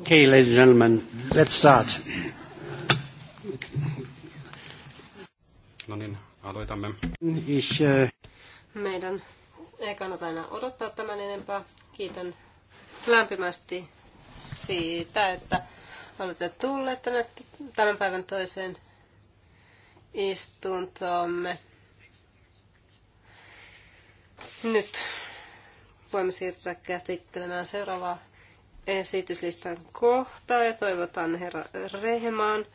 Okay, ladies and gentlemen, let's start. No niin, aloitamme. Ich, uh, äh... Meidän ei kannata enää odottaa tämän enempää. Kiitän lämpimästi siitä, että olette tulleet tänne tämän päivän toiseen istuntoomme. Nyt voimme siirtyä käsittelemään seuraavaa esityslistan kohtaa ja toivotan herra Rehemaan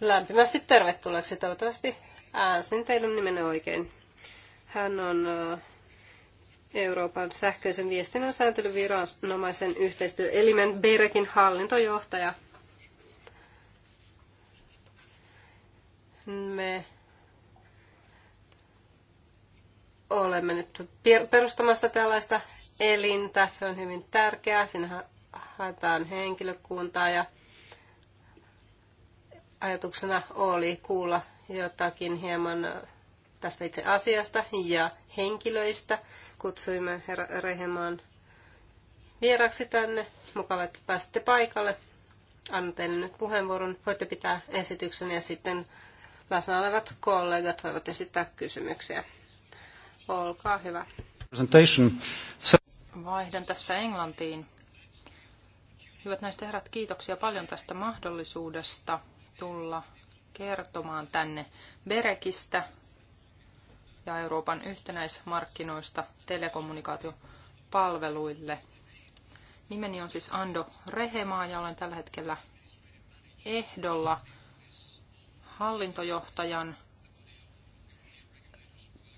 lämpimästi tervetulleeksi. Toivottavasti äänsin teidän nimenne oikein. Hän on Euroopan sähköisen viestinnän sääntelyviranomaisen yhteistyöelimen BEREKin hallintojohtaja. Me olemme nyt perustamassa tällaista elintä, se on hyvin tärkeää, siinä haetaan henkilökuntaa ja ajatuksena oli kuulla jotakin hieman tästä itse asiasta ja henkilöistä. Kutsuimme herra Rehemaan vieraksi tänne. Mukava, että pääsitte paikalle. Annan teille nyt puheenvuoron. Voitte pitää esityksen ja sitten läsnä olevat kollegat voivat esittää kysymyksiä. Olkaa hyvä. Vaihdan tässä Englantiin. Hyvät näistä herrat, kiitoksia paljon tästä mahdollisuudesta tulla kertomaan tänne Berekistä ja Euroopan yhtenäismarkkinoista telekommunikaatiopalveluille. Nimeni on siis Ando Rehemaa ja olen tällä hetkellä ehdolla hallintojohtajan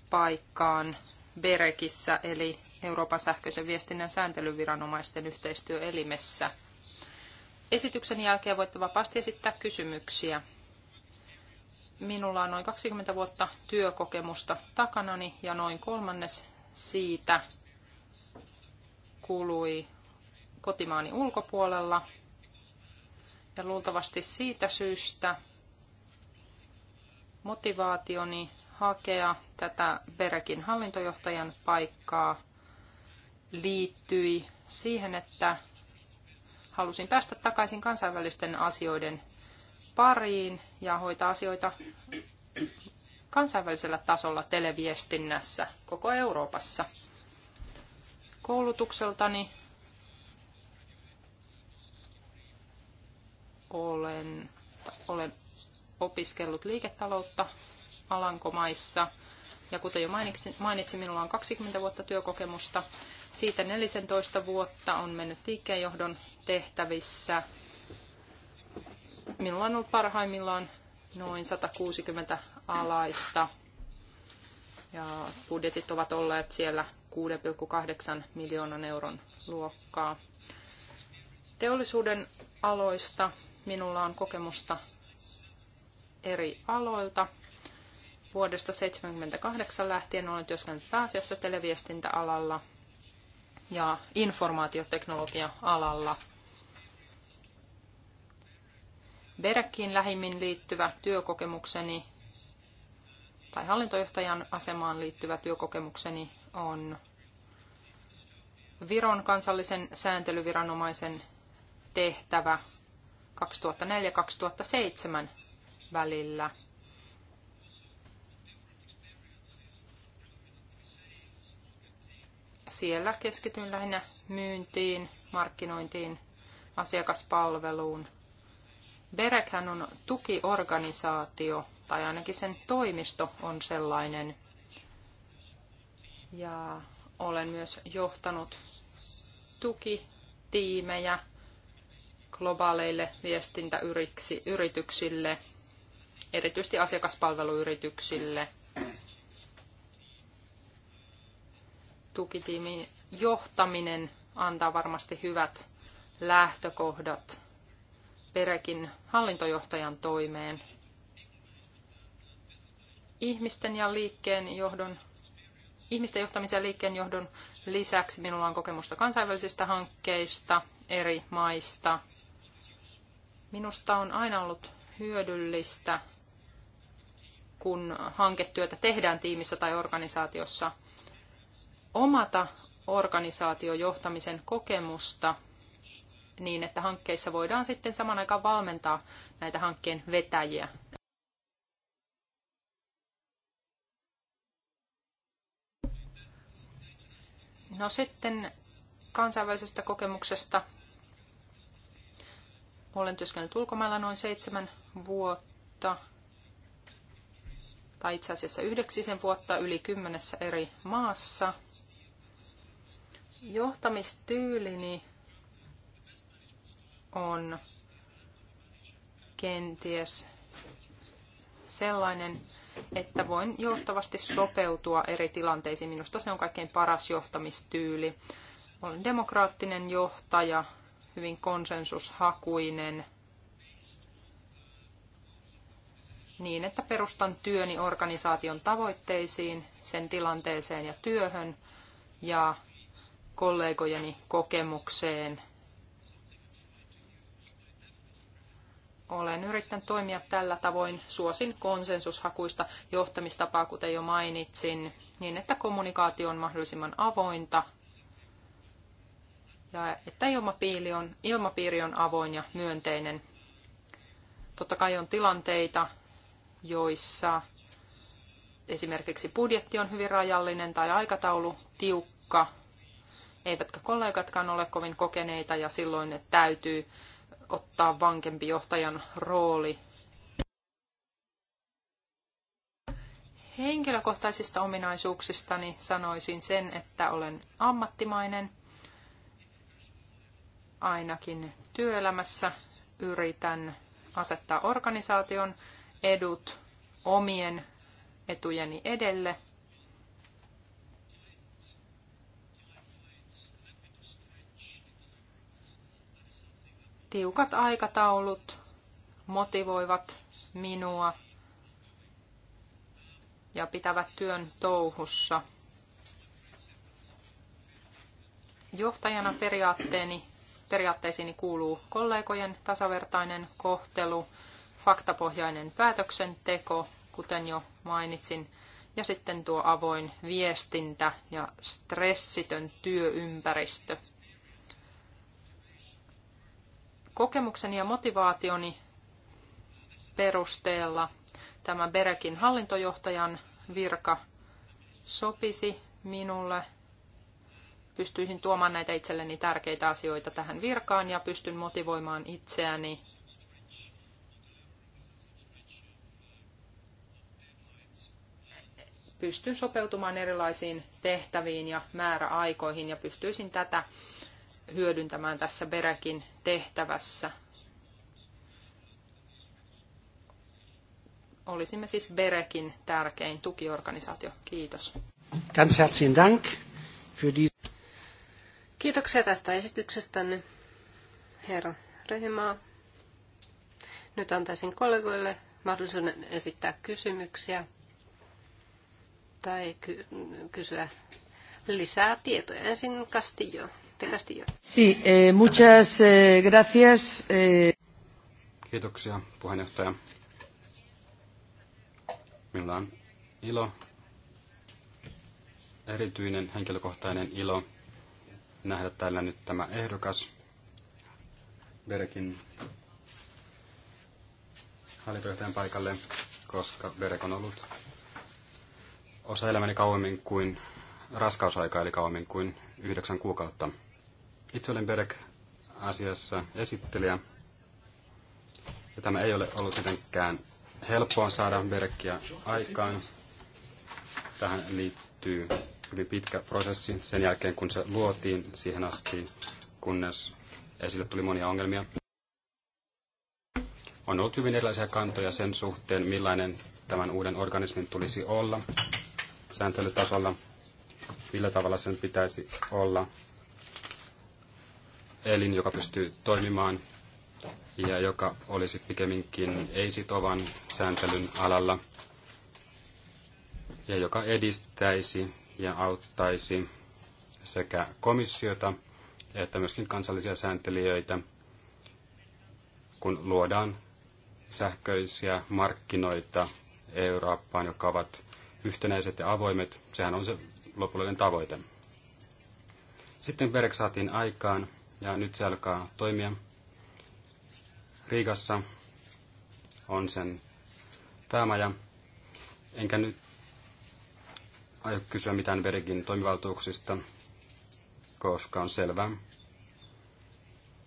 paikkaan Berekissä, eli Euroopan sähköisen viestinnän sääntelyviranomaisten yhteistyöelimessä. Esityksen jälkeen voitte vapaasti esittää kysymyksiä. Minulla on noin 20 vuotta työkokemusta takanani ja noin kolmannes siitä kului kotimaani ulkopuolella. Ja luultavasti siitä syystä motivaationi hakea tätä Berekin hallintojohtajan paikkaa liittyi siihen, että halusin päästä takaisin kansainvälisten asioiden pariin ja hoitaa asioita kansainvälisellä tasolla televiestinnässä koko Euroopassa. Koulutukseltani olen, olen opiskellut liiketaloutta Alankomaissa. Ja kuten jo mainitsin, mainitsin, minulla on 20 vuotta työkokemusta siitä 14 vuotta on mennyt liikkeenjohdon tehtävissä. Minulla on ollut parhaimmillaan noin 160 alaista. Ja budjetit ovat olleet siellä 6,8 miljoonan euron luokkaa. Teollisuuden aloista minulla on kokemusta eri aloilta. Vuodesta 1978 lähtien olen työskennellyt pääasiassa televiestintäalalla ja informaatioteknologia-alalla. Berekkiin lähimmin liittyvä työkokemukseni tai hallintojohtajan asemaan liittyvä työkokemukseni on Viron kansallisen sääntelyviranomaisen tehtävä 2004-2007 välillä – Siellä keskityin lähinnä myyntiin, markkinointiin, asiakaspalveluun. Berekhän on tukiorganisaatio, tai ainakin sen toimisto on sellainen. Ja olen myös johtanut tukitiimejä globaaleille viestintäyrityksille, erityisesti asiakaspalveluyrityksille – tukitiimin johtaminen antaa varmasti hyvät lähtökohdat Perekin hallintojohtajan toimeen. Ihmisten ja liikkeen johdon, ihmisten johtamisen ja liikkeen johdon lisäksi minulla on kokemusta kansainvälisistä hankkeista eri maista. Minusta on aina ollut hyödyllistä, kun hanketyötä tehdään tiimissä tai organisaatiossa, omata organisaatiojohtamisen kokemusta niin, että hankkeissa voidaan sitten saman aikaan valmentaa näitä hankkeen vetäjiä. No sitten kansainvälisestä kokemuksesta. Olen työskennellyt ulkomailla noin seitsemän vuotta, tai itse asiassa yhdeksisen vuotta yli kymmenessä eri maassa – Johtamistyylini on kenties sellainen, että voin joustavasti sopeutua eri tilanteisiin. Minusta se on kaikkein paras johtamistyyli. Olen demokraattinen johtaja, hyvin konsensushakuinen, niin että perustan työni organisaation tavoitteisiin, sen tilanteeseen ja työhön, ja kollegojeni kokemukseen. Olen yrittänyt toimia tällä tavoin, suosin konsensushakuista johtamistapaa, kuten jo mainitsin, niin että kommunikaatio on mahdollisimman avointa ja että ilmapiiri on, ilmapiiri on avoin ja myönteinen. Totta kai on tilanteita, joissa esimerkiksi budjetti on hyvin rajallinen tai aikataulu tiukka, eivätkä kollegatkaan ole kovin kokeneita ja silloin täytyy ottaa vankempi johtajan rooli. Henkilökohtaisista ominaisuuksistani sanoisin sen, että olen ammattimainen. Ainakin työelämässä yritän asettaa organisaation edut omien etujeni edelle – Tiukat aikataulut motivoivat minua ja pitävät työn touhussa. Johtajana periaatteeni, periaatteisiini kuuluu kollegojen tasavertainen kohtelu, faktapohjainen päätöksenteko, kuten jo mainitsin, ja sitten tuo avoin viestintä ja stressitön työympäristö kokemukseni ja motivaationi perusteella tämä Berekin hallintojohtajan virka sopisi minulle. Pystyisin tuomaan näitä itselleni tärkeitä asioita tähän virkaan ja pystyn motivoimaan itseäni pystyn sopeutumaan erilaisiin tehtäviin ja määräaikoihin ja pystyisin tätä hyödyntämään tässä Beräkin tehtävässä. Olisimme siis Berekin tärkein tukiorganisaatio. Kiitos. Ganz herzlichen Dank für die... Kiitoksia tästä esityksestänne, herra Rehimaa. Nyt antaisin kollegoille mahdollisuuden esittää kysymyksiä tai ky- kysyä lisää tietoja. Ensin Castillo de Castillo. Sí, eh, muchas eh, gracias. Eh. Kiitoksia, puheenjohtaja. Minulla on ilo, erityinen henkilökohtainen ilo nähdä täällä nyt tämä ehdokas, Berekin hallipäjohtajan paikalle, koska Berek on ollut osa elämäni kauemmin kuin raskausaika, eli kauemmin kuin yhdeksän kuukautta. Itse olen Berek asiassa esittelijä. Ja tämä ei ole ollut mitenkään helppoa saada Berekkiä aikaan. Tähän liittyy hyvin pitkä prosessi sen jälkeen, kun se luotiin siihen asti, kunnes esille tuli monia ongelmia. On ollut hyvin erilaisia kantoja sen suhteen, millainen tämän uuden organismin tulisi olla sääntelytasolla, millä tavalla sen pitäisi olla elin, joka pystyy toimimaan ja joka olisi pikemminkin ei-sitovan sääntelyn alalla ja joka edistäisi ja auttaisi sekä komissiota että myöskin kansallisia sääntelijöitä, kun luodaan sähköisiä markkinoita Eurooppaan, jotka ovat yhtenäiset ja avoimet. Sehän on se lopullinen tavoite. Sitten Berg saatiin aikaan ja nyt se alkaa toimia. Riikassa on sen päämaja. Enkä nyt aio kysyä mitään Bergin toimivaltuuksista, koska on selvää,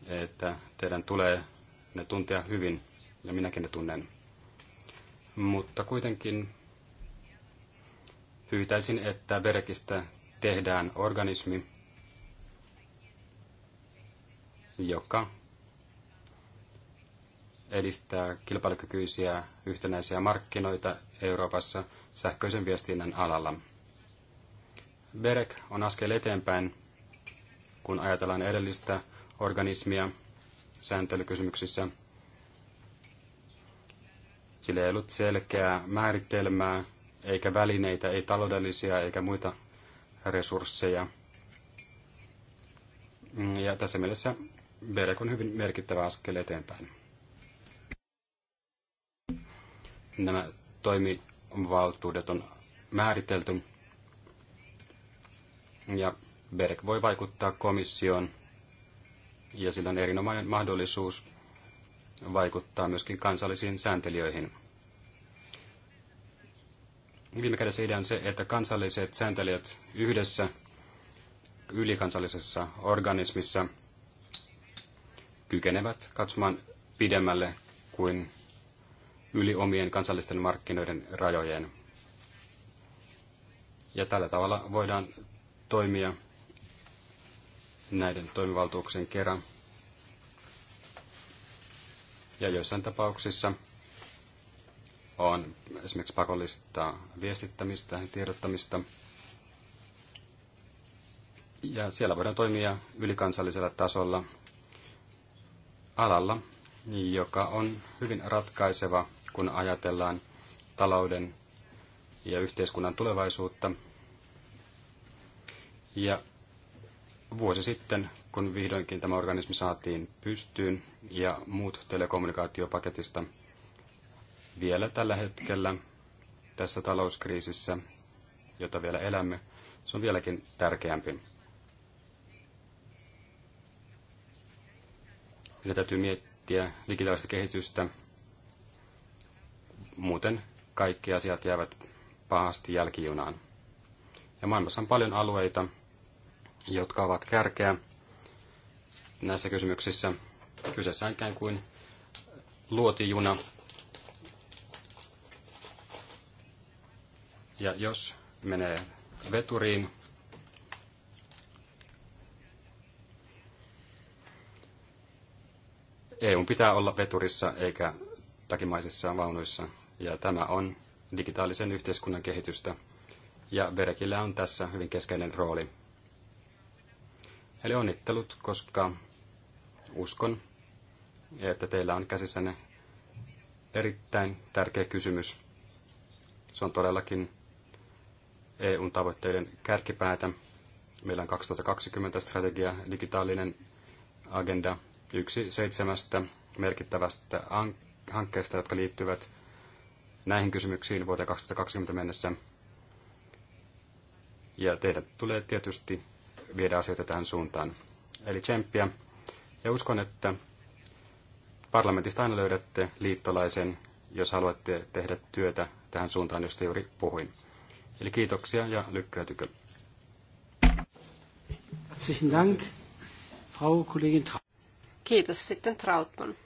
että teidän tulee ne tuntea hyvin, ja minäkin ne tunnen. Mutta kuitenkin pyytäisin, että Berekistä tehdään organismi, joka edistää kilpailukykyisiä yhtenäisiä markkinoita Euroopassa sähköisen viestinnän alalla. BEREC on askel eteenpäin, kun ajatellaan edellistä organismia sääntelykysymyksissä. Sillä ei ollut selkeää määritelmää, eikä välineitä, ei taloudellisia eikä muita resursseja. Ja tässä mielessä BEREC on hyvin merkittävä askel eteenpäin. Nämä toimivaltuudet on määritelty ja berek voi vaikuttaa komissioon ja sillä on erinomainen mahdollisuus vaikuttaa myöskin kansallisiin sääntelijöihin. Viime kädessä idea on se, että kansalliset sääntelijät yhdessä ylikansallisessa organismissa – kykenevät katsomaan pidemmälle kuin yli omien kansallisten markkinoiden rajojen. Ja tällä tavalla voidaan toimia näiden toimivaltuuksien kerran. Ja joissain tapauksissa on esimerkiksi pakollista viestittämistä ja tiedottamista. Ja siellä voidaan toimia ylikansallisella tasolla alalla, joka on hyvin ratkaiseva, kun ajatellaan talouden ja yhteiskunnan tulevaisuutta. Ja vuosi sitten, kun vihdoinkin tämä organismi saatiin pystyyn ja muut telekommunikaatiopaketista vielä tällä hetkellä tässä talouskriisissä, jota vielä elämme, se on vieläkin tärkeämpi. Meidän täytyy miettiä digitaalista kehitystä. Muuten kaikki asiat jäävät pahasti jälkijunaan. Ja maailmassa on paljon alueita, jotka ovat kärkeä näissä kysymyksissä. Kyseessä on ikään kuin luotijuna. Ja jos menee veturiin EU pitää olla veturissa eikä takimaisissa vaunuissa, ja tämä on digitaalisen yhteiskunnan kehitystä, ja Verekillä on tässä hyvin keskeinen rooli. Eli onnittelut, koska uskon, että teillä on käsissänne erittäin tärkeä kysymys. Se on todellakin EUn tavoitteiden kärkipäätä. Meillä on 2020 strategia, digitaalinen agenda yksi seitsemästä merkittävästä hankkeesta, jotka liittyvät näihin kysymyksiin vuoteen 2020 mennessä. Ja tehdä tulee tietysti viedä asioita tähän suuntaan. Eli tsemppiä. Ja uskon, että parlamentista aina löydätte liittolaisen, jos haluatte tehdä työtä tähän suuntaan, josta juuri puhuin. Eli kiitoksia ja lykkäytykö. Herzlichen Dank, Frau Kollegin Kiitos sitten Trautman.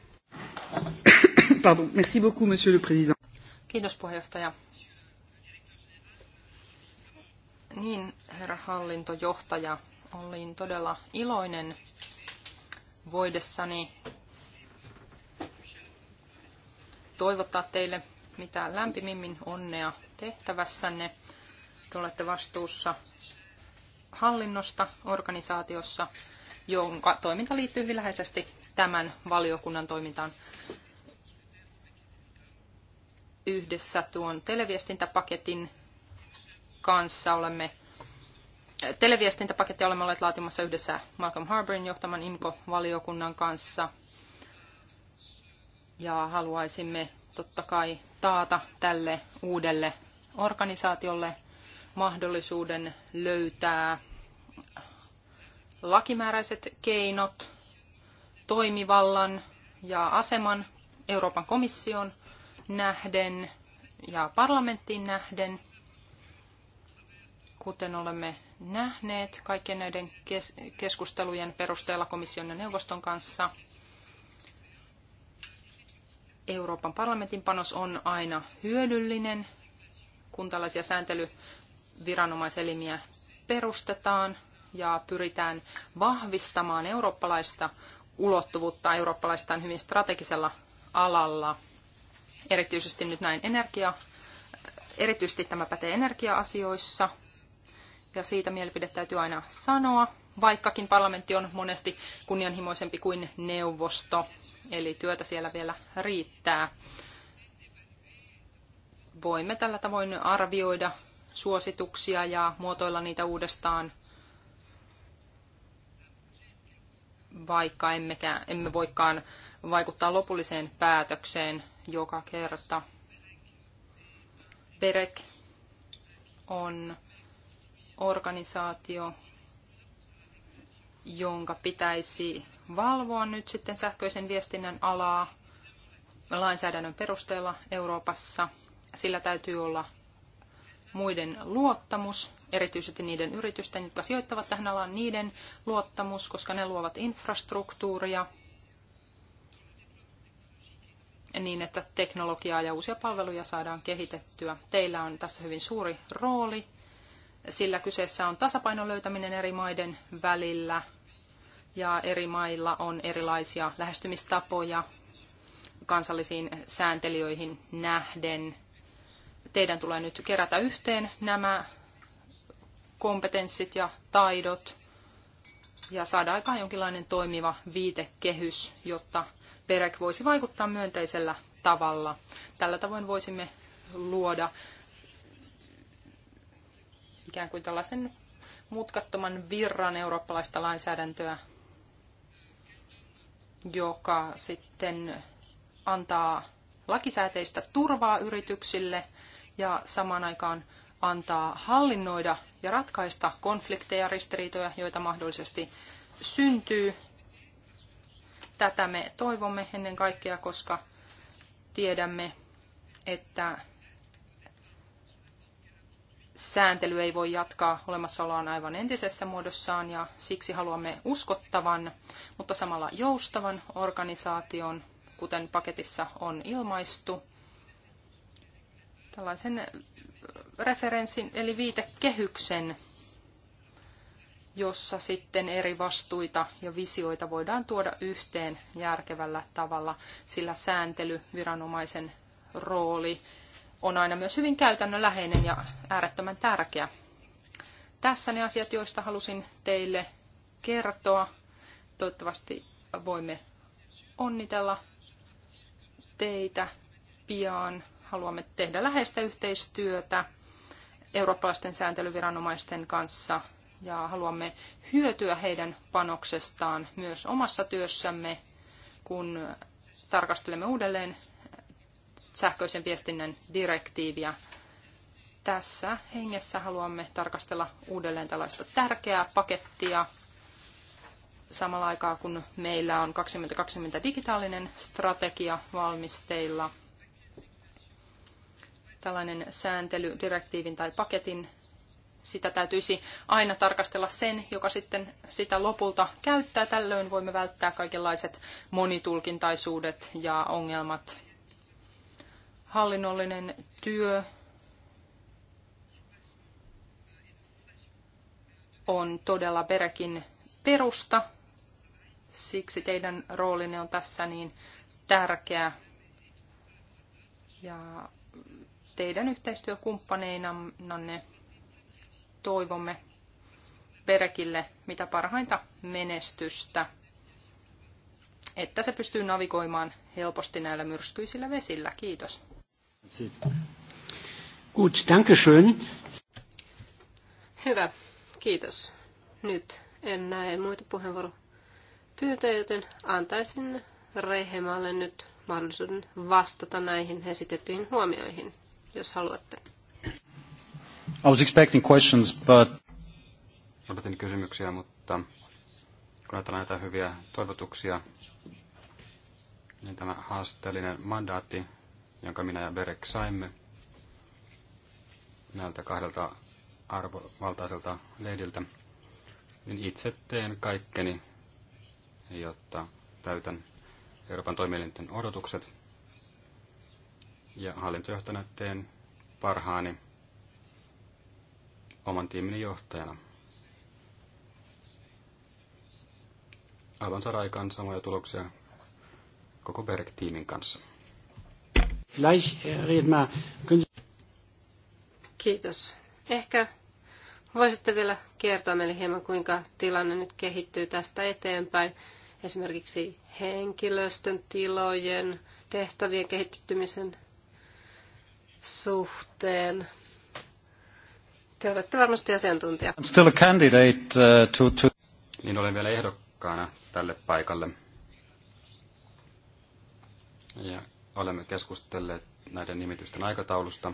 Pardon. Merci beaucoup, monsieur le président. Kiitos puheenjohtaja. Niin, herra hallintojohtaja, olin todella iloinen voidessani toivottaa teille mitä lämpimimmin onnea tehtävässänne. Te olette vastuussa hallinnosta organisaatiossa, jonka toiminta liittyy hyvin läheisesti tämän valiokunnan toimintaan yhdessä tuon televiestintäpaketin kanssa olemme televiestintäpakettia olemme olleet laatimassa yhdessä Malcolm Harbourin johtaman IMCO-valiokunnan kanssa. Ja haluaisimme totta kai taata tälle uudelle organisaatiolle mahdollisuuden löytää lakimääräiset keinot toimivallan ja aseman Euroopan komission nähden ja parlamenttiin nähden, kuten olemme nähneet kaikkien näiden keskustelujen perusteella komission ja neuvoston kanssa. Euroopan parlamentin panos on aina hyödyllinen, kun tällaisia sääntelyviranomaiselimiä perustetaan ja pyritään vahvistamaan eurooppalaista ulottuvuutta. Eurooppalaista on hyvin strategisella alalla, erityisesti nyt näin energia, erityisesti tämä pätee energiaasioissa. ja siitä mielipide täytyy aina sanoa, vaikkakin parlamentti on monesti kunnianhimoisempi kuin neuvosto, eli työtä siellä vielä riittää. Voimme tällä tavoin arvioida suosituksia ja muotoilla niitä uudestaan vaikka emmekä, emme voikaan vaikuttaa lopulliseen päätökseen joka kerta. Perek on organisaatio, jonka pitäisi valvoa nyt sitten sähköisen viestinnän alaa lainsäädännön perusteella Euroopassa. Sillä täytyy olla muiden luottamus, erityisesti niiden yritysten, jotka sijoittavat tähän alaan, niiden luottamus, koska ne luovat infrastruktuuria niin, että teknologiaa ja uusia palveluja saadaan kehitettyä. Teillä on tässä hyvin suuri rooli, sillä kyseessä on tasapainon löytäminen eri maiden välillä ja eri mailla on erilaisia lähestymistapoja kansallisiin sääntelijöihin nähden – Teidän tulee nyt kerätä yhteen nämä kompetenssit ja taidot ja saada aikaan jonkinlainen toimiva viitekehys, jotta PEREK voisi vaikuttaa myönteisellä tavalla. Tällä tavoin voisimme luoda ikään kuin tällaisen mutkattoman virran eurooppalaista lainsäädäntöä, joka sitten antaa lakisääteistä turvaa yrityksille – ja samaan aikaan antaa hallinnoida ja ratkaista konflikteja ja ristiriitoja, joita mahdollisesti syntyy. Tätä me toivomme ennen kaikkea, koska tiedämme, että sääntely ei voi jatkaa olemassaoloaan aivan entisessä muodossaan ja siksi haluamme uskottavan, mutta samalla joustavan organisaation, kuten paketissa on ilmaistu, tällaisen referenssin eli viitekehyksen, jossa sitten eri vastuita ja visioita voidaan tuoda yhteen järkevällä tavalla, sillä sääntely, viranomaisen rooli on aina myös hyvin käytännönläheinen ja äärettömän tärkeä. Tässä ne asiat, joista halusin teille kertoa. Toivottavasti voimme onnitella teitä pian Haluamme tehdä läheistä yhteistyötä eurooppalaisten sääntelyviranomaisten kanssa ja haluamme hyötyä heidän panoksestaan myös omassa työssämme, kun tarkastelemme uudelleen sähköisen viestinnän direktiiviä. Tässä hengessä haluamme tarkastella uudelleen tällaista tärkeää pakettia samalla aikaa, kun meillä on 2020 digitaalinen strategia valmisteilla – tällainen sääntely direktiivin tai paketin, sitä täytyisi aina tarkastella sen, joka sitten sitä lopulta käyttää. Tällöin voimme välttää kaikenlaiset monitulkintaisuudet ja ongelmat. Hallinnollinen työ on todella peräkin perusta. Siksi teidän roolinne on tässä niin tärkeä. Ja teidän yhteistyökumppaneinanne toivomme Perekille mitä parhainta menestystä, että se pystyy navigoimaan helposti näillä myrskyisillä vesillä. Kiitos. Gut, danke schön. Hyvä, kiitos. Nyt en näe muita puheenvuoropyyntöjä, joten antaisin Rehemalle nyt mahdollisuuden vastata näihin esitettyihin huomioihin jos haluatte. I was expecting questions, but... Odotin kysymyksiä, mutta kun ajatellaan näitä hyviä toivotuksia, niin tämä haasteellinen mandaatti, jonka minä ja Berek saimme näiltä kahdelta arvovaltaiselta lehdiltä, niin itse teen kaikkeni, jotta täytän Euroopan toimielinten odotukset ja hallintojohtajana teen parhaani oman tiimini johtajana. Aivan saada aikaan samoja tuloksia koko Berg-tiimin kanssa. Äh, Kiitos. Ehkä voisitte vielä kertoa meille hieman, kuinka tilanne nyt kehittyy tästä eteenpäin. Esimerkiksi henkilöstön, tilojen, tehtävien kehittymisen suhteen. Te olette varmasti asiantuntija. I'm still a candidate uh, to, to... Niin olen vielä ehdokkaana tälle paikalle. Ja olemme keskustelleet näiden nimitysten aikataulusta.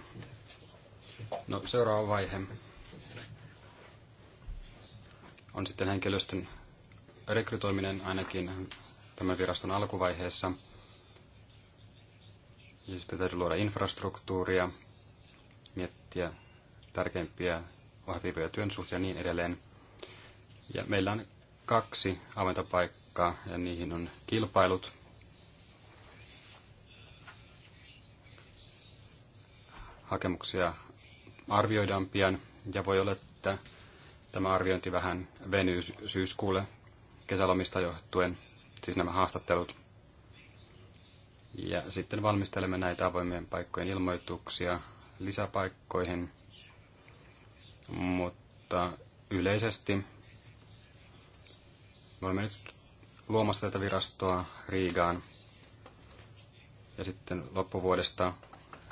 No, seuraava vaihe on sitten henkilöstön rekrytoiminen ainakin tämän viraston alkuvaiheessa – ja sitten täytyy luoda infrastruktuuria, miettiä tärkeimpiä ohjaviivoja työn suhteen ja niin edelleen. Ja meillä on kaksi aventapaikkaa ja niihin on kilpailut. Hakemuksia arvioidaan pian ja voi olla, että tämä arviointi vähän venyy syyskuulle kesälomista johtuen, siis nämä haastattelut. Ja sitten valmistelemme näitä avoimien paikkojen ilmoituksia lisäpaikkoihin, mutta yleisesti me olemme nyt luomassa tätä virastoa Riigaan ja sitten loppuvuodesta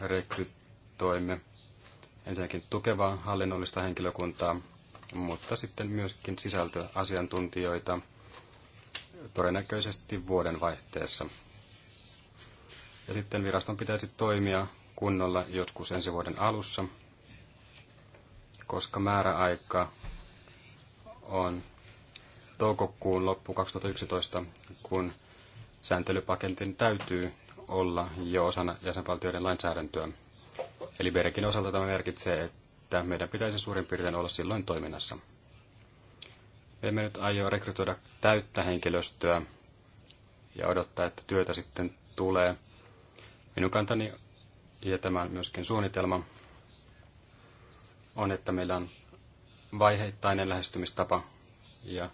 rekrytoimme ensinnäkin tukevaa hallinnollista henkilökuntaa, mutta sitten myöskin sisältöasiantuntijoita todennäköisesti vuoden vaihteessa. Ja sitten viraston pitäisi toimia kunnolla joskus ensi vuoden alussa, koska määräaika on toukokuun loppu 2011, kun sääntelypaketin täytyy olla jo osana jäsenvaltioiden lainsäädäntöä. Eli Berekin osalta tämä merkitsee, että meidän pitäisi suurin piirtein olla silloin toiminnassa. Me emme nyt aio rekrytoida täyttä henkilöstöä ja odottaa, että työtä sitten tulee – Minun kantani, ja tämä myöskin suunnitelma, on, että meillä on vaiheittainen lähestymistapa. Ja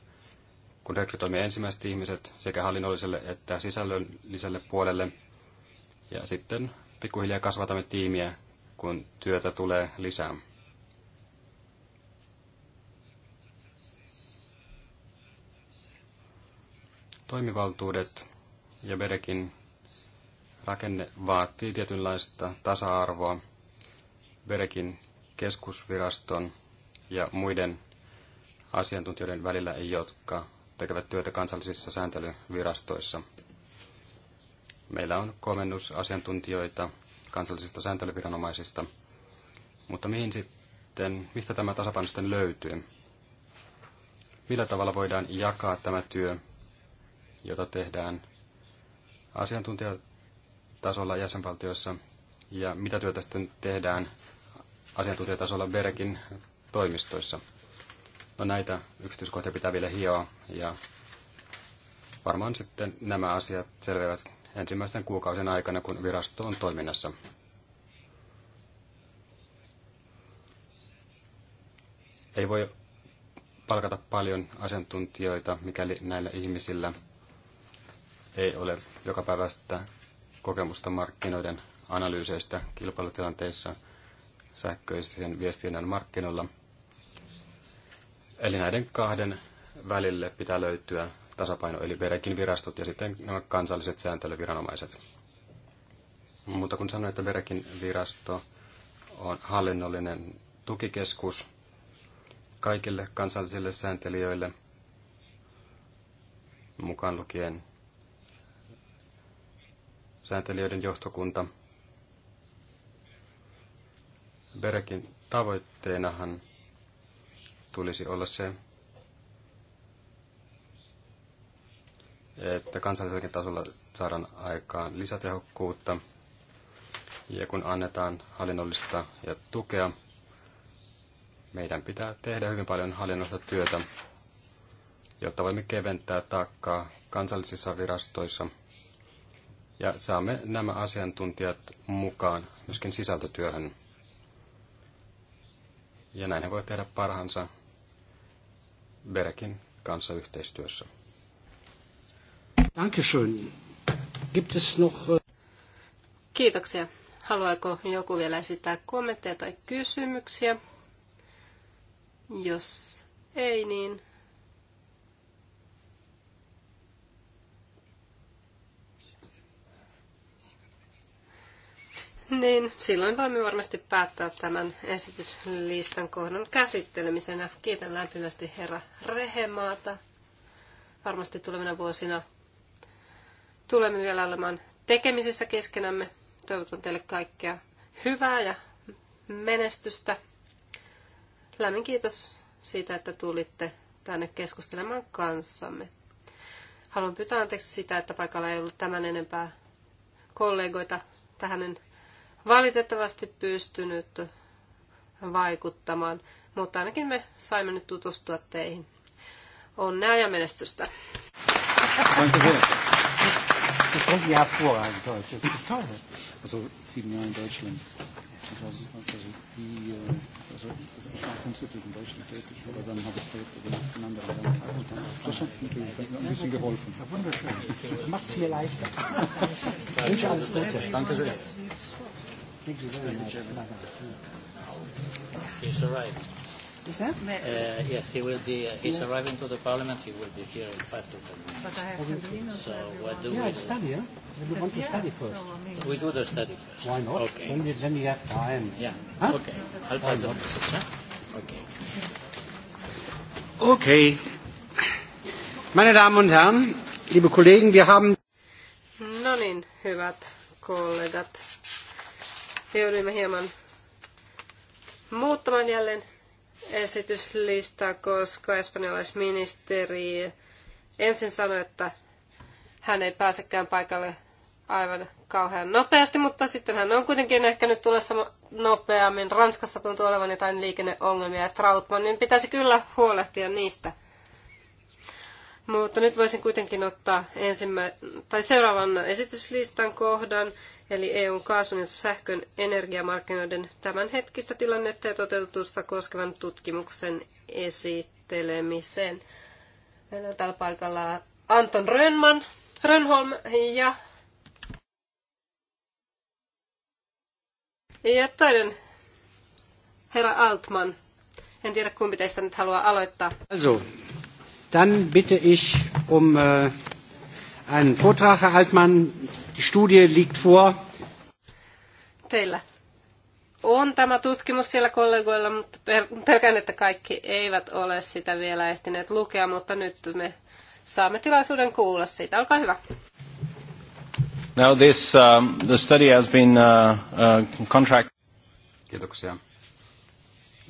kun rekrytoimme ensimmäiset ihmiset sekä hallinnolliselle että sisällölliselle puolelle, ja sitten pikkuhiljaa kasvatamme tiimiä, kun työtä tulee lisää. Toimivaltuudet ja Berekin rakenne vaatii tietynlaista tasa-arvoa Berekin keskusviraston ja muiden asiantuntijoiden välillä, jotka tekevät työtä kansallisissa sääntelyvirastoissa. Meillä on komennusasiantuntijoita kansallisista sääntelyviranomaisista, mutta mihin sitten, mistä tämä tasapaino sitten löytyy? Millä tavalla voidaan jakaa tämä työ, jota tehdään asiantuntijoiden tasolla jäsenvaltioissa ja mitä työtä sitten tehdään asiantuntijatasolla BEREKin toimistoissa. No näitä yksityiskohtia pitää vielä hioa ja varmaan sitten nämä asiat selviävät ensimmäisten kuukausien aikana, kun virasto on toiminnassa. Ei voi palkata paljon asiantuntijoita, mikäli näillä ihmisillä ei ole joka päivästä kokemusta markkinoiden analyyseistä kilpailutilanteissa sähköisen viestinnän markkinoilla. Eli näiden kahden välille pitää löytyä tasapaino, eli verekin virastot ja sitten nämä kansalliset sääntelyviranomaiset. Mutta kun sanoin, että verekin virasto on hallinnollinen tukikeskus kaikille kansallisille sääntelijöille, mukaan lukien sääntelijöiden johtokunta. Berekin tavoitteenahan tulisi olla se, että kansallisellakin tasolla saadaan aikaan lisätehokkuutta ja kun annetaan hallinnollista ja tukea, meidän pitää tehdä hyvin paljon hallinnollista työtä, jotta voimme keventää taakkaa kansallisissa virastoissa ja saamme nämä asiantuntijat mukaan myöskin sisältötyöhön. Ja näin he voivat tehdä parhansa Berekin kanssa yhteistyössä. Dankeschön. Gibt es noch... Äh, Kiitoksia. Haluaako joku vielä esittää kommentteja tai kysymyksiä? Jos ei, niin niin silloin voimme varmasti päättää tämän esityslistan kohdan käsittelemisenä. Kiitän lämpimästi herra Rehemaata. Varmasti tulevina vuosina tulemme vielä olemaan tekemisissä keskenämme. Toivotan teille kaikkea hyvää ja menestystä. Lämmin kiitos siitä, että tulitte tänne keskustelemaan kanssamme. Haluan pyytää anteeksi sitä, että paikalla ei ollut tämän enempää kollegoita tähän valitettavasti pystynyt vaikuttamaan, mutta ainakin me saimme nyt tutustua teihin. Onnea ja menestystä! Danke sehr. Das ist äh, ein bisschen geholfen. Das Macht es mir leichter. Ich wünsche alles Gute. Danke sehr. Thank you very much. He's arrived. Is that? Uh, yes, he will be. Uh, he's yeah. arriving to the parliament. He will be here in five to ten minutes. But I have sent an email so to what do yeah, we do? study. Huh? We want to yeah, study first. So, I mean, we do the uh, study first. Why not? Okay. Then we, then we have time. Yeah. Huh? Okay. I'll pass the message. Huh? Okay. Okay. Meine Damen und Herren, liebe Kollegen, wir haben. No niin, hyvät kollegat jouduimme hieman muuttamaan jälleen esityslistaa, koska espanjalaisministeri ensin sanoi, että hän ei pääsekään paikalle aivan kauhean nopeasti, mutta sitten hän on kuitenkin ehkä nyt tulossa nopeammin. Ranskassa tuntuu olevan jotain liikenneongelmia ja Trautman, niin pitäisi kyllä huolehtia niistä. Mutta nyt voisin kuitenkin ottaa ensimmä, tai seuraavan esityslistan kohdan, eli EUn kaasun ja sähkön energiamarkkinoiden tämänhetkistä tilannetta ja toteutusta koskevan tutkimuksen esittelemisen. Meillä on täällä paikalla Anton Rönman, Rönholm ja, ja toinen herra Altman. En tiedä kumpi teistä nyt haluaa aloittaa. Also, dann bitte ich um äh, einen Vortrag, Herr Altman, Die Studie liegt vor. Teillä on tämä tutkimus siellä kollegoilla, mutta pelkään, että kaikki eivät ole sitä vielä ehtineet lukea, mutta nyt me saamme tilaisuuden kuulla siitä. Olkaa hyvä. Now this, um, the study has been uh, uh, contract... Kiitoksia.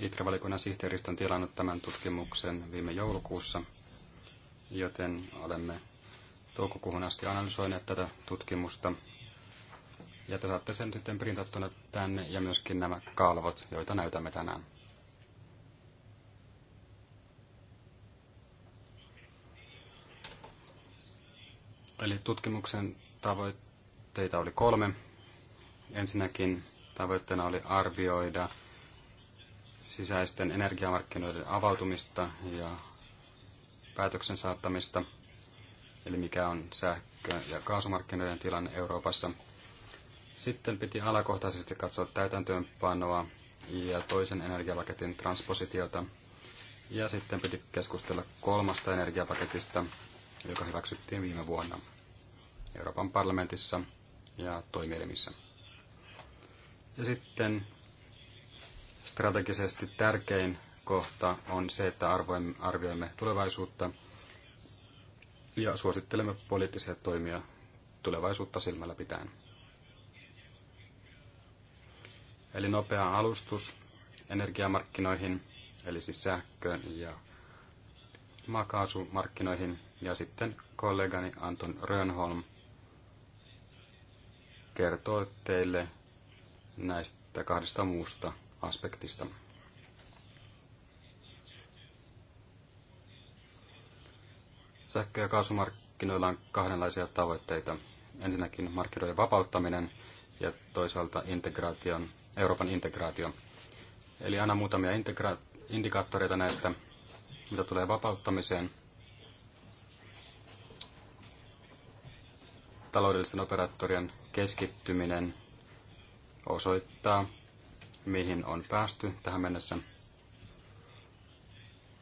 ITRE-valikunnan sihteeristö on tilannut tämän tutkimuksen viime joulukuussa, joten olemme toukokuuhun asti analysoineet tätä tutkimusta. Ja te saatte sen sitten printattuna tänne ja myöskin nämä kalvot, joita näytämme tänään. Eli tutkimuksen tavoitteita oli kolme. Ensinnäkin tavoitteena oli arvioida sisäisten energiamarkkinoiden avautumista ja päätöksen saattamista – eli mikä on sähkö- ja kaasumarkkinoiden tilanne Euroopassa. Sitten piti alakohtaisesti katsoa täytäntöönpanoa ja toisen energiapaketin transpositiota. Ja sitten piti keskustella kolmasta energiapaketista, joka hyväksyttiin viime vuonna Euroopan parlamentissa ja toimielimissä. Ja sitten strategisesti tärkein kohta on se, että arvioimme tulevaisuutta – ja suosittelemme poliittisia toimia tulevaisuutta silmällä pitäen. Eli nopea alustus energiamarkkinoihin, eli siis sähköön ja maakaasumarkkinoihin, ja sitten kollegani Anton Rönholm kertoo teille näistä kahdesta muusta aspektista. Sähkö- ja kaasumarkkinoilla on kahdenlaisia tavoitteita. Ensinnäkin markkinoiden vapauttaminen ja toisaalta integraation, Euroopan integraatio. Eli aina muutamia integra- indikaattoreita näistä, mitä tulee vapauttamiseen. Taloudellisten operaattorien keskittyminen osoittaa, mihin on päästy tähän mennessä.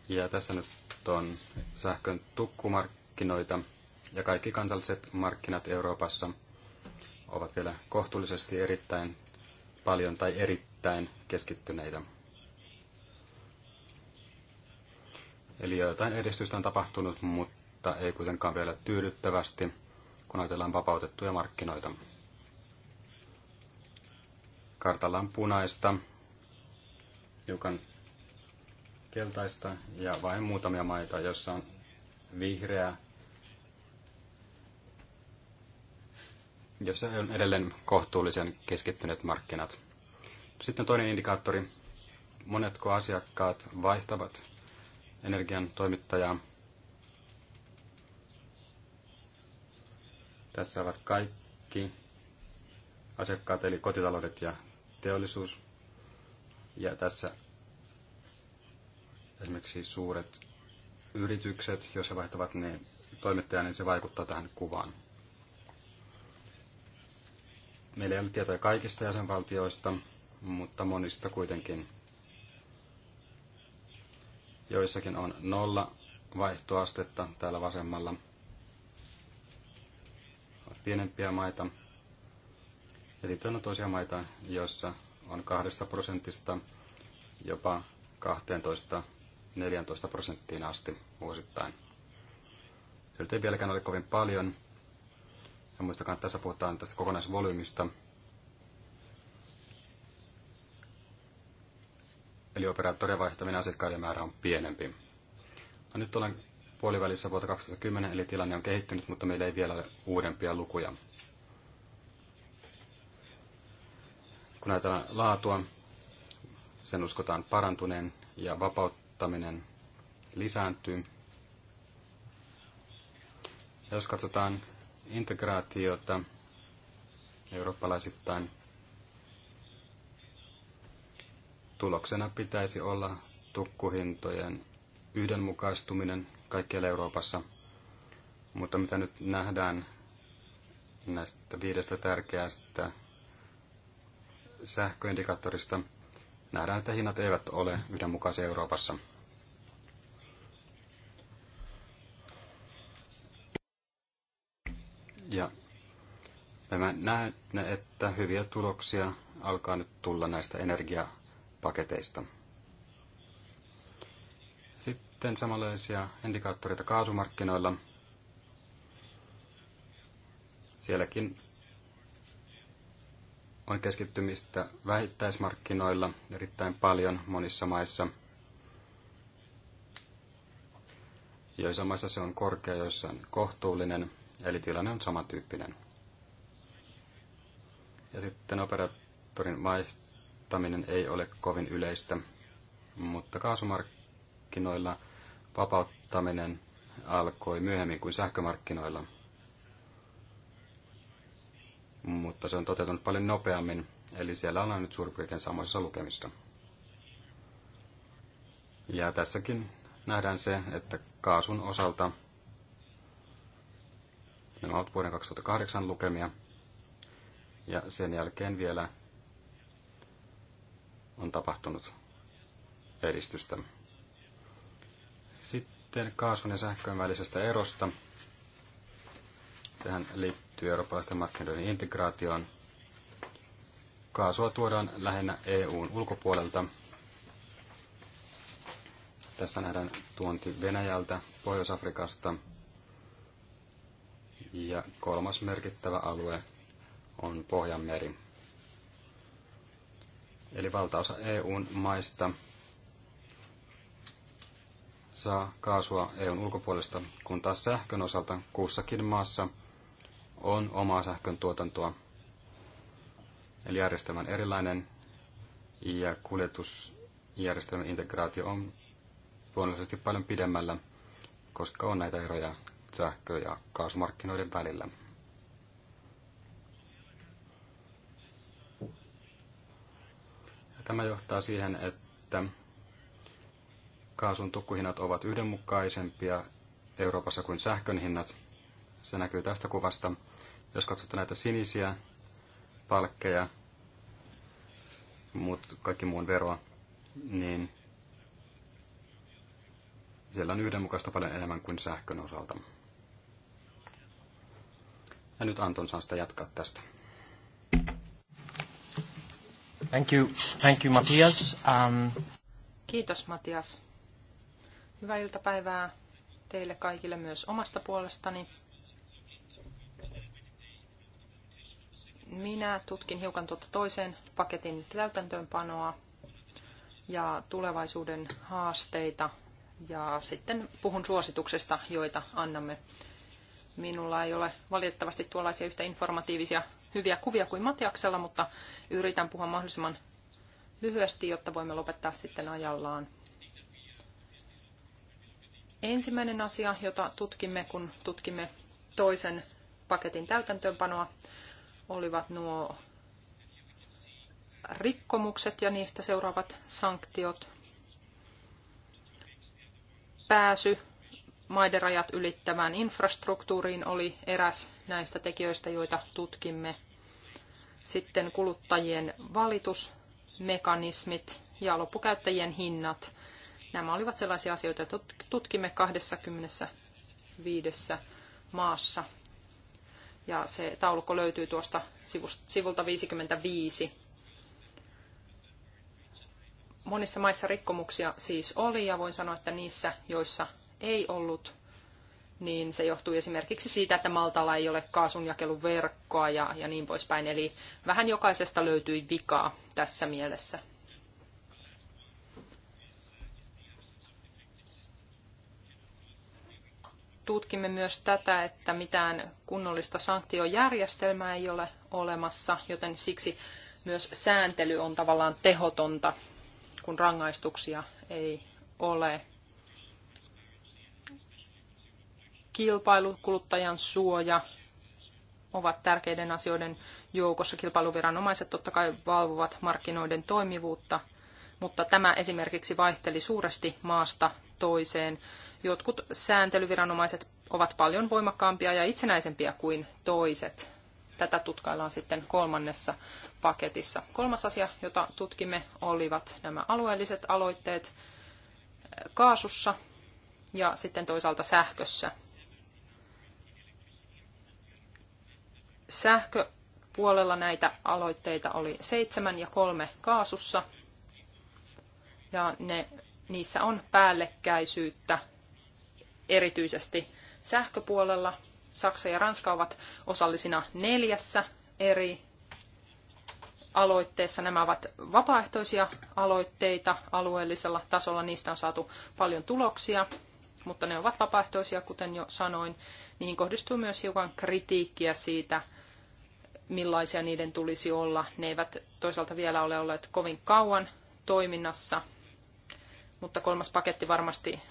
Ja tässä nyt kuntoon sähkön tukkumarkkinoita ja kaikki kansalliset markkinat Euroopassa ovat vielä kohtuullisesti erittäin paljon tai erittäin keskittyneitä. Eli jotain edistystä on tapahtunut, mutta ei kuitenkaan vielä tyydyttävästi, kun ajatellaan vapautettuja markkinoita. Kartalla on punaista, hiukan keltaista ja vain muutamia maita, jossa on vihreää, jossa on edelleen kohtuullisen keskittyneet markkinat. Sitten toinen indikaattori, monetko asiakkaat vaihtavat energian toimittajaa. Tässä ovat kaikki asiakkaat, eli kotitaloudet ja teollisuus. Ja tässä Esimerkiksi suuret yritykset, jos he vaihtavat ne toimittajaa, niin se vaikuttaa tähän kuvaan. Meillä ei ole tietoja kaikista jäsenvaltioista, mutta monista kuitenkin. Joissakin on nolla vaihtoastetta täällä vasemmalla. On pienempiä maita. Ja sitten on toisia maita, joissa on kahdesta prosentista jopa 12 14 prosenttiin asti vuosittain. Se nyt ei vieläkään ole kovin paljon. Ja muistakaa, että tässä puhutaan tästä kokonaisvolyymista. Eli operaattorien vaihtaminen asiakkaiden määrä on pienempi. No nyt ollaan puolivälissä vuotta 2010, eli tilanne on kehittynyt, mutta meillä ei vielä ole uudempia lukuja. Kun ajatellaan laatua, sen uskotaan parantuneen ja vapautta ottaminen lisääntyy. Ja jos katsotaan integraatiota eurooppalaisittain, tuloksena pitäisi olla tukkuhintojen yhdenmukaistuminen kaikkialla Euroopassa. Mutta mitä nyt nähdään näistä viidestä tärkeästä sähköindikaattorista – nähdään, että hinnat eivät ole yhdenmukaisia Euroopassa. Ja me näemme, että hyviä tuloksia alkaa nyt tulla näistä energiapaketeista. Sitten samanlaisia indikaattoreita kaasumarkkinoilla. Sielläkin on keskittymistä vähittäismarkkinoilla erittäin paljon monissa maissa. joissa maissa se on korkea, on kohtuullinen, eli tilanne on samantyyppinen. Ja sitten operaattorin vaihtaminen ei ole kovin yleistä, mutta kaasumarkkinoilla vapauttaminen alkoi myöhemmin kuin sähkömarkkinoilla – mutta se on toteutunut paljon nopeammin, eli siellä ollaan nyt suurin piirtein samoissa lukemissa. Ja tässäkin nähdään se, että kaasun osalta nämä ovat vuoden 2008 lukemia, ja sen jälkeen vielä on tapahtunut edistystä. Sitten kaasun ja sähkön välisestä erosta. Sehän liittyy liittyy eurooppalaisten markkinoiden integraatioon. Kaasua tuodaan lähinnä EUn ulkopuolelta. Tässä nähdään tuonti Venäjältä, Pohjois-Afrikasta. Ja kolmas merkittävä alue on Pohjanmeri. Eli valtaosa EUn maista saa kaasua EUn ulkopuolesta, kun taas sähkön osalta kussakin maassa – on omaa sähkön tuotantoa. Eli järjestelmä on erilainen ja kuljetusjärjestelmän integraatio on luonnollisesti paljon pidemmällä, koska on näitä eroja sähkö- ja kaasumarkkinoiden välillä. Ja tämä johtaa siihen, että kaasun tukkuhinnat ovat yhdenmukaisempia Euroopassa kuin sähkön hinnat. Se näkyy tästä kuvasta. Jos katsotte näitä sinisiä palkkeja, muut, kaikki muun veroa, niin siellä on yhdenmukaista paljon enemmän kuin sähkön osalta. Ja nyt Anton saa sitä jatkaa tästä. Thank you. Thank you, Matias. Um... Kiitos, Matias. Hyvää iltapäivää teille kaikille myös omasta puolestani. Minä tutkin hiukan tuota toisen paketin täytäntöönpanoa ja tulevaisuuden haasteita ja sitten puhun suosituksesta, joita annamme. Minulla ei ole valitettavasti tuollaisia yhtä informatiivisia hyviä kuvia kuin Matiaksella, mutta yritän puhua mahdollisimman lyhyesti, jotta voimme lopettaa sitten ajallaan. Ensimmäinen asia, jota tutkimme, kun tutkimme toisen paketin täytäntöönpanoa, olivat nuo rikkomukset ja niistä seuraavat sanktiot. Pääsy maiden rajat ylittävään infrastruktuuriin oli eräs näistä tekijöistä, joita tutkimme. Sitten kuluttajien valitusmekanismit ja loppukäyttäjien hinnat. Nämä olivat sellaisia asioita, joita tutkimme 25 maassa ja se taulukko löytyy tuosta sivulta 55. Monissa maissa rikkomuksia siis oli ja voin sanoa, että niissä, joissa ei ollut, niin se johtuu esimerkiksi siitä, että Maltalla ei ole kaasunjakeluverkkoa ja, ja niin poispäin. Eli vähän jokaisesta löytyi vikaa tässä mielessä. tutkimme myös tätä, että mitään kunnollista sanktiojärjestelmää ei ole olemassa, joten siksi myös sääntely on tavallaan tehotonta, kun rangaistuksia ei ole. Kilpailu, kuluttajan suoja ovat tärkeiden asioiden joukossa. Kilpailuviranomaiset totta kai valvovat markkinoiden toimivuutta, mutta tämä esimerkiksi vaihteli suuresti maasta toiseen jotkut sääntelyviranomaiset ovat paljon voimakkaampia ja itsenäisempiä kuin toiset. Tätä tutkaillaan sitten kolmannessa paketissa. Kolmas asia, jota tutkimme, olivat nämä alueelliset aloitteet kaasussa ja sitten toisaalta sähkössä. Sähköpuolella näitä aloitteita oli seitsemän ja kolme kaasussa. Ja ne, niissä on päällekkäisyyttä erityisesti sähköpuolella. Saksa ja Ranska ovat osallisina neljässä eri aloitteessa. Nämä ovat vapaaehtoisia aloitteita alueellisella tasolla. Niistä on saatu paljon tuloksia, mutta ne ovat vapaaehtoisia, kuten jo sanoin. Niihin kohdistuu myös hiukan kritiikkiä siitä, millaisia niiden tulisi olla. Ne eivät toisaalta vielä ole olleet kovin kauan toiminnassa, mutta kolmas paketti varmasti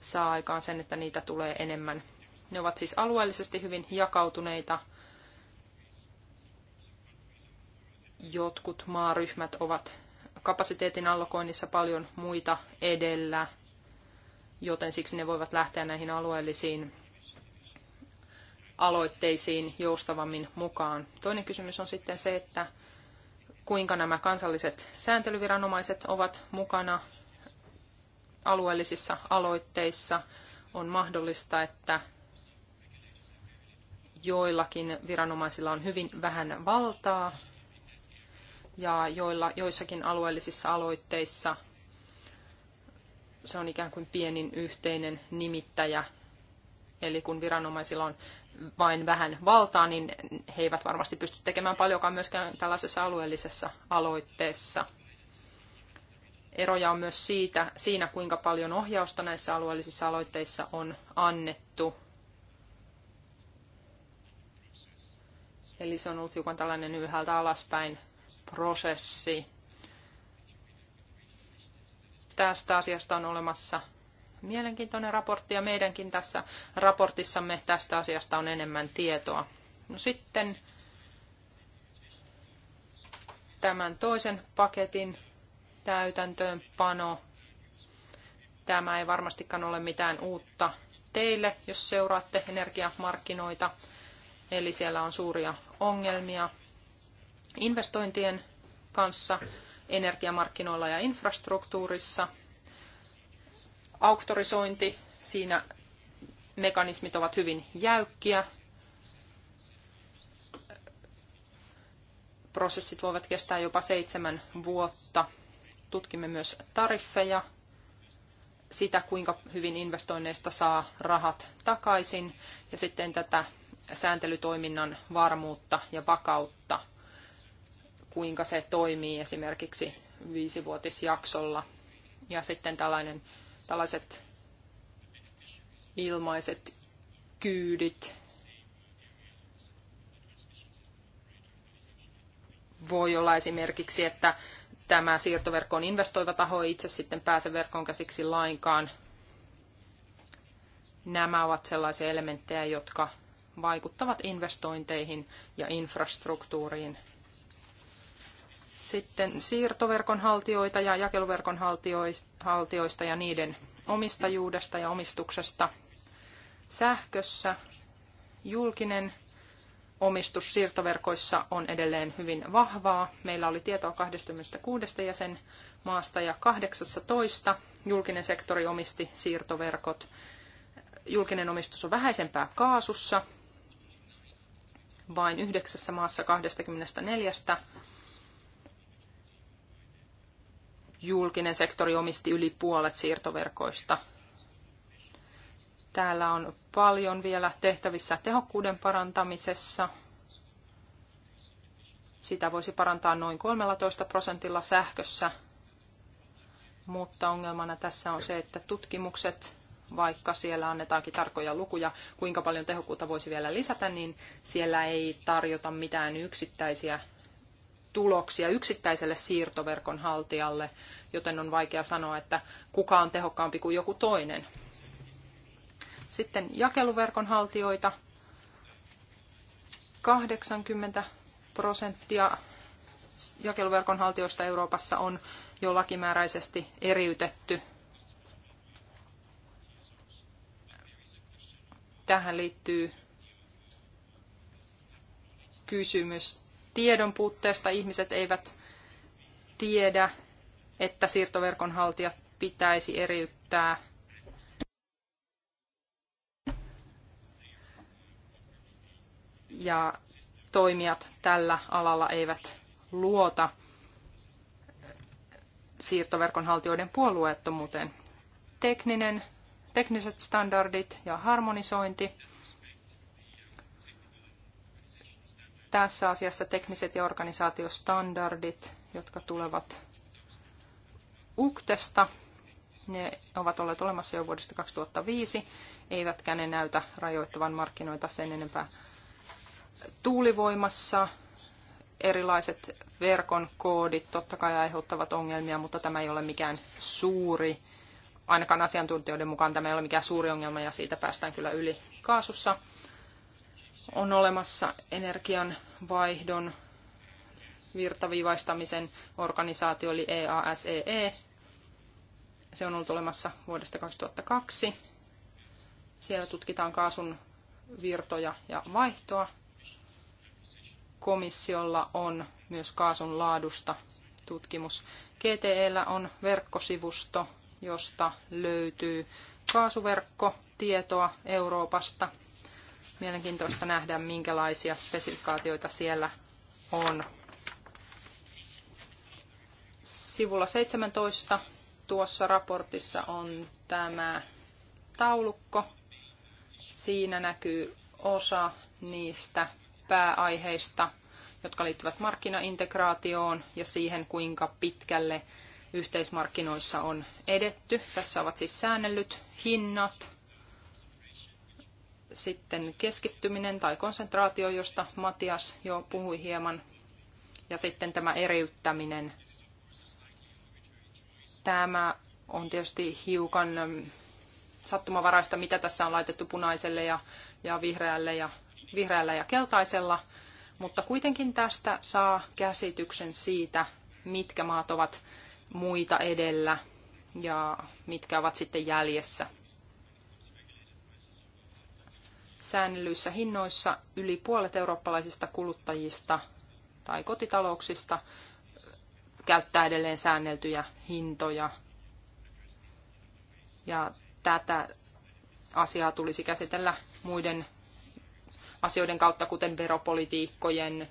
saa aikaan sen, että niitä tulee enemmän. Ne ovat siis alueellisesti hyvin jakautuneita. Jotkut maaryhmät ovat kapasiteetin allokoinnissa paljon muita edellä, joten siksi ne voivat lähteä näihin alueellisiin aloitteisiin joustavammin mukaan. Toinen kysymys on sitten se, että kuinka nämä kansalliset sääntelyviranomaiset ovat mukana alueellisissa aloitteissa on mahdollista, että joillakin viranomaisilla on hyvin vähän valtaa ja joilla, joissakin alueellisissa aloitteissa se on ikään kuin pienin yhteinen nimittäjä. Eli kun viranomaisilla on vain vähän valtaa, niin he eivät varmasti pysty tekemään paljonkaan myöskään tällaisessa alueellisessa aloitteessa – Eroja on myös siitä, siinä, kuinka paljon ohjausta näissä alueellisissa aloitteissa on annettu. Eli se on ollut hiukan tällainen ylhäältä alaspäin prosessi. Tästä asiasta on olemassa mielenkiintoinen raportti ja meidänkin tässä raportissamme tästä asiasta on enemmän tietoa. No sitten tämän toisen paketin täytäntöönpano. Tämä ei varmastikaan ole mitään uutta teille, jos seuraatte energiamarkkinoita. Eli siellä on suuria ongelmia investointien kanssa energiamarkkinoilla ja infrastruktuurissa. Auktorisointi, siinä mekanismit ovat hyvin jäykkiä. Prosessit voivat kestää jopa seitsemän vuotta – tutkimme myös tariffeja, sitä kuinka hyvin investoinneista saa rahat takaisin ja sitten tätä sääntelytoiminnan varmuutta ja vakautta, kuinka se toimii esimerkiksi viisivuotisjaksolla. Ja sitten tällainen, tällaiset ilmaiset kyydit voi olla esimerkiksi, että tämä siirtoverkkoon investoiva taho ei itse sitten pääse verkkoon käsiksi lainkaan. Nämä ovat sellaisia elementtejä, jotka vaikuttavat investointeihin ja infrastruktuuriin. Sitten siirtoverkon haltijoita ja jakeluverkon haltijoista ja niiden omistajuudesta ja omistuksesta. Sähkössä julkinen omistus siirtoverkoissa on edelleen hyvin vahvaa. Meillä oli tietoa 26 jäsenmaasta ja 18 julkinen sektori omisti siirtoverkot. Julkinen omistus on vähäisempää kaasussa, vain yhdeksässä maassa 24. Julkinen sektori omisti yli puolet siirtoverkoista – Täällä on paljon vielä tehtävissä tehokkuuden parantamisessa. Sitä voisi parantaa noin 13 prosentilla sähkössä, mutta ongelmana tässä on se, että tutkimukset, vaikka siellä annetaankin tarkoja lukuja, kuinka paljon tehokkuutta voisi vielä lisätä, niin siellä ei tarjota mitään yksittäisiä tuloksia yksittäiselle siirtoverkon haltijalle, joten on vaikea sanoa, että kuka on tehokkaampi kuin joku toinen. Sitten jakeluverkon haltijoita 80 prosenttia jakeluverkon haltijoista Euroopassa on jo lakimääräisesti eriytetty. Tähän liittyy kysymys tiedon puutteesta. Ihmiset eivät tiedä, että siirtoverkon haltijat pitäisi eriyttää ja toimijat tällä alalla eivät luota siirtoverkon haltijoiden puolueettomuuteen. Tekninen, tekniset standardit ja harmonisointi. Tässä asiassa tekniset ja organisaatiostandardit, jotka tulevat UKTesta, ne ovat olleet olemassa jo vuodesta 2005, eivätkä ne näytä rajoittavan markkinoita sen enempää tuulivoimassa erilaiset verkon koodit totta kai aiheuttavat ongelmia, mutta tämä ei ole mikään suuri, ainakaan asiantuntijoiden mukaan tämä ei ole mikään suuri ongelma ja siitä päästään kyllä yli kaasussa. On olemassa energian vaihdon virtaviivaistamisen organisaatio eli EASEE. E e. Se on ollut olemassa vuodesta 2002. Siellä tutkitaan kaasun virtoja ja vaihtoa komissiolla on myös kaasun laadusta tutkimus. GTEllä on verkkosivusto, josta löytyy kaasuverkkotietoa Euroopasta. Mielenkiintoista nähdä, minkälaisia spesifikaatioita siellä on. Sivulla 17 tuossa raportissa on tämä taulukko. Siinä näkyy osa niistä pääaiheista, jotka liittyvät markkinaintegraatioon ja siihen, kuinka pitkälle yhteismarkkinoissa on edetty. Tässä ovat siis säännellyt hinnat, sitten keskittyminen tai konsentraatio, josta Matias jo puhui hieman, ja sitten tämä eriyttäminen. Tämä on tietysti hiukan mm, sattumavaraista, mitä tässä on laitettu punaiselle ja, ja vihreälle ja vihreällä ja keltaisella, mutta kuitenkin tästä saa käsityksen siitä, mitkä maat ovat muita edellä ja mitkä ovat sitten jäljessä. Säännellyissä hinnoissa yli puolet eurooppalaisista kuluttajista tai kotitalouksista käyttää edelleen säänneltyjä hintoja. Ja tätä asiaa tulisi käsitellä muiden asioiden kautta, kuten veropolitiikkojen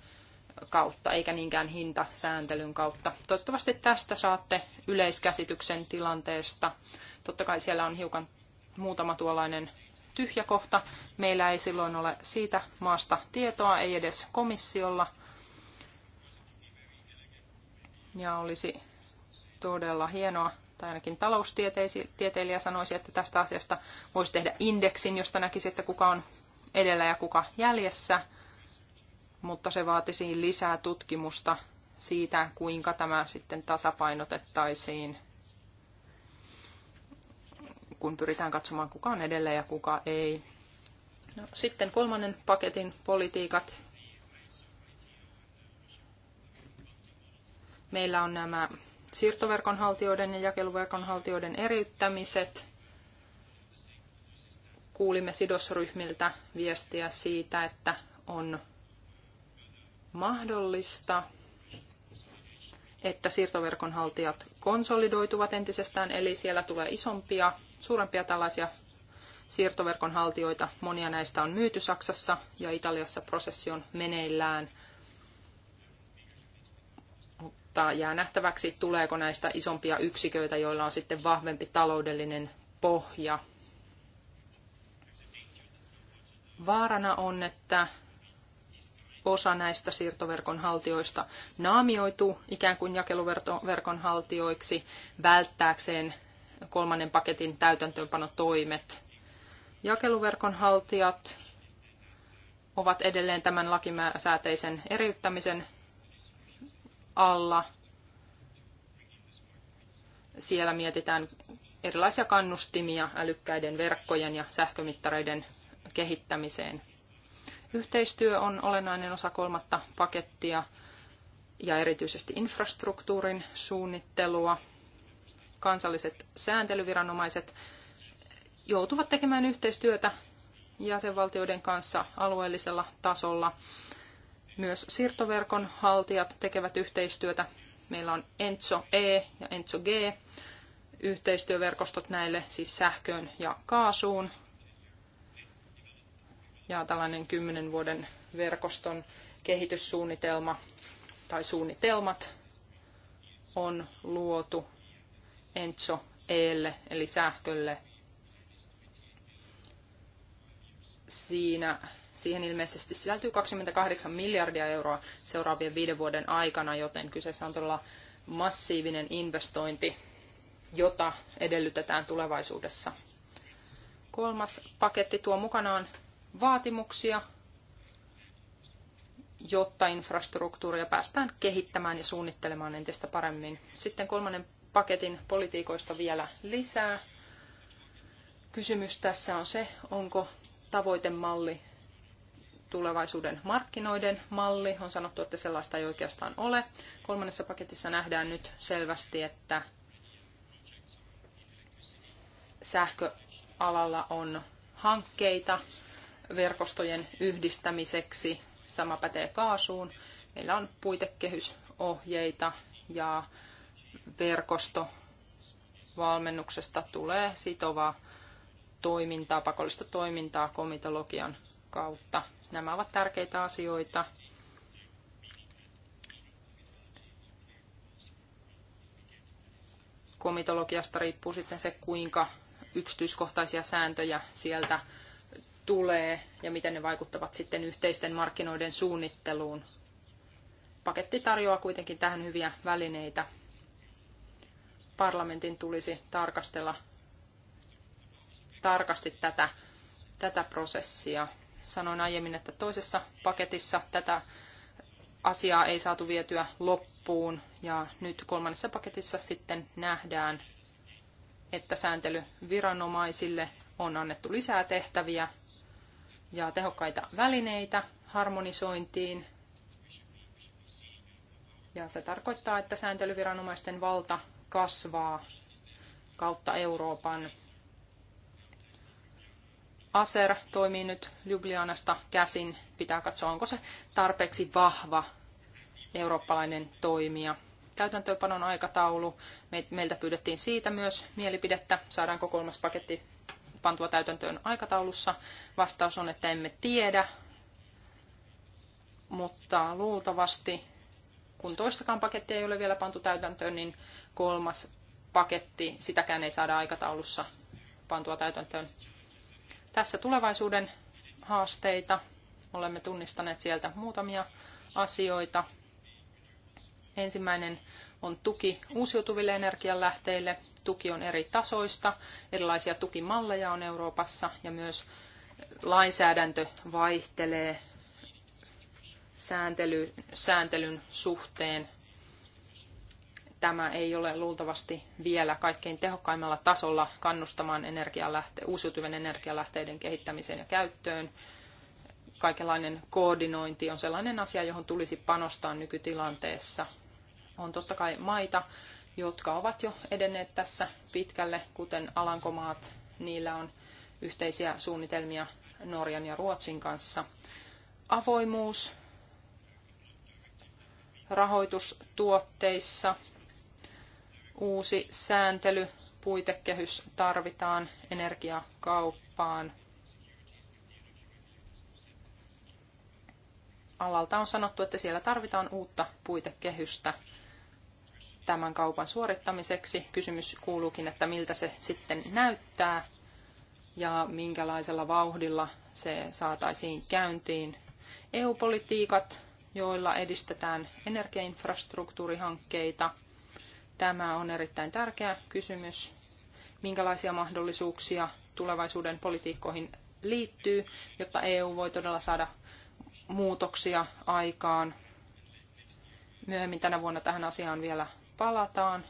kautta, eikä niinkään hintasääntelyn kautta. Toivottavasti tästä saatte yleiskäsityksen tilanteesta. Totta kai siellä on hiukan muutama tuollainen tyhjä kohta. Meillä ei silloin ole siitä maasta tietoa, ei edes komissiolla. Ja olisi todella hienoa, tai ainakin taloustieteilijä sanoisi, että tästä asiasta voisi tehdä indeksin, josta näkisi, että kuka on edellä ja kuka jäljessä, mutta se vaatisi lisää tutkimusta siitä, kuinka tämä sitten tasapainotettaisiin, kun pyritään katsomaan, kuka on edellä ja kuka ei. No, sitten kolmannen paketin politiikat. Meillä on nämä siirtoverkonhaltijoiden ja jakeluverkonhaltijoiden eriyttämiset kuulimme sidosryhmiltä viestiä siitä, että on mahdollista, että siirtoverkon haltijat konsolidoituvat entisestään, eli siellä tulee isompia, suurempia tällaisia siirtoverkon haltijoita. Monia näistä on myyty Saksassa ja Italiassa prosessi on meneillään. Mutta jää nähtäväksi, tuleeko näistä isompia yksiköitä, joilla on sitten vahvempi taloudellinen pohja Vaarana on, että osa näistä siirtoverkon haltijoista naamioituu ikään kuin jakeluverkon haltijoiksi välttääkseen kolmannen paketin täytäntöönpanotoimet. Jakeluverkon haltijat ovat edelleen tämän lakisääteisen eriyttämisen alla. Siellä mietitään erilaisia kannustimia älykkäiden verkkojen ja sähkömittareiden kehittämiseen. Yhteistyö on olennainen osa kolmatta pakettia ja erityisesti infrastruktuurin suunnittelua. Kansalliset sääntelyviranomaiset joutuvat tekemään yhteistyötä jäsenvaltioiden kanssa alueellisella tasolla. Myös siirtoverkon haltijat tekevät yhteistyötä. Meillä on Enso E ja Enso G yhteistyöverkostot näille, siis sähköön ja kaasuun ja tällainen kymmenen vuoden verkoston kehityssuunnitelma tai suunnitelmat on luotu Enzo Eelle eli sähkölle. Siinä, siihen ilmeisesti sisältyy 28 miljardia euroa seuraavien viiden vuoden aikana, joten kyseessä on todella massiivinen investointi, jota edellytetään tulevaisuudessa. Kolmas paketti tuo mukanaan vaatimuksia, jotta infrastruktuuria päästään kehittämään ja suunnittelemaan entistä paremmin. Sitten kolmannen paketin politiikoista vielä lisää. Kysymys tässä on se, onko tavoitemalli tulevaisuuden markkinoiden malli. On sanottu, että sellaista ei oikeastaan ole. Kolmannessa paketissa nähdään nyt selvästi, että sähköalalla on hankkeita, verkostojen yhdistämiseksi. Sama pätee kaasuun. Meillä on puitekehysohjeita ja verkostovalmennuksesta tulee sitovaa toimintaa, pakollista toimintaa komitologian kautta. Nämä ovat tärkeitä asioita. Komitologiasta riippuu sitten se, kuinka yksityiskohtaisia sääntöjä sieltä tulee ja miten ne vaikuttavat sitten yhteisten markkinoiden suunnitteluun. Paketti tarjoaa kuitenkin tähän hyviä välineitä. Parlamentin tulisi tarkastella tarkasti tätä, tätä prosessia. Sanoin aiemmin, että toisessa paketissa tätä asiaa ei saatu vietyä loppuun ja nyt kolmannessa paketissa sitten nähdään, että sääntelyviranomaisille on annettu lisää tehtäviä ja tehokkaita välineitä harmonisointiin. Ja se tarkoittaa, että sääntelyviranomaisten valta kasvaa kautta Euroopan. ASER toimii nyt Ljubljanasta käsin. Pitää katsoa, onko se tarpeeksi vahva eurooppalainen toimija. Täytäntöönpanon aikataulu. Meiltä pyydettiin siitä myös mielipidettä. Saadaanko kolmas paketti pantua täytäntöön aikataulussa? Vastaus on, että emme tiedä, mutta luultavasti kun toistakaan pakettia ei ole vielä pantu täytäntöön, niin kolmas paketti, sitäkään ei saada aikataulussa pantua täytäntöön. Tässä tulevaisuuden haasteita. Olemme tunnistaneet sieltä muutamia asioita. Ensimmäinen on tuki uusiutuville energianlähteille. Tuki on eri tasoista, erilaisia tukimalleja on Euroopassa ja myös lainsäädäntö vaihtelee sääntely, sääntelyn suhteen. Tämä ei ole luultavasti vielä kaikkein tehokkaimmalla tasolla kannustamaan energialähte- uusiutuvien energialähteiden kehittämiseen ja käyttöön. Kaikenlainen koordinointi on sellainen asia, johon tulisi panostaa nykytilanteessa. On totta kai maita, jotka ovat jo edenneet tässä pitkälle, kuten Alankomaat. Niillä on yhteisiä suunnitelmia Norjan ja Ruotsin kanssa. Avoimuus rahoitustuotteissa. Uusi sääntely, puitekehys tarvitaan energiakauppaan. Alalta on sanottu, että siellä tarvitaan uutta puitekehystä – tämän kaupan suorittamiseksi. Kysymys kuuluukin, että miltä se sitten näyttää ja minkälaisella vauhdilla se saataisiin käyntiin. EU-politiikat, joilla edistetään energiainfrastruktuurihankkeita. Tämä on erittäin tärkeä kysymys. Minkälaisia mahdollisuuksia tulevaisuuden politiikkoihin liittyy, jotta EU voi todella saada muutoksia aikaan myöhemmin tänä vuonna tähän asiaan vielä palataan.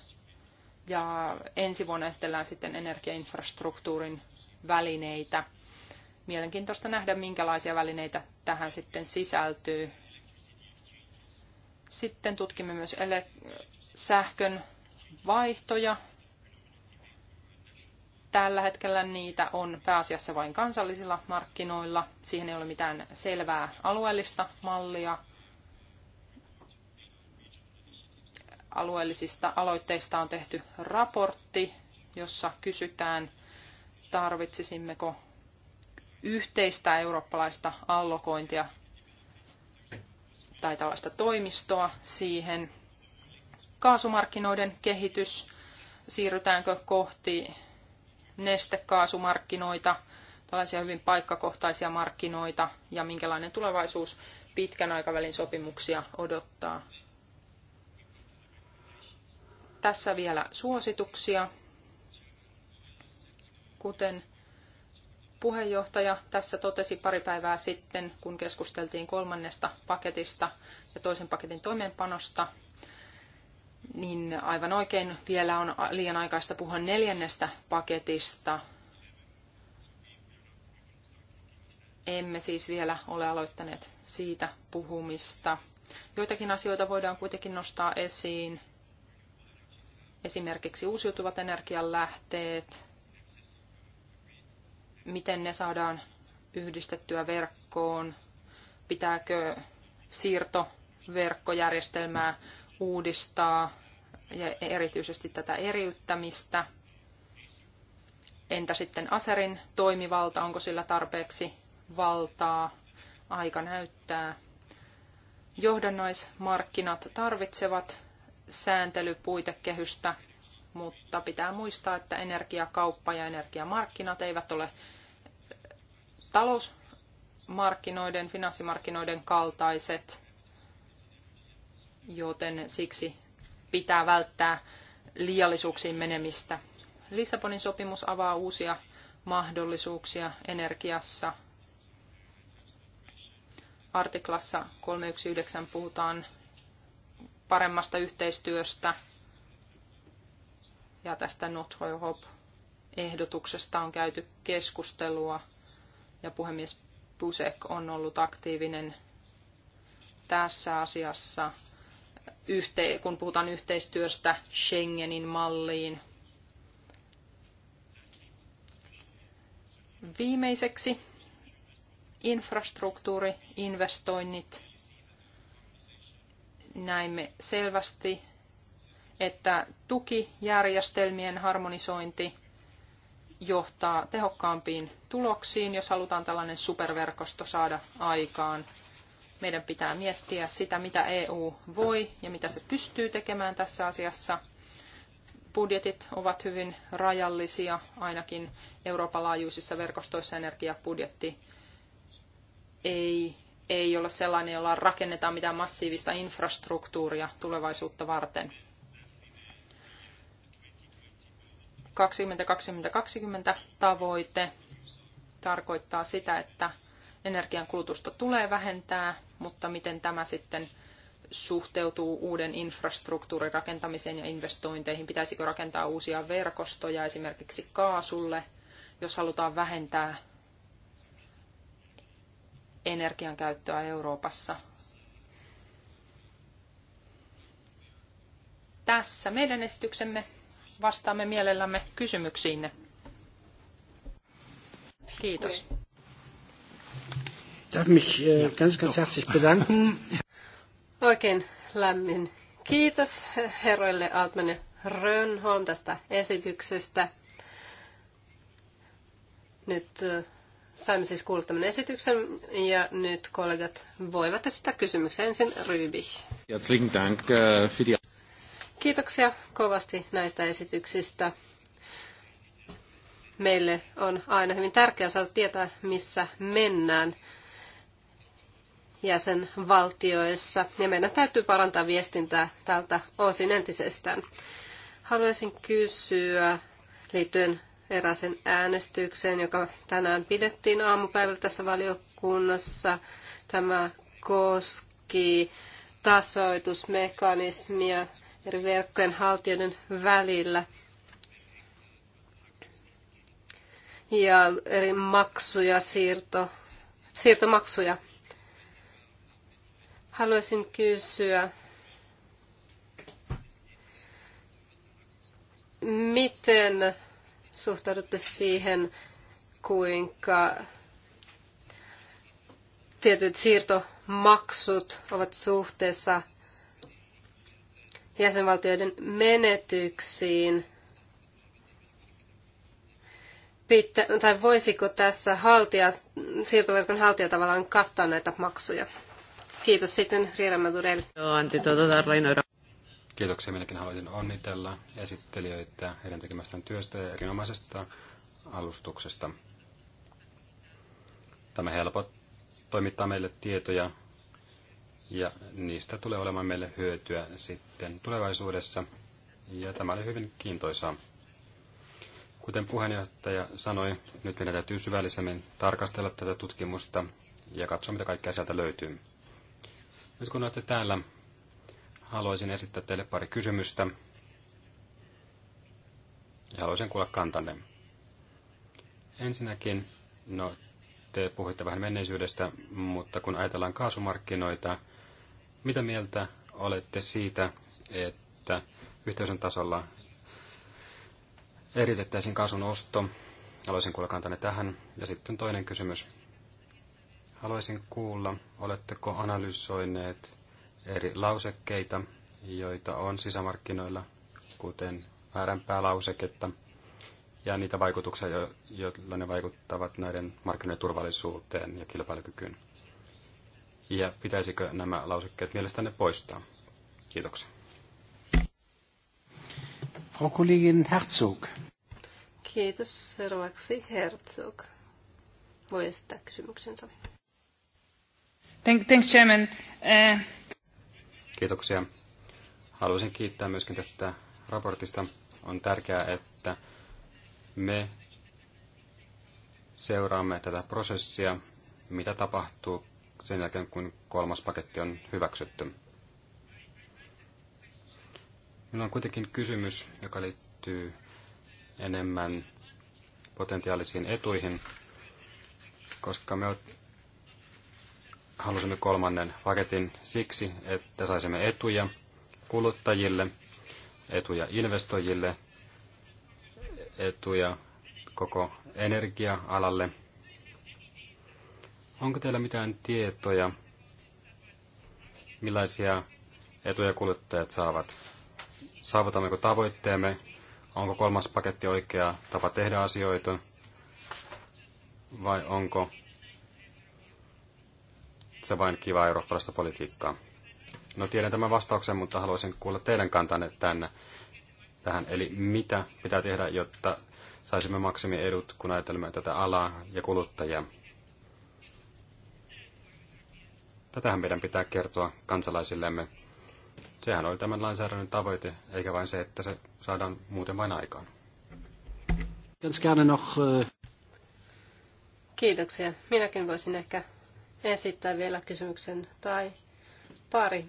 Ja ensi vuonna esitellään sitten energiainfrastruktuurin välineitä. Mielenkiintoista nähdä, minkälaisia välineitä tähän sitten sisältyy. Sitten tutkimme myös sähkön vaihtoja. Tällä hetkellä niitä on pääasiassa vain kansallisilla markkinoilla. Siihen ei ole mitään selvää alueellista mallia. alueellisista aloitteista on tehty raportti, jossa kysytään, tarvitsisimmeko yhteistä eurooppalaista allokointia tai tällaista toimistoa siihen. Kaasumarkkinoiden kehitys, siirrytäänkö kohti nestekaasumarkkinoita, tällaisia hyvin paikkakohtaisia markkinoita ja minkälainen tulevaisuus pitkän aikavälin sopimuksia odottaa. Tässä vielä suosituksia. Kuten puheenjohtaja tässä totesi pari päivää sitten, kun keskusteltiin kolmannesta paketista ja toisen paketin toimeenpanosta, niin aivan oikein vielä on liian aikaista puhua neljännestä paketista. Emme siis vielä ole aloittaneet siitä puhumista. Joitakin asioita voidaan kuitenkin nostaa esiin esimerkiksi uusiutuvat energianlähteet, miten ne saadaan yhdistettyä verkkoon, pitääkö siirtoverkkojärjestelmää uudistaa ja erityisesti tätä eriyttämistä. Entä sitten Aserin toimivalta, onko sillä tarpeeksi valtaa? Aika näyttää. Johdannaismarkkinat tarvitsevat sääntelypuitekehystä, mutta pitää muistaa, että energiakauppa ja energiamarkkinat eivät ole talousmarkkinoiden, finanssimarkkinoiden kaltaiset, joten siksi pitää välttää liiallisuuksiin menemistä. Lissabonin sopimus avaa uusia mahdollisuuksia energiassa. Artiklassa 319 puhutaan paremmasta yhteistyöstä ja tästä Not Hop ehdotuksesta on käyty keskustelua ja puhemies Pusek on ollut aktiivinen tässä asiassa, yhte kun puhutaan yhteistyöstä Schengenin malliin. Viimeiseksi infrastruktuuriinvestoinnit näimme selvästi, että tukijärjestelmien harmonisointi johtaa tehokkaampiin tuloksiin, jos halutaan tällainen superverkosto saada aikaan. Meidän pitää miettiä sitä, mitä EU voi ja mitä se pystyy tekemään tässä asiassa. Budjetit ovat hyvin rajallisia, ainakin Euroopan laajuisissa verkostoissa energiapudjetti ei ei ole sellainen, jolla rakennetaan mitään massiivista infrastruktuuria tulevaisuutta varten. 2020-2020 tavoite tarkoittaa sitä, että energian kulutusta tulee vähentää, mutta miten tämä sitten suhteutuu uuden infrastruktuurin rakentamiseen ja investointeihin? Pitäisikö rakentaa uusia verkostoja esimerkiksi kaasulle, jos halutaan vähentää energian käyttöä Euroopassa. Tässä meidän esityksemme. Vastaamme mielellämme kysymyksiinne. Kiitos. Darf mich äh, ganz, ganz herzlich bedanken. Oikein lämmin kiitos herroille Altman ja Rönholm tästä esityksestä. Nyt äh, Saimme siis kuulla tämän esityksen ja nyt kollegat voivat esittää kysymyksen ensin Ryby. Äh, Kiitoksia kovasti näistä esityksistä. Meille on aina hyvin tärkeää saada tietää, missä mennään jäsenvaltioissa, ja meidän täytyy parantaa viestintää tältä osin entisestään. Haluaisin kysyä liittyen eräsen äänestykseen, joka tänään pidettiin aamupäivällä tässä valiokunnassa. Tämä koski tasoitusmekanismia eri verkkojen haltijoiden välillä ja eri maksuja, siirto, siirtomaksuja. Haluaisin kysyä, miten suhtaudutte siihen, kuinka tietyt siirtomaksut ovat suhteessa jäsenvaltioiden menetyksiin. Pitä, tai voisiko tässä haltia, siirtoverkon haltija tavallaan kattaa näitä maksuja? Kiitos sitten Riera Madurel. Kiitoksia. Minäkin haluaisin onnitella esittelijöitä heidän tekemästään työstä ja erinomaisesta alustuksesta. Tämä helpot toimittaa meille tietoja ja niistä tulee olemaan meille hyötyä sitten tulevaisuudessa. Ja tämä oli hyvin kiintoisaa. Kuten puheenjohtaja sanoi, nyt meidän täytyy syvällisemmin tarkastella tätä tutkimusta ja katsoa, mitä kaikkea sieltä löytyy. Nyt kun olette täällä, haluaisin esittää teille pari kysymystä ja haluaisin kuulla kantanne. Ensinnäkin, no te puhuitte vähän menneisyydestä, mutta kun ajatellaan kaasumarkkinoita, mitä mieltä olette siitä, että yhteisön tasolla eritettäisiin kaasun osto? Haluaisin kuulla kantanne tähän. Ja sitten toinen kysymys. Haluaisin kuulla, oletteko analysoineet eri lausekkeita, joita on sisämarkkinoilla, kuten määränpää lauseketta ja niitä vaikutuksia, joilla ne vaikuttavat näiden markkinoiden turvallisuuteen ja kilpailukykyyn. Ja pitäisikö nämä lausekkeet mielestänne poistaa? Kiitoksia. Frau Kollegin Herzog. Kiitos. Seuraavaksi Herzog voi esittää kysymyksensä. Thanks, Chairman. Uh... Kiitoksia. Haluaisin kiittää myöskin tästä raportista. On tärkeää, että me seuraamme tätä prosessia, mitä tapahtuu sen jälkeen, kun kolmas paketti on hyväksytty. Minulla on kuitenkin kysymys, joka liittyy enemmän potentiaalisiin etuihin, koska me halusimme kolmannen paketin siksi, että saisimme etuja kuluttajille, etuja investoijille, etuja koko energia-alalle. Onko teillä mitään tietoja, millaisia etuja kuluttajat saavat? Saavutammeko tavoitteemme? Onko kolmas paketti oikea tapa tehdä asioita? Vai onko se vain kivaa eurooppalaista politiikkaa? No tiedän tämän vastauksen, mutta haluaisin kuulla teidän kantanne tänne tähän. Eli mitä pitää tehdä, jotta saisimme maksimiedut, kun ajattelemme tätä alaa ja kuluttajia? Tätähän meidän pitää kertoa kansalaisillemme. Sehän oli tämän lainsäädännön tavoite, eikä vain se, että se saadaan muuten vain aikaan. Äh, Kiitoksia. Minäkin voisin ehkä esittää vielä kysymyksen tai pari.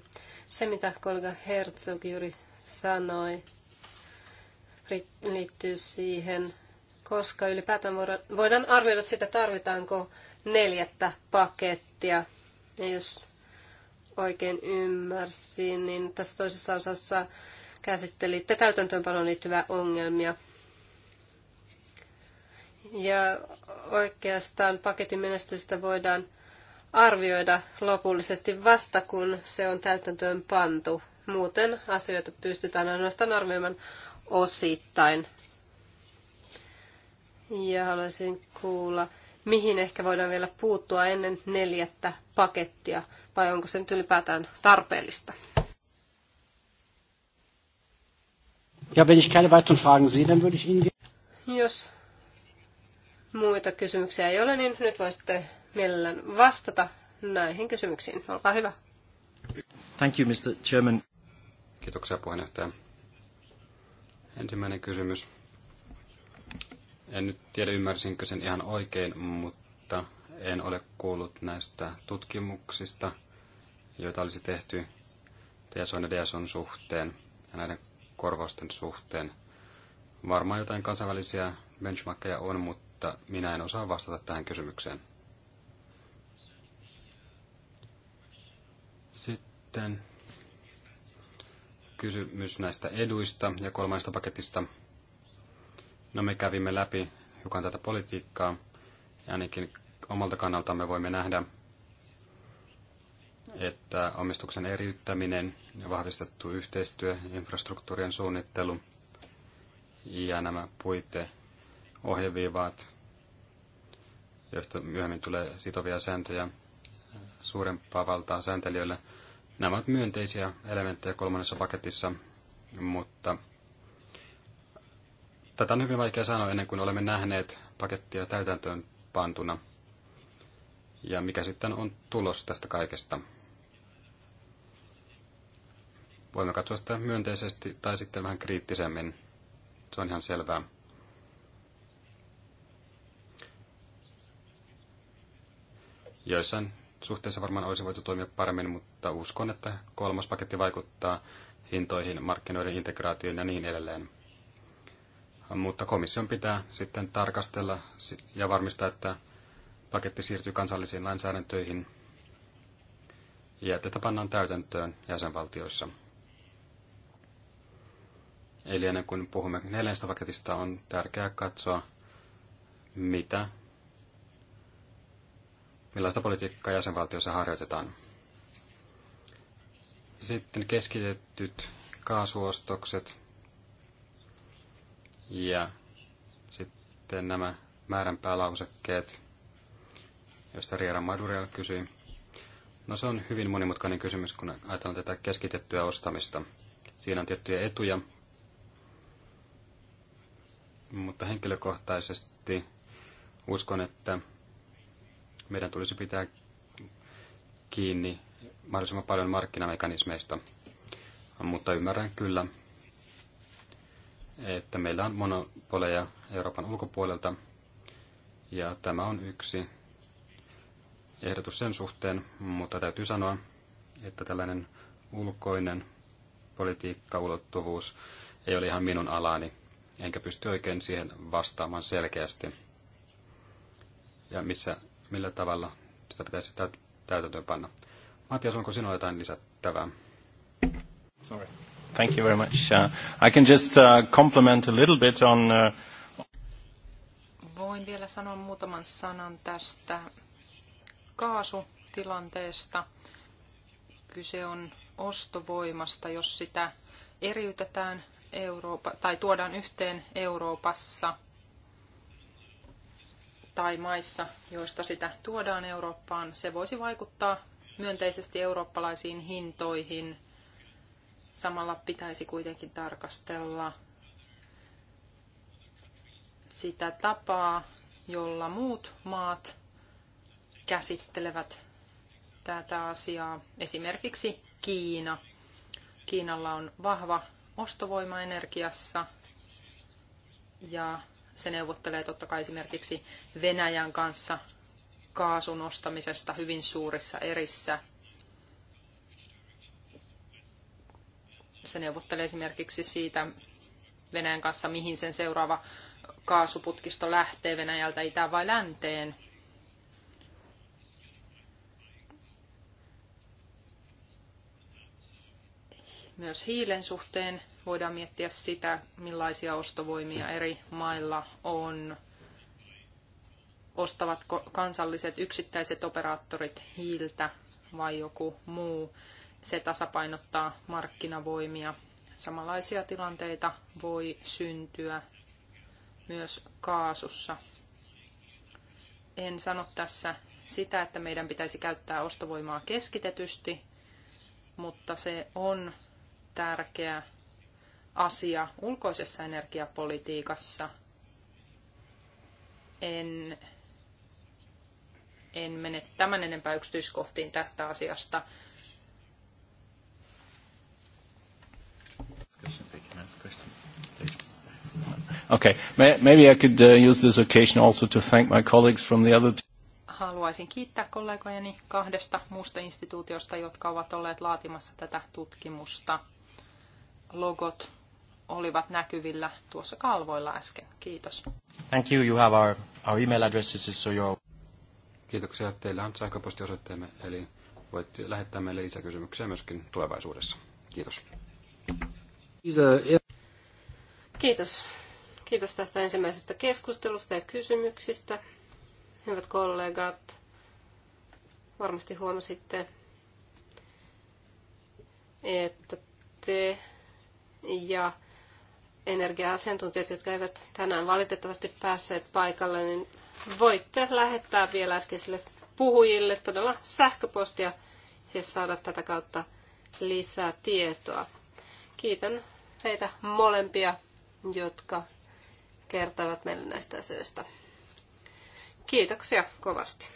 Se, mitä kollega Herzog juuri sanoi, liittyy siihen, koska ylipäätään voidaan arvioida sitä, tarvitaanko neljättä pakettia. Ja jos oikein ymmärsin, niin tässä toisessa osassa käsittelitte täytäntöönpanoon liittyviä ongelmia. Ja oikeastaan paketin menestystä voidaan arvioida lopullisesti vasta, kun se on täytäntöön pantu. Muuten asioita pystytään ainoastaan arvioimaan osittain. Ja haluaisin kuulla, mihin ehkä voidaan vielä puuttua ennen neljättä pakettia, vai onko se nyt ylipäätään tarpeellista? Ja, wenn ich keine weiteren Fragen sehe, dann würde ich Ihnen... Jos muita kysymyksiä ei ole, niin nyt voisitte mielellään vastata näihin kysymyksiin. Olkaa hyvä. Thank you, Mr. Chairman. Kiitoksia puheenjohtaja. Ensimmäinen kysymys. En nyt tiedä, ymmärsinkö sen ihan oikein, mutta en ole kuullut näistä tutkimuksista, joita olisi tehty TSOn ja DSOn suhteen ja näiden korvausten suhteen. Varmaan jotain kansainvälisiä benchmarkkeja on, mutta minä en osaa vastata tähän kysymykseen. Sitten kysymys näistä eduista ja kolmannesta paketista. No me kävimme läpi hiukan tätä politiikkaa ja ainakin omalta kannaltamme voimme nähdä, että omistuksen eriyttäminen ja vahvistettu yhteistyö, infrastruktuurien suunnittelu ja nämä ohjeviivat, joista myöhemmin tulee sitovia sääntöjä suurempaa valtaa sääntelijöille – Nämä ovat myönteisiä elementtejä kolmannessa paketissa, mutta tätä on hyvin vaikea sanoa ennen kuin olemme nähneet pakettia täytäntöön pantuna. Ja mikä sitten on tulos tästä kaikesta. Voimme katsoa sitä myönteisesti tai sitten vähän kriittisemmin. Se on ihan selvää. Joissain suhteessa varmaan olisi voitu toimia paremmin, mutta uskon, että kolmas paketti vaikuttaa hintoihin, markkinoiden integraatioon ja niin edelleen. Mutta komission pitää sitten tarkastella ja varmistaa, että paketti siirtyy kansallisiin lainsäädäntöihin ja että sitä pannaan täytäntöön jäsenvaltioissa. Eli ennen kuin puhumme neljästä paketista, on tärkeää katsoa, mitä millaista politiikkaa jäsenvaltioissa harjoitetaan. Sitten keskitettyt kaasuostokset ja sitten nämä määränpäälausekkeet, joista Riera Madurel kysyi. No se on hyvin monimutkainen kysymys, kun ajatellaan tätä keskitettyä ostamista. Siinä on tiettyjä etuja, mutta henkilökohtaisesti uskon, että meidän tulisi pitää kiinni mahdollisimman paljon markkinamekanismeista, mutta ymmärrän kyllä, että meillä on monopoleja Euroopan ulkopuolelta, ja tämä on yksi ehdotus sen suhteen, mutta täytyy sanoa, että tällainen ulkoinen politiikkaulottuvuus ei ole ihan minun alani, enkä pysty oikein siihen vastaamaan selkeästi. Ja missä millä tavalla sitä pitäisi täytäntöön panna. Matias, onko sinulla jotain lisättävää? Sorry. Thank you very much. Uh, I can just uh, compliment a little bit on... Uh... Voin vielä sanoa muutaman sanan tästä kaasutilanteesta. Kyse on ostovoimasta, jos sitä eriytetään Eurooppa, tai tuodaan yhteen Euroopassa – tai maissa, joista sitä tuodaan Eurooppaan, se voisi vaikuttaa myönteisesti eurooppalaisiin hintoihin. Samalla pitäisi kuitenkin tarkastella sitä tapaa, jolla muut maat käsittelevät tätä asiaa. Esimerkiksi Kiina. Kiinalla on vahva ostovoima energiassa ja se neuvottelee totta kai esimerkiksi Venäjän kanssa kaasun ostamisesta hyvin suurissa erissä. Se neuvottelee esimerkiksi siitä Venäjän kanssa, mihin sen seuraava kaasuputkisto lähtee Venäjältä itään vai länteen. Myös hiilen suhteen voidaan miettiä sitä, millaisia ostovoimia eri mailla on. Ostavatko kansalliset yksittäiset operaattorit hiiltä vai joku muu. Se tasapainottaa markkinavoimia. Samanlaisia tilanteita voi syntyä myös kaasussa. En sano tässä sitä, että meidän pitäisi käyttää ostovoimaa keskitetysti, mutta se on tärkeä asia ulkoisessa energiapolitiikassa. En, en mene tämän enempää yksityiskohtiin tästä asiasta. Okay, maybe I could uh, use this occasion also to thank my colleagues from the other haluaisin kiittää kollegojani kahdesta muusta instituutiosta, jotka ovat olleet laatimassa tätä tutkimusta. Logot olivat näkyvillä tuossa kalvoilla äsken. Kiitos. Thank you. You have our, our email addresses, so your... Kiitoksia. Teillä on sähköpostiosoitteemme, eli voit lähettää meille lisäkysymyksiä myöskin tulevaisuudessa. Kiitos. Kiitos. Kiitos tästä ensimmäisestä keskustelusta ja kysymyksistä. Hyvät kollegat, varmasti huomasitte, että te ja energia-asiantuntijat, jotka eivät tänään valitettavasti päässeet paikalle, niin voitte lähettää vielä äskeisille puhujille todella sähköpostia ja saada tätä kautta lisää tietoa. Kiitän heitä molempia, jotka kertoivat meille näistä asioista. Kiitoksia kovasti.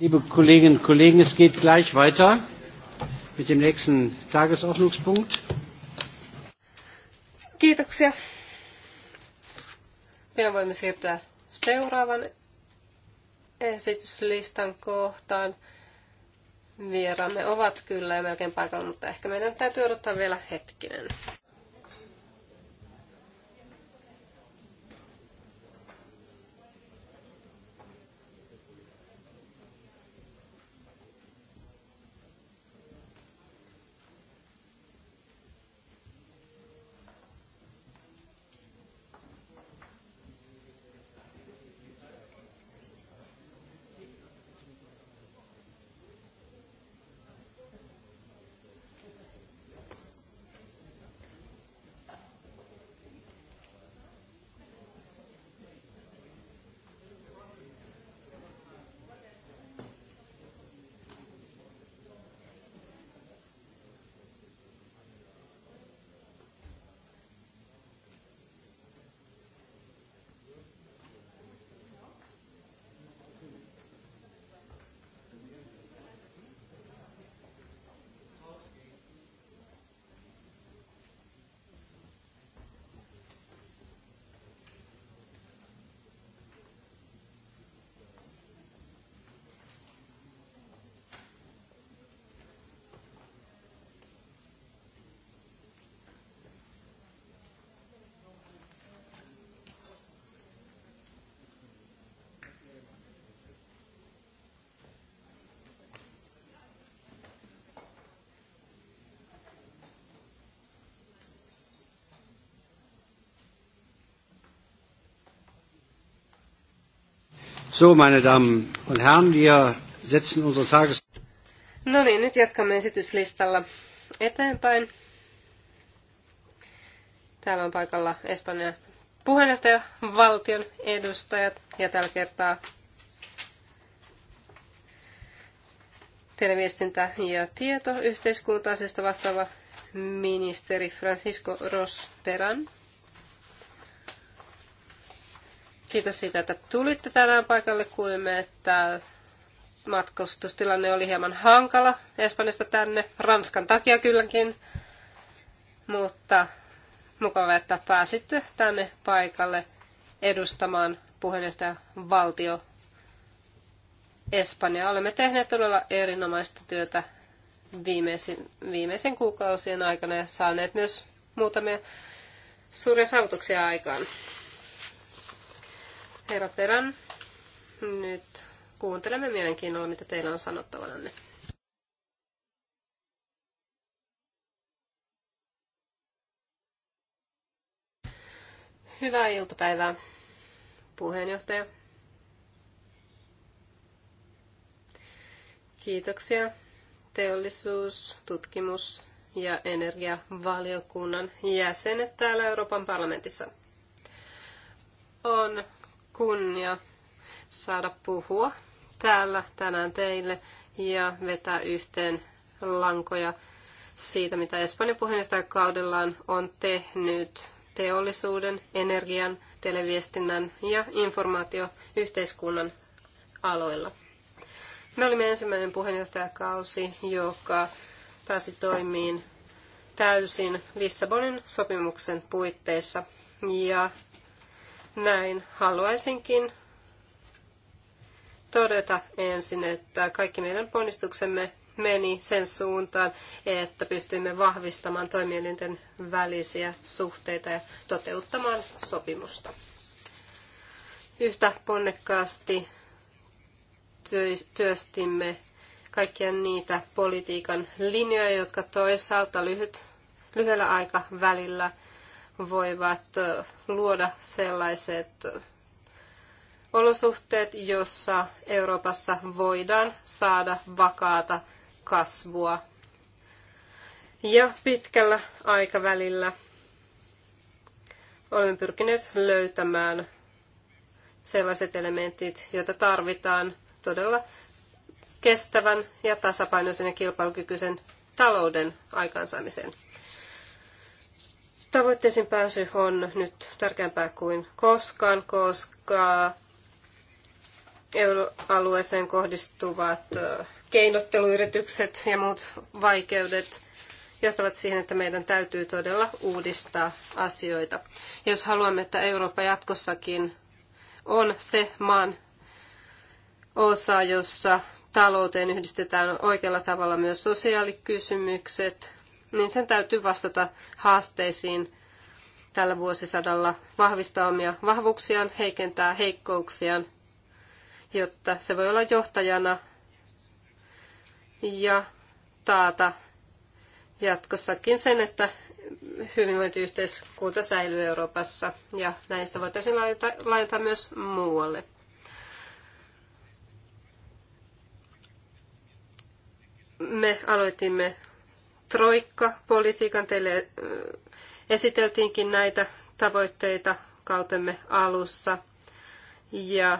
Liebe Kolleginnen und Kollegen, es geht gleich weiter mit dem nächsten Tagesordnungspunkt. Kiitoksia. Ja voimme siirtyä seuraavan esityslistan kohtaan. Vieraamme ovat kyllä melkein paikalla, mutta ehkä meidän täytyy odottaa vielä hetkinen. So, meine Damen und Herren, wir setzen unsere Tages... No niin, nyt jatkamme esityslistalla eteenpäin. Täällä on paikalla Espanjan puheenjohtaja, valtion edustajat ja tällä kertaa televiestintä- ja tieto yhteiskuntaisesta vastaava ministeri Francisco Rosperan. Kiitos siitä, että tulitte tänään paikalle. Kuulimme, että matkustustilanne oli hieman hankala Espanjasta tänne, Ranskan takia kylläkin, mutta mukava, että pääsitte tänne paikalle edustamaan puheenjohtaja valtio Espanja. Olemme tehneet todella erinomaista työtä viimeisen, viimeisen kuukausien aikana ja saaneet myös muutamia suuria saavutuksia aikaan. Herra Perän, nyt kuuntelemme mielenkiinnolla, mitä teillä on sanottavana. Hyvää iltapäivää, puheenjohtaja. Kiitoksia teollisuus, tutkimus ja energiavaliokunnan jäsenet täällä Euroopan parlamentissa. On kunnia saada puhua täällä tänään teille ja vetää yhteen lankoja siitä, mitä Espanjan kaudellaan on tehnyt teollisuuden, energian, televiestinnän ja informaatioyhteiskunnan aloilla. Me olimme ensimmäinen puheenjohtajakausi, joka pääsi toimiin täysin Lissabonin sopimuksen puitteissa ja näin haluaisinkin todeta ensin, että kaikki meidän ponnistuksemme meni sen suuntaan, että pystyimme vahvistamaan toimielinten välisiä suhteita ja toteuttamaan sopimusta. Yhtä ponnekkaasti työstimme kaikkia niitä politiikan linjoja, jotka toisaalta lyhyt, lyhyellä aikavälillä välillä voivat luoda sellaiset olosuhteet, jossa Euroopassa voidaan saada vakaata kasvua. Ja pitkällä aikavälillä olemme pyrkineet löytämään sellaiset elementit, joita tarvitaan todella kestävän ja tasapainoisen ja kilpailukykyisen talouden aikaansaamiseen. Tavoitteisiin pääsy on nyt tärkeämpää kuin koskaan, koska euroalueeseen kohdistuvat keinotteluyritykset ja muut vaikeudet johtavat siihen, että meidän täytyy todella uudistaa asioita. Jos haluamme, että Eurooppa jatkossakin on se maan osa, jossa talouteen yhdistetään oikealla tavalla myös sosiaalikysymykset, niin sen täytyy vastata haasteisiin tällä vuosisadalla, vahvistaa omia vahvuuksiaan, heikentää heikkouksiaan, jotta se voi olla johtajana ja taata jatkossakin sen, että hyvinvointiyhteiskunta säilyy Euroopassa ja näistä voitaisiin laajentaa, myös muualle. Me aloitimme troikka-politiikan. Teille esiteltiinkin näitä tavoitteita kautemme alussa. Ja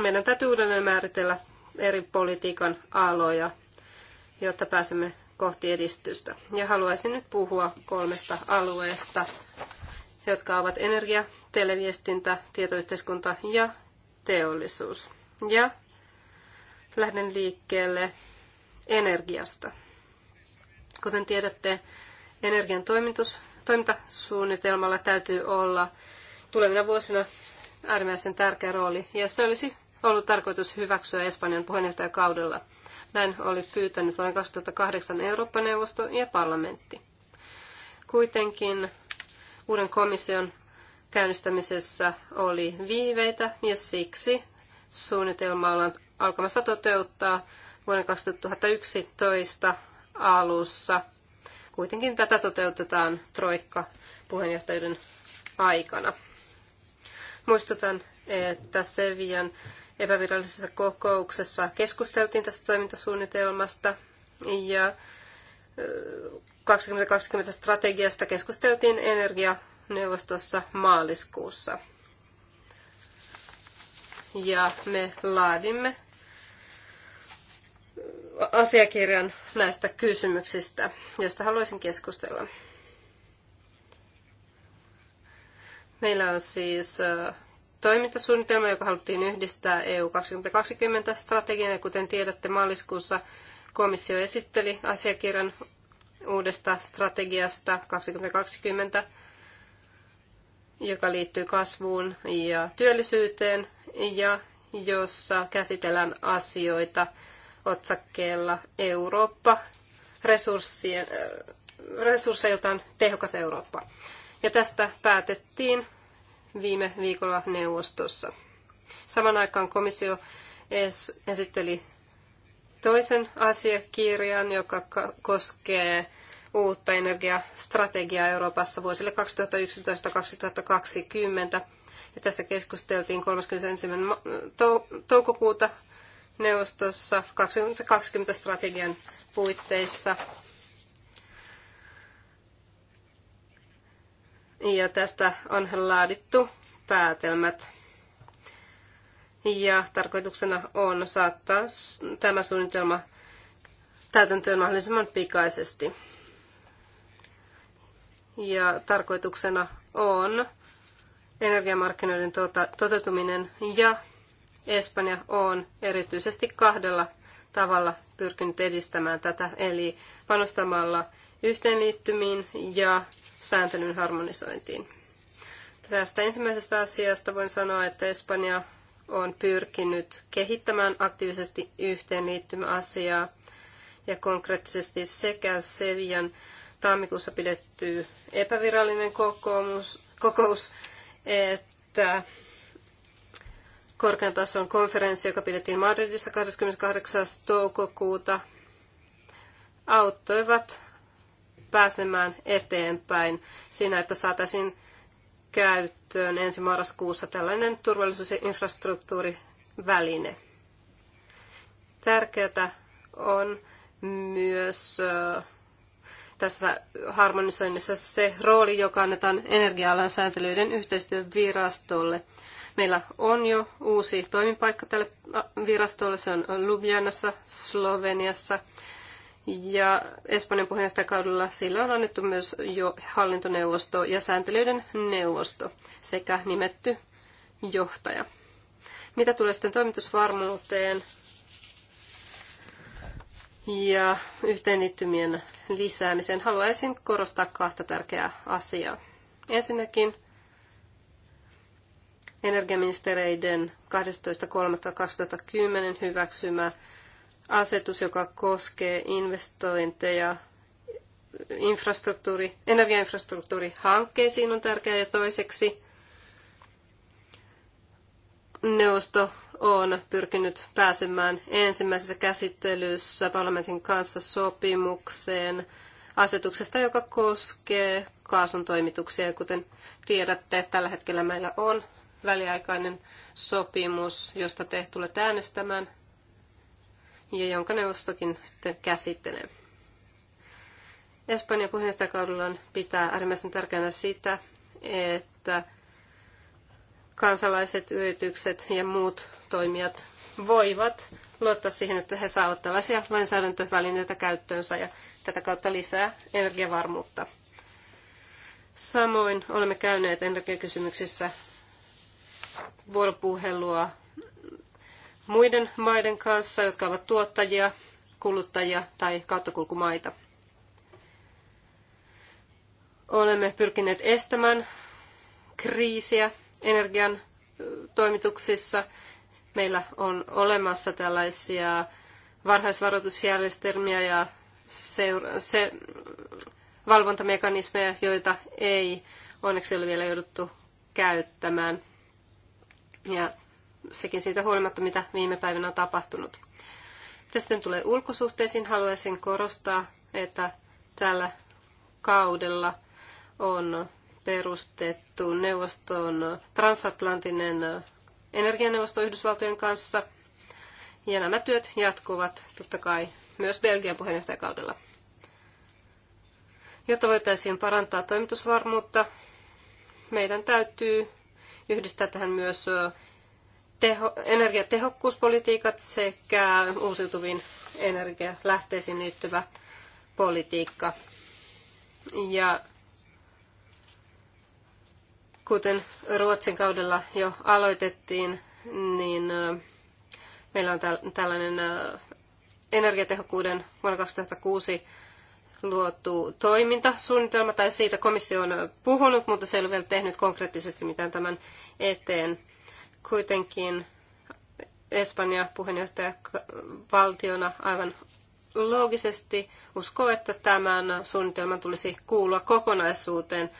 meidän täytyy uudelleen määritellä eri politiikan aloja, jotta pääsemme kohti edistystä. Ja haluaisin nyt puhua kolmesta alueesta, jotka ovat energia, televiestintä, tietoyhteiskunta ja teollisuus. Ja lähden liikkeelle energiasta. Kuten tiedätte, energian toimitus, toimintasuunnitelmalla täytyy olla tulevina vuosina äärimmäisen tärkeä rooli, ja se olisi ollut tarkoitus hyväksyä Espanjan puheenjohtajakaudella. Näin oli pyytänyt vuonna 2008 Eurooppa-neuvosto ja parlamentti. Kuitenkin uuden komission käynnistämisessä oli viiveitä ja siksi suunnitelma ollaan alkamassa toteuttaa vuoden 2011 alussa. Kuitenkin tätä toteutetaan Troikka puheenjohtajuuden aikana. Muistutan, että Sevian epävirallisessa kokouksessa keskusteltiin tästä toimintasuunnitelmasta ja 2020 strategiasta keskusteltiin energianeuvostossa maaliskuussa. Ja me laadimme asiakirjan näistä kysymyksistä, joista haluaisin keskustella. Meillä on siis toimintasuunnitelma, joka haluttiin yhdistää EU 2020 Ja Kuten tiedätte, maaliskuussa komissio esitteli asiakirjan uudesta strategiasta 2020, joka liittyy kasvuun ja työllisyyteen ja jossa käsitellään asioita, otsakkeella Eurooppa äh, resursseiltaan tehokas Eurooppa. Ja tästä päätettiin viime viikolla neuvostossa. Saman aikaan komissio esitteli toisen asiakirjan, joka koskee uutta energiastrategiaa Euroopassa vuosille 2011-2020. Ja tässä keskusteltiin 31. toukokuuta neuvostossa 2020 strategian puitteissa. Ja tästä on laadittu päätelmät. Ja tarkoituksena on saattaa tämä suunnitelma täytäntöön mahdollisimman pikaisesti. Ja tarkoituksena on energiamarkkinoiden tota- toteutuminen ja Espanja on erityisesti kahdella tavalla pyrkinyt edistämään tätä, eli panostamalla yhteenliittymiin ja sääntelyn harmonisointiin. Tästä ensimmäisestä asiasta voin sanoa, että Espanja on pyrkinyt kehittämään aktiivisesti yhteenliittymäasiaa ja konkreettisesti sekä Sevian tammikuussa pidetty epävirallinen kokous, kokous että korkean tason konferenssi, joka pidettiin Madridissa 28. toukokuuta, auttoivat pääsemään eteenpäin siinä, että saataisiin käyttöön ensi marraskuussa tällainen turvallisuus- ja infrastruktuuriväline. Tärkeää on myös tässä harmonisoinnissa se rooli, joka annetaan energia-alan sääntelyiden yhteistyövirastolle. virastolle Meillä on jo uusi toimipaikka tälle virastolle, se on Ljubljanassa, Sloveniassa. Ja Espanjan puheenjohtajakaudella sillä on annettu myös jo hallintoneuvosto ja sääntelyiden neuvosto sekä nimetty johtaja. Mitä tulee sitten toimitusvarmuuteen ja yhteenliittymien lisäämiseen, haluaisin korostaa kahta tärkeää asiaa. Ensinnäkin energiaministereiden 12.3.2010 hyväksymä asetus, joka koskee investointeja infrastruktuuri, energiainfrastruktuurihankkeisiin on tärkeä ja toiseksi neuvosto on pyrkinyt pääsemään ensimmäisessä käsittelyssä parlamentin kanssa sopimukseen asetuksesta, joka koskee kaasun toimituksia. Kuten tiedätte, tällä hetkellä meillä on väliaikainen sopimus, josta te tulette äänestämään ja jonka neuvostokin sitten käsittelee. Espanjan puheenjohtajakaudellaan pitää äärimmäisen tärkeänä sitä, että kansalaiset, yritykset ja muut toimijat voivat luottaa siihen, että he saavat tällaisia lainsäädäntövälineitä käyttöönsä ja tätä kautta lisää energiavarmuutta. Samoin olemme käyneet energiakysymyksissä vuoropuhelua muiden maiden kanssa, jotka ovat tuottajia, kuluttajia tai kauttakulkumaita. Olemme pyrkineet estämään kriisiä energian toimituksissa. Meillä on olemassa tällaisia varhaisvaroitusjärjestelmiä ja seura- se- valvontamekanismeja, joita ei onneksi ole vielä jouduttu käyttämään. Ja sekin siitä huolimatta, mitä viime päivinä on tapahtunut. Mitä sitten tulee ulkosuhteisiin, haluaisin korostaa, että tällä kaudella on perustettu neuvoston transatlantinen energianeuvosto Yhdysvaltojen kanssa. Ja nämä työt jatkuvat totta kai myös Belgian puheenjohtajakaudella. Jotta voitaisiin parantaa toimitusvarmuutta, meidän täytyy yhdistää tähän myös teho, energiatehokkuuspolitiikat sekä uusiutuviin energialähteisiin liittyvä politiikka. Ja kuten Ruotsin kaudella jo aloitettiin, niin meillä on tällainen energiatehokkuuden vuonna 2006 luotu toimintasuunnitelma, tai siitä komissio on puhunut, mutta se ei ole vielä tehnyt konkreettisesti mitään tämän eteen. Kuitenkin Espanja puheenjohtaja valtiona aivan loogisesti uskoo, että tämän suunnitelman tulisi kuulua kokonaisuuteen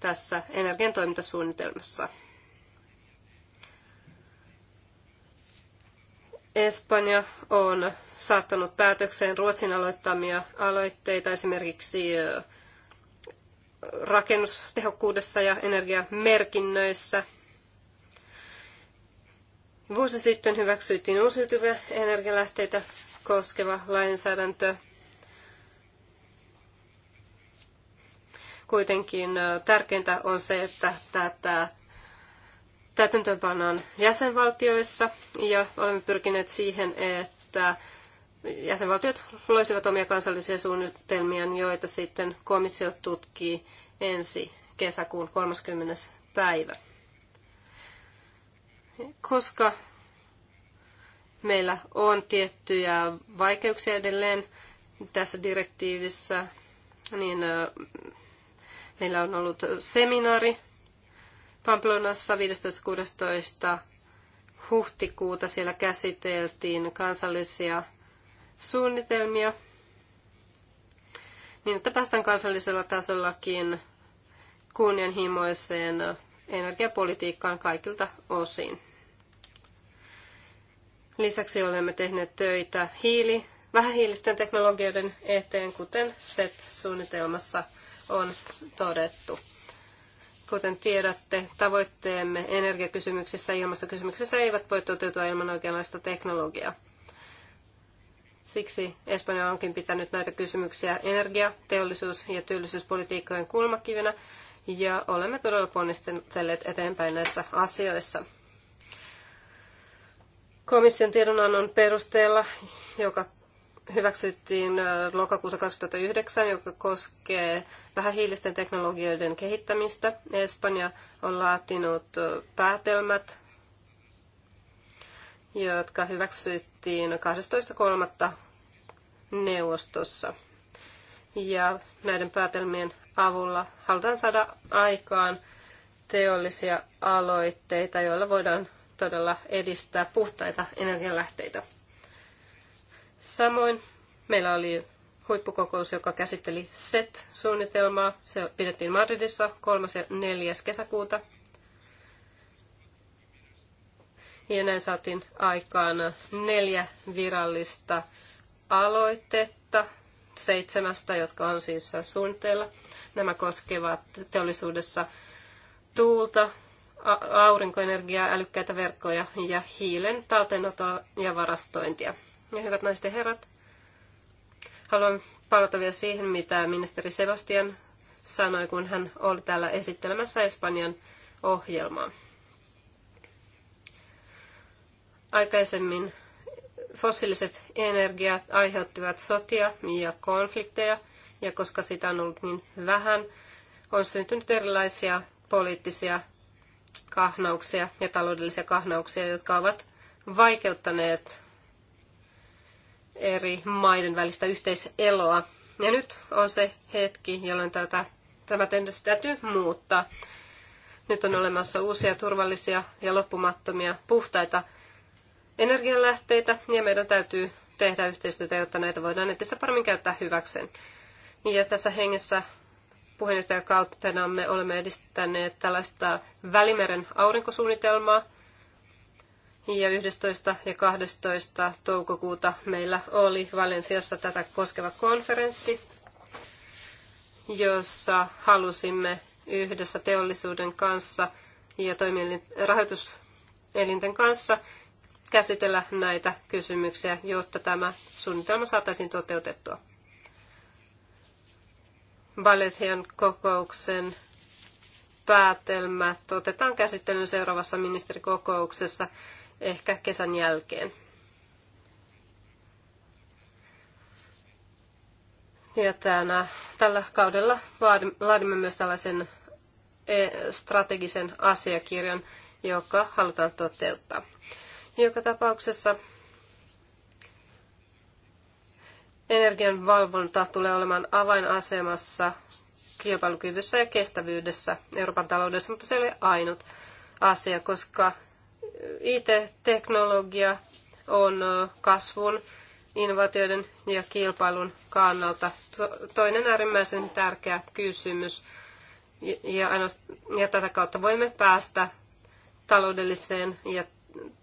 tässä energian toimintasuunnitelmassa. Espanja on saattanut päätökseen Ruotsin aloittamia aloitteita esimerkiksi rakennustehokkuudessa ja energiamerkinnöissä. Vuosi sitten hyväksyttiin uusiutuvia energialähteitä koskeva lainsäädäntö. Kuitenkin tärkeintä on se, että tätä täytäntöönpannaan jäsenvaltioissa ja olemme pyrkineet siihen, että jäsenvaltiot loisivat omia kansallisia suunnitelmia, joita sitten komissio tutkii ensi kesäkuun 30. päivä. Koska meillä on tiettyjä vaikeuksia edelleen tässä direktiivissä, niin meillä on ollut seminaari Pamplonassa 15.16. huhtikuuta siellä käsiteltiin kansallisia suunnitelmia, niin että päästään kansallisella tasollakin kunnianhimoiseen energiapolitiikkaan kaikilta osin. Lisäksi olemme tehneet töitä hiili, vähähiilisten teknologioiden eteen, kuten SET-suunnitelmassa on todettu. Kuten tiedätte, tavoitteemme energiakysymyksissä ja ilmastokysymyksissä eivät voi toteutua ilman oikeanlaista teknologiaa. Siksi Espanja onkin pitänyt näitä kysymyksiä energia-, teollisuus- ja työllisyyspolitiikkojen kulmakivenä, ja olemme todella ponnistelleet eteenpäin näissä asioissa. Komission tiedonannon perusteella, joka hyväksyttiin lokakuussa 2009, joka koskee vähähiilisten teknologioiden kehittämistä. Espanja on laatinut päätelmät, jotka hyväksyttiin 12.3. neuvostossa. Ja näiden päätelmien avulla halutaan saada aikaan teollisia aloitteita, joilla voidaan todella edistää puhtaita energialähteitä. Samoin meillä oli huippukokous, joka käsitteli SET-suunnitelmaa. Se pidettiin Madridissa 3. ja 4. kesäkuuta. Ja näin saatiin aikaan neljä virallista aloitetta seitsemästä, jotka on siis suunnitteilla. Nämä koskevat teollisuudessa tuulta, aurinkoenergiaa, älykkäitä verkkoja ja hiilen talteenotoa ja varastointia. Ja hyvät naiset ja herrat, haluan palata vielä siihen, mitä ministeri Sebastian sanoi, kun hän oli täällä esittelemässä Espanjan ohjelmaa. Aikaisemmin fossiiliset energiat aiheuttivat sotia ja konflikteja, ja koska sitä on ollut niin vähän, on syntynyt erilaisia poliittisia kahnauksia ja taloudellisia kahnauksia, jotka ovat vaikeuttaneet eri maiden välistä yhteiseloa. Ja nyt on se hetki, jolloin tätä, tämä tendenssi täytyy muuttaa. Nyt on olemassa uusia turvallisia ja loppumattomia puhtaita energianlähteitä ja meidän täytyy tehdä yhteistyötä, jotta näitä voidaan netissä paremmin käyttää hyväkseen. Ja tässä hengessä puheenjohtajakautena me olemme edistäneet tällaista Välimeren aurinkosuunnitelmaa – ja 11. ja 12. toukokuuta meillä oli Valensiassa tätä koskeva konferenssi, jossa halusimme yhdessä teollisuuden kanssa ja rahoituselinten kanssa käsitellä näitä kysymyksiä, jotta tämä suunnitelma saataisiin toteutettua. Baletian kokouksen päätelmät otetaan käsittelyyn seuraavassa ministerikokouksessa ehkä kesän jälkeen. Ja tänä, tällä kaudella laadimme myös tällaisen e, strategisen asiakirjan, joka halutaan toteuttaa. Joka tapauksessa energian valvonta tulee olemaan avainasemassa kilpailukyvyssä ja kestävyydessä Euroopan taloudessa, mutta se ei ole ainut asia, koska IT-teknologia on kasvun, innovaatioiden ja kilpailun kannalta toinen äärimmäisen tärkeä kysymys. Ja, ja tätä kautta voimme päästä taloudelliseen ja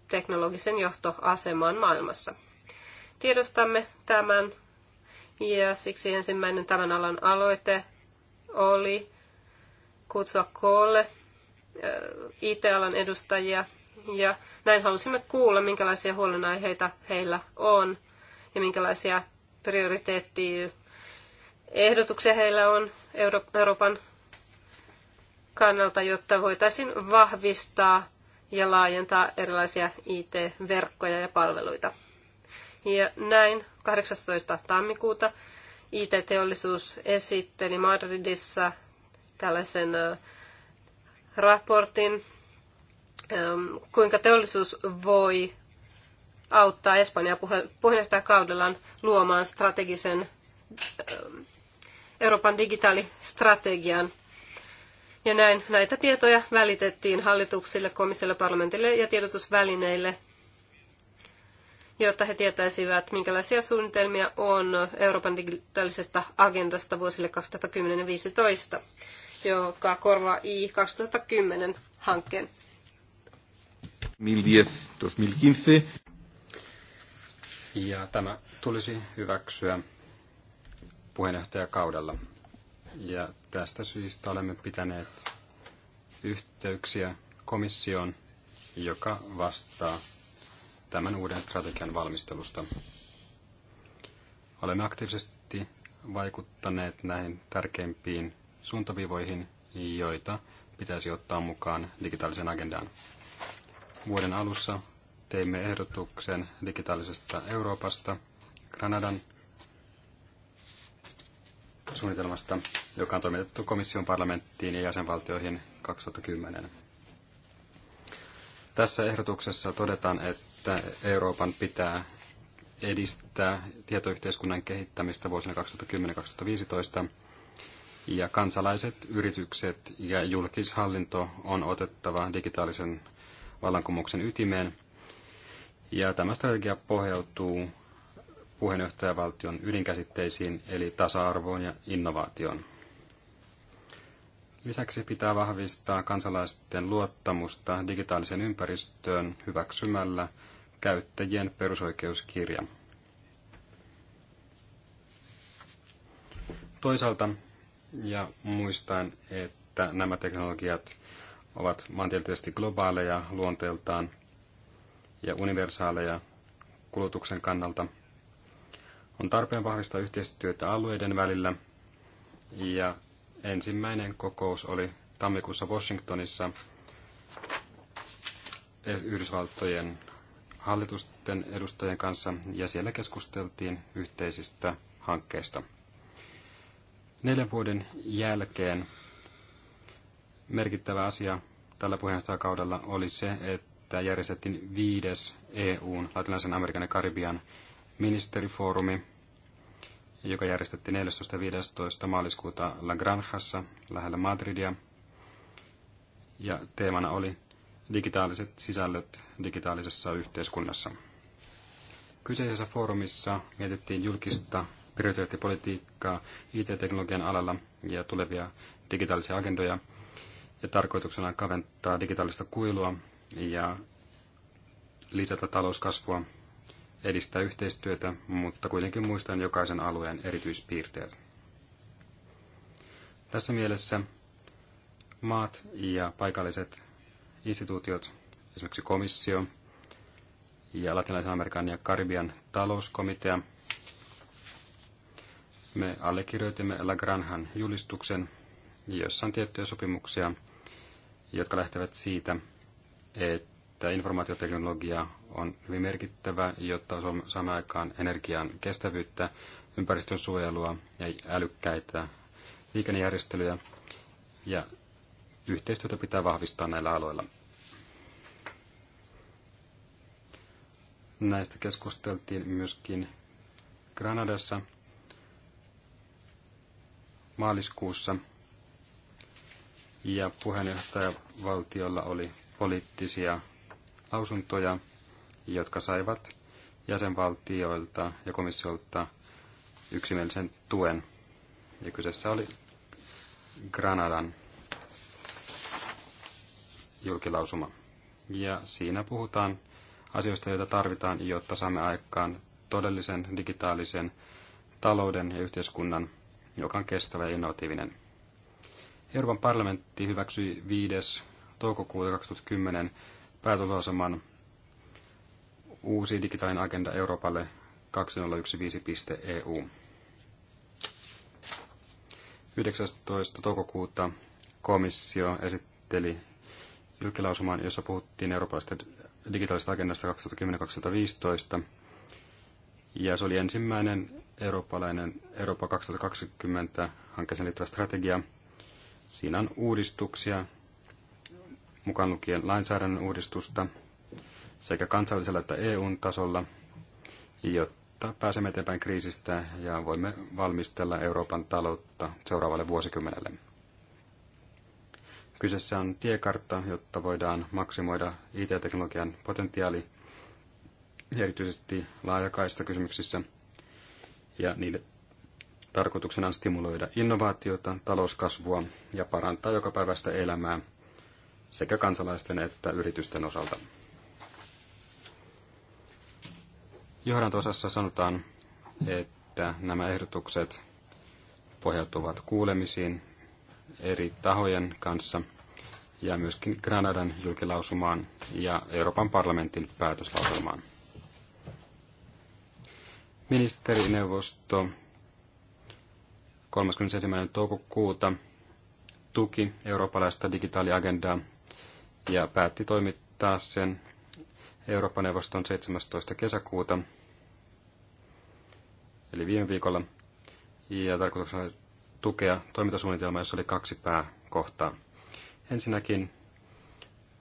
teknologisen johtoasemaan maailmassa. Tiedostamme tämän ja siksi ensimmäinen tämän alan aloite oli kutsua koolle IT-alan edustajia ja näin halusimme kuulla, minkälaisia huolenaiheita heillä on ja minkälaisia prioriteettia ehdotuksia heillä on Euro- Euroopan kannalta, jotta voitaisiin vahvistaa ja laajentaa erilaisia IT-verkkoja ja palveluita. Ja näin 18. tammikuuta IT-teollisuus esitteli Madridissa tällaisen raportin Ähm, kuinka teollisuus voi auttaa Espanjaa kaudellaan luomaan strategisen ähm, Euroopan digitaalistrategian. Ja näin näitä tietoja välitettiin hallituksille, komissiolle, parlamentille ja tiedotusvälineille, jotta he tietäisivät, minkälaisia suunnitelmia on Euroopan digitaalisesta agendasta vuosille 2010 ja 2015, joka korvaa I 2010 hankkeen. 2010-2015. Ja tämä tulisi hyväksyä puheenjohtajakaudella. Ja tästä syystä olemme pitäneet yhteyksiä komissioon, joka vastaa tämän uuden strategian valmistelusta. Olemme aktiivisesti vaikuttaneet näihin tärkeimpiin suuntaviivoihin, joita pitäisi ottaa mukaan digitaalisen agendaan vuoden alussa teimme ehdotuksen digitaalisesta Euroopasta Granadan suunnitelmasta, joka on toimitettu komission parlamenttiin ja jäsenvaltioihin 2010. Tässä ehdotuksessa todetaan, että Euroopan pitää edistää tietoyhteiskunnan kehittämistä vuosina 2010-2015 ja kansalaiset, yritykset ja julkishallinto on otettava digitaalisen vallankumouksen ytimeen. Ja tämä strategia pohjautuu puheenjohtajavaltion ydinkäsitteisiin eli tasa-arvoon ja innovaatioon. Lisäksi pitää vahvistaa kansalaisten luottamusta digitaaliseen ympäristöön hyväksymällä käyttäjien perusoikeuskirja. Toisaalta, ja muistan, että nämä teknologiat ovat maantieteellisesti globaaleja luonteeltaan ja universaaleja kulutuksen kannalta. On tarpeen vahvistaa yhteistyötä alueiden välillä ja ensimmäinen kokous oli tammikuussa Washingtonissa Yhdysvaltojen hallitusten edustajien kanssa ja siellä keskusteltiin yhteisistä hankkeista. Neljän vuoden jälkeen merkittävä asia tällä puheenjohtajakaudella oli se, että järjestettiin viides EUn, Latinalaisen Amerikan ja Karibian ministerifoorumi, joka järjestettiin 14.15. maaliskuuta La Granjassa lähellä Madridia. Ja teemana oli digitaaliset sisällöt digitaalisessa yhteiskunnassa. Kyseisessä foorumissa mietittiin julkista prioriteettipolitiikkaa IT-teknologian alalla ja tulevia digitaalisia agendoja – ja tarkoituksena on kaventaa digitaalista kuilua ja lisätä talouskasvua, edistää yhteistyötä, mutta kuitenkin muistan jokaisen alueen erityispiirteet. Tässä mielessä maat ja paikalliset instituutiot, esimerkiksi komissio ja Latinalaisen Amerikan ja Karibian talouskomitea, me allekirjoitimme La Granhan julistuksen, jossa on tiettyjä sopimuksia – jotka lähtevät siitä, että informaatioteknologia on hyvin merkittävä, jotta saamme aikaan energian kestävyyttä, ympäristön suojelua ja älykkäitä liikennejärjestelyjä. Ja yhteistyötä pitää vahvistaa näillä aloilla. Näistä keskusteltiin myöskin Granadassa maaliskuussa – ja puheenjohtajavaltiolla oli poliittisia lausuntoja, jotka saivat jäsenvaltioilta ja komissiolta yksimielisen tuen. Ja kyseessä oli Granadan julkilausuma. Ja siinä puhutaan asioista, joita tarvitaan, jotta saamme aikaan todellisen digitaalisen talouden ja yhteiskunnan, joka on kestävä ja innovatiivinen. Euroopan parlamentti hyväksyi 5. toukokuuta 2010 päätösaseman uusi digitaalinen agenda Euroopalle 2015.eu. E 19. toukokuuta komissio esitteli julkilausuman, jossa puhuttiin eurooppalaisesta digitaalisesta agendasta 2010-2015. Ja se oli ensimmäinen eurooppalainen Eurooppa 2020 hankkeeseen liittyvä strategia – Siinä on uudistuksia, mukaan lukien lainsäädännön uudistusta sekä kansallisella että EUn tasolla, jotta pääsemme eteenpäin kriisistä ja voimme valmistella Euroopan taloutta seuraavalle vuosikymmenelle. Kyseessä on tiekartta, jotta voidaan maksimoida IT-teknologian potentiaali erityisesti laajakaista kysymyksissä ja niiden Tarkoituksena on stimuloida innovaatiota, talouskasvua ja parantaa jokapäiväistä elämää sekä kansalaisten että yritysten osalta. Johdantosassa sanotaan, että nämä ehdotukset pohjautuvat kuulemisiin eri tahojen kanssa ja myöskin Granadan julkilausumaan ja Euroopan parlamentin päätöslauselmaan. Ministerineuvosto 31. toukokuuta tuki eurooppalaista digitaaliagendaa ja päätti toimittaa sen Euroopan neuvoston 17. kesäkuuta, eli viime viikolla, ja tarkoituksena oli tukea toimintasuunnitelmaa, jossa oli kaksi pääkohtaa. Ensinnäkin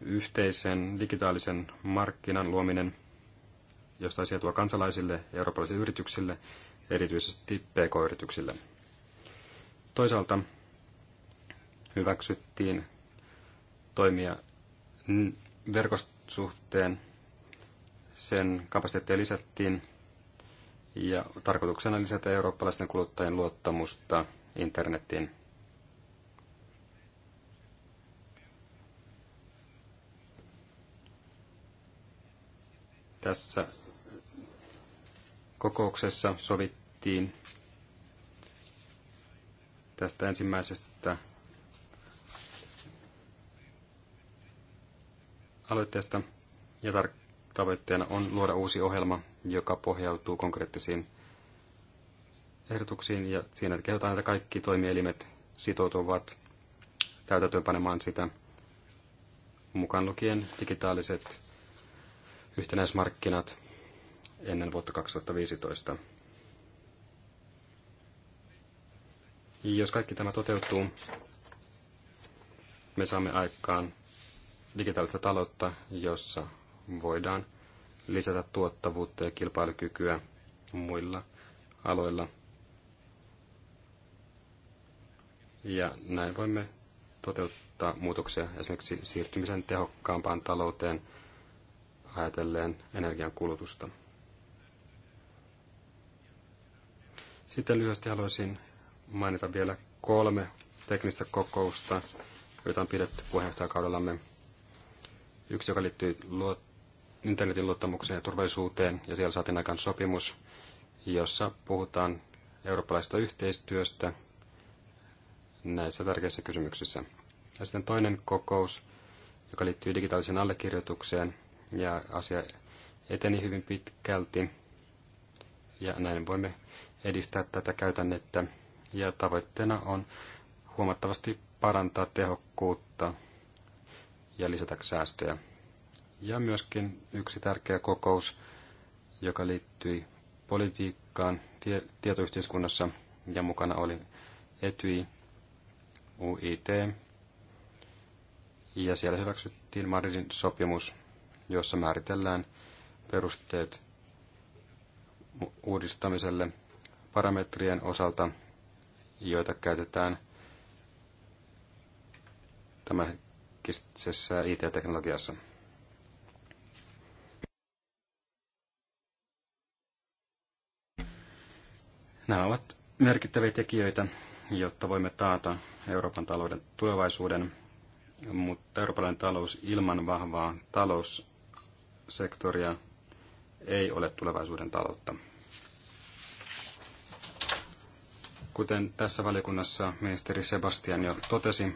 yhteisen digitaalisen markkinan luominen, josta tuo kansalaisille ja eurooppalaisille yrityksille, erityisesti PK-yrityksille. Toisaalta hyväksyttiin toimia verkostosuhteen, sen kapasiteettia lisättiin ja tarkoituksena lisätä eurooppalaisten kuluttajien luottamusta internetiin. Tässä kokouksessa sovittiin tästä ensimmäisestä aloitteesta ja tar- tavoitteena on luoda uusi ohjelma, joka pohjautuu konkreettisiin ehdotuksiin ja siinä kehotaan, että kaikki toimielimet sitoutuvat täytäntöönpanemaan sitä mukaan lukien digitaaliset yhtenäismarkkinat ennen vuotta 2015. Jos kaikki tämä toteutuu, me saamme aikaan digitaalista taloutta, jossa voidaan lisätä tuottavuutta ja kilpailukykyä muilla aloilla. Ja näin voimme toteuttaa muutoksia esimerkiksi siirtymisen tehokkaampaan talouteen ajatellen energian kulutusta. Sitten lyhyesti haluaisin mainita vielä kolme teknistä kokousta, joita on pidetty puheenjohtajakaudellamme. Yksi, joka liittyy luot- internetin luottamukseen ja turvallisuuteen, ja siellä saatiin aikaan sopimus, jossa puhutaan eurooppalaisesta yhteistyöstä näissä tärkeissä kysymyksissä. Ja sitten toinen kokous, joka liittyy digitaaliseen allekirjoitukseen, ja asia eteni hyvin pitkälti, ja näin voimme edistää tätä käytännettä ja tavoitteena on huomattavasti parantaa tehokkuutta ja lisätä säästöjä. Ja myöskin yksi tärkeä kokous, joka liittyi politiikkaan tie- tietoyhteiskunnassa ja mukana oli Etyi, UIT ja siellä hyväksyttiin Madridin sopimus, jossa määritellään perusteet uudistamiselle parametrien osalta joita käytetään tämänhetkisessä IT-teknologiassa. Nämä ovat merkittäviä tekijöitä, jotta voimme taata Euroopan talouden tulevaisuuden, mutta eurooppalainen talous ilman vahvaa taloussektoria ei ole tulevaisuuden taloutta. Kuten tässä valiokunnassa ministeri Sebastian jo totesi,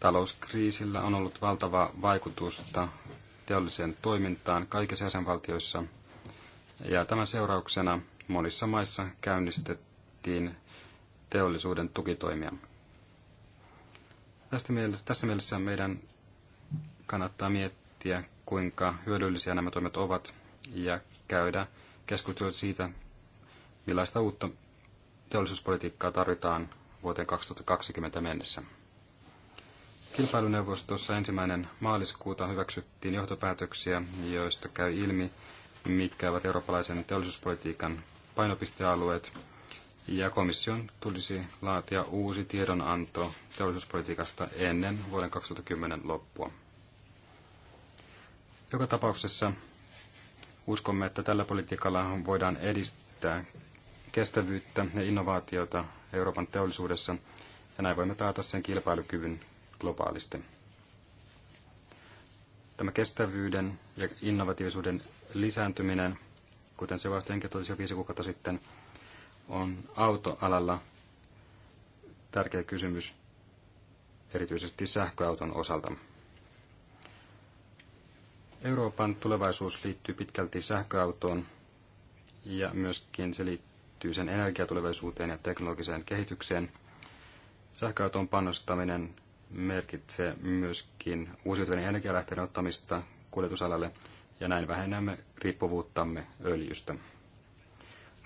talouskriisillä on ollut valtavaa vaikutusta teolliseen toimintaan kaikissa jäsenvaltioissa, ja tämän seurauksena monissa maissa käynnistettiin teollisuuden tukitoimia. Tästä mielessä, tässä mielessä meidän kannattaa miettiä, kuinka hyödyllisiä nämä toimet ovat ja käydä keskustelua siitä, millaista uutta teollisuuspolitiikkaa tarvitaan vuoteen 2020 mennessä. Kilpailuneuvostossa ensimmäinen maaliskuuta hyväksyttiin johtopäätöksiä, joista käy ilmi, mitkä ovat eurooppalaisen teollisuuspolitiikan painopistealueet, ja komission tulisi laatia uusi tiedonanto teollisuuspolitiikasta ennen vuoden 2010 loppua. Joka tapauksessa uskomme, että tällä politiikalla voidaan edistää kestävyyttä ja innovaatiota Euroopan teollisuudessa, ja näin voimme taata sen kilpailukyvyn globaalisti. Tämä kestävyyden ja innovatiivisuuden lisääntyminen, kuten Sebastiankin totesi jo viisi kuukautta sitten, on autoalalla tärkeä kysymys, erityisesti sähköauton osalta. Euroopan tulevaisuus liittyy pitkälti sähköautoon ja myöskin se liittyy sen energiatulevaisuuteen ja teknologiseen kehitykseen. Sähköauton panostaminen merkitsee myöskin uusiutuvien energialähteiden ottamista kuljetusalalle ja näin vähennämme riippuvuuttamme öljystä.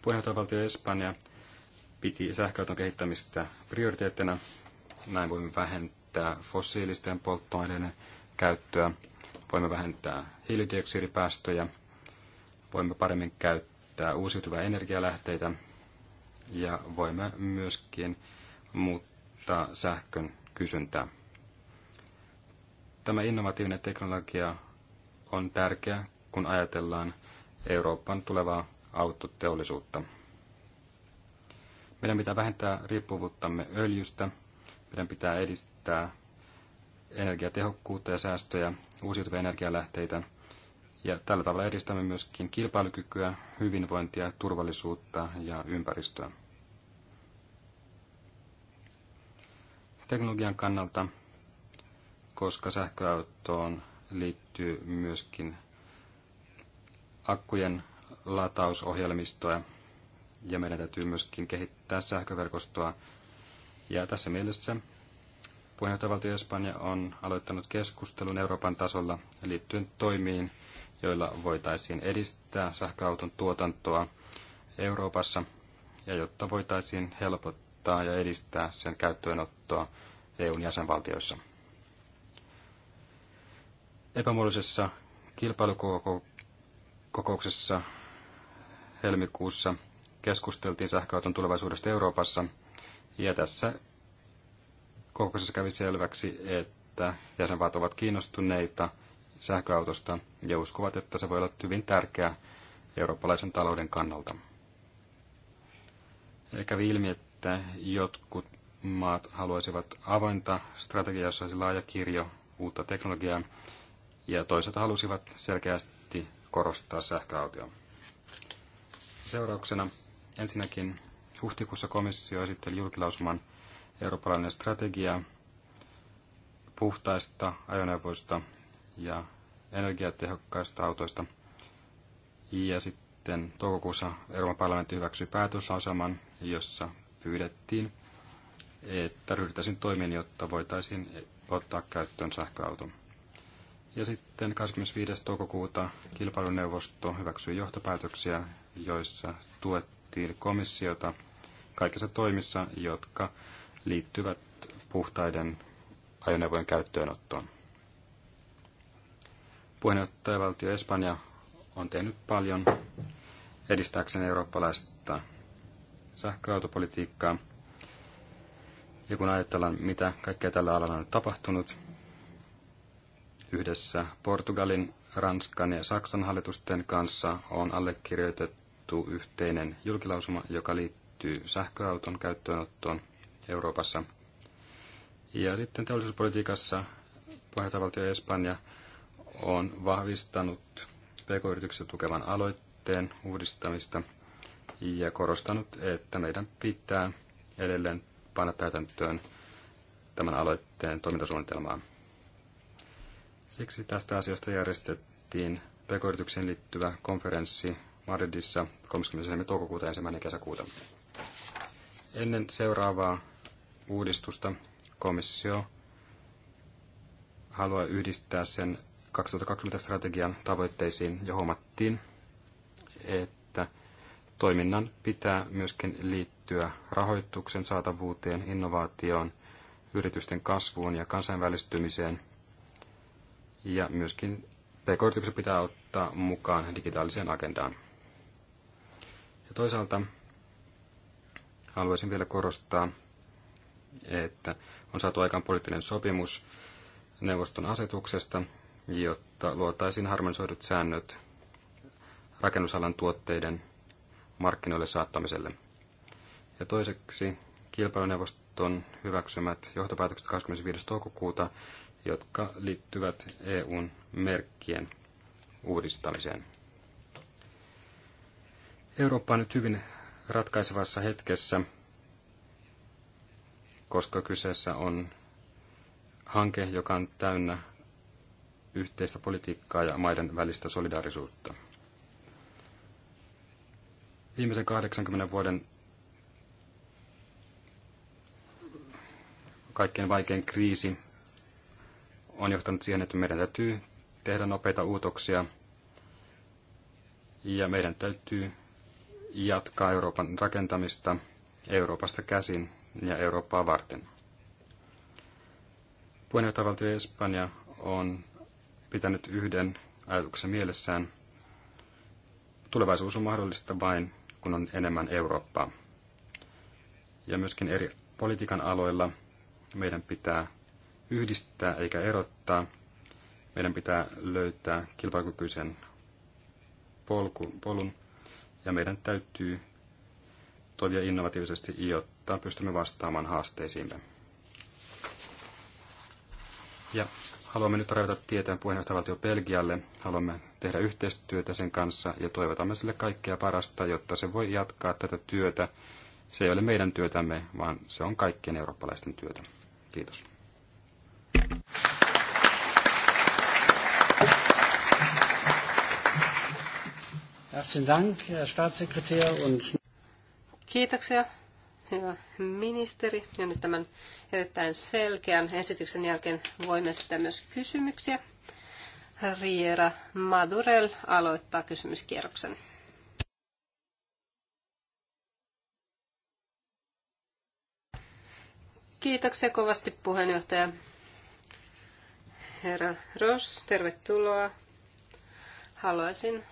Puheenjohtajavaltio Espanja piti sähköauton kehittämistä prioriteettina. Näin voimme vähentää fossiilisten polttoaineiden käyttöä, voimme vähentää hiilidioksidipäästöjä, voimme paremmin käyttää käyttää uusiutuvia energialähteitä ja voimme myöskin muuttaa sähkön kysyntää. Tämä innovatiivinen teknologia on tärkeä, kun ajatellaan Euroopan tulevaa autoteollisuutta. Meidän pitää vähentää riippuvuuttamme öljystä, meidän pitää edistää energiatehokkuutta ja säästöjä, uusiutuvia energialähteitä – ja tällä tavalla edistämme myöskin kilpailukykyä, hyvinvointia, turvallisuutta ja ympäristöä. Teknologian kannalta, koska sähköautoon liittyy myöskin akkujen latausohjelmistoa ja meidän täytyy myöskin kehittää sähköverkostoa. Ja tässä mielessä puheenjohtajavaltio Espanja on aloittanut keskustelun Euroopan tasolla liittyen toimiin, joilla voitaisiin edistää sähköauton tuotantoa Euroopassa ja jotta voitaisiin helpottaa ja edistää sen käyttöönottoa EUn jäsenvaltioissa. Epämuodollisessa kilpailukokouksessa helmikuussa keskusteltiin sähköauton tulevaisuudesta Euroopassa, ja tässä kokouksessa kävi selväksi, että jäsenvaltiot ovat kiinnostuneita – sähköautosta ja uskovat, että se voi olla hyvin tärkeä eurooppalaisen talouden kannalta. Eli kävi ilmi, että jotkut maat haluaisivat avointa strategiaa, jossa olisi laaja kirjo uutta teknologiaa, ja toiset halusivat selkeästi korostaa sähköautoa. Seurauksena ensinnäkin huhtikuussa komissio esitteli julkilausuman eurooppalainen strategia puhtaista ajoneuvoista ja energiatehokkaista autoista. Ja sitten toukokuussa Euroopan parlamentti hyväksyi päätöslauselman, jossa pyydettiin, että ryhdyttäisiin toimiin, jotta voitaisiin ottaa käyttöön sähköauto. Ja sitten 25. toukokuuta kilpailuneuvosto hyväksyi johtopäätöksiä, joissa tuettiin komissiota kaikissa toimissa, jotka liittyvät puhtaiden ajoneuvojen käyttöönottoon. Puheenjohtajavaltio Espanja on tehnyt paljon edistääkseen eurooppalaista sähköautopolitiikkaa. Ja kun ajatellaan, mitä kaikkea tällä alalla on tapahtunut, yhdessä Portugalin, Ranskan ja Saksan hallitusten kanssa on allekirjoitettu yhteinen julkilausuma, joka liittyy sähköauton käyttöönottoon Euroopassa. Ja sitten teollisuuspolitiikassa puheenjohtajavaltio Espanja on vahvistanut pk yrityksiä tukevan aloitteen uudistamista ja korostanut, että meidän pitää edelleen panna täytäntöön tämän aloitteen toimintasuunnitelmaa. Siksi tästä asiasta järjestettiin pk liittyvä konferenssi Madridissa 30. toukokuuta 1. kesäkuuta. Ennen seuraavaa uudistusta komissio haluaa yhdistää sen 2020 strategian tavoitteisiin ja huomattiin, että toiminnan pitää myöskin liittyä rahoituksen saatavuuteen, innovaatioon, yritysten kasvuun ja kansainvälistymiseen. Ja myöskin pk pitää ottaa mukaan digitaaliseen agendaan. Ja toisaalta haluaisin vielä korostaa, että on saatu aikaan poliittinen sopimus neuvoston asetuksesta, jotta luotaisiin harmonisoidut säännöt rakennusalan tuotteiden markkinoille saattamiselle. Ja toiseksi kilpailuneuvoston hyväksymät johtopäätökset 25. toukokuuta, jotka liittyvät EUn merkkien uudistamiseen. Eurooppa on nyt hyvin ratkaisevassa hetkessä, koska kyseessä on hanke, joka on täynnä yhteistä politiikkaa ja maiden välistä solidaarisuutta. Viimeisen 80 vuoden kaikkein vaikein kriisi on johtanut siihen, että meidän täytyy tehdä nopeita uutoksia ja meidän täytyy jatkaa Euroopan rakentamista Euroopasta käsin ja Eurooppaa varten. Puheenjohtajavaltio Espanja on pitänyt yhden ajatuksen mielessään. Tulevaisuus on mahdollista vain, kun on enemmän Eurooppaa. Ja myöskin eri politiikan aloilla meidän pitää yhdistää eikä erottaa. Meidän pitää löytää kilpailukykyisen polku, polun ja meidän täytyy toimia innovatiivisesti, jotta pystymme vastaamaan haasteisiimme. Ja Haluamme nyt tarjota tieteen puheenjohtajavaltio Belgialle. Haluamme tehdä yhteistyötä sen kanssa ja toivotamme sille kaikkea parasta, jotta se voi jatkaa tätä työtä. Se ei ole meidän työtämme, vaan se on kaikkien eurooppalaisten työtä. Kiitos. Herzlichen Dank, Herr Staatssekretär. Und Kiitoksia, Hyvä ministeri. Ja nyt tämän erittäin selkeän esityksen jälkeen voimme esittää myös kysymyksiä. Riera Madurel aloittaa kysymyskierroksen. Kiitoksia kovasti puheenjohtaja. Herra Ross, tervetuloa. Haluaisin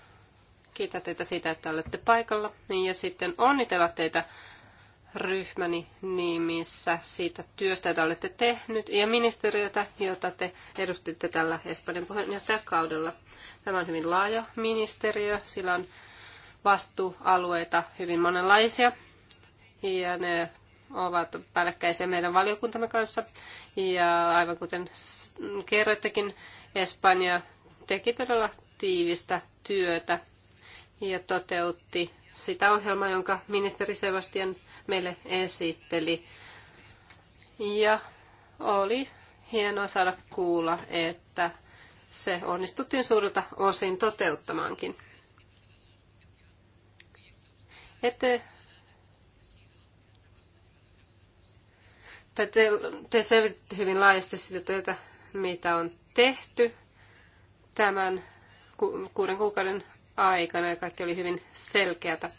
kiittää teitä siitä, että olette paikalla ja sitten onnitella teitä ryhmäni nimissä siitä työstä, jota olette tehnyt, ja ministeriötä, jota te edustitte tällä Espanjan puheenjohtajakaudella. Tämä on hyvin laaja ministeriö, sillä on vastuualueita hyvin monenlaisia, ja ne ovat päällekkäisiä meidän valiokuntamme kanssa. Ja aivan kuten kerroittekin, Espanja teki todella tiivistä työtä ja toteutti sitä ohjelmaa, jonka ministeri Sebastian meille esitteli. Ja oli hienoa saada kuulla, että se onnistuttiin suurelta osin toteuttamaankin. Ette Te, te, te selvititte hyvin laajasti sitä työtä, mitä on tehty tämän kuuden kuukauden aikana ja kaikki oli hyvin selkeätä.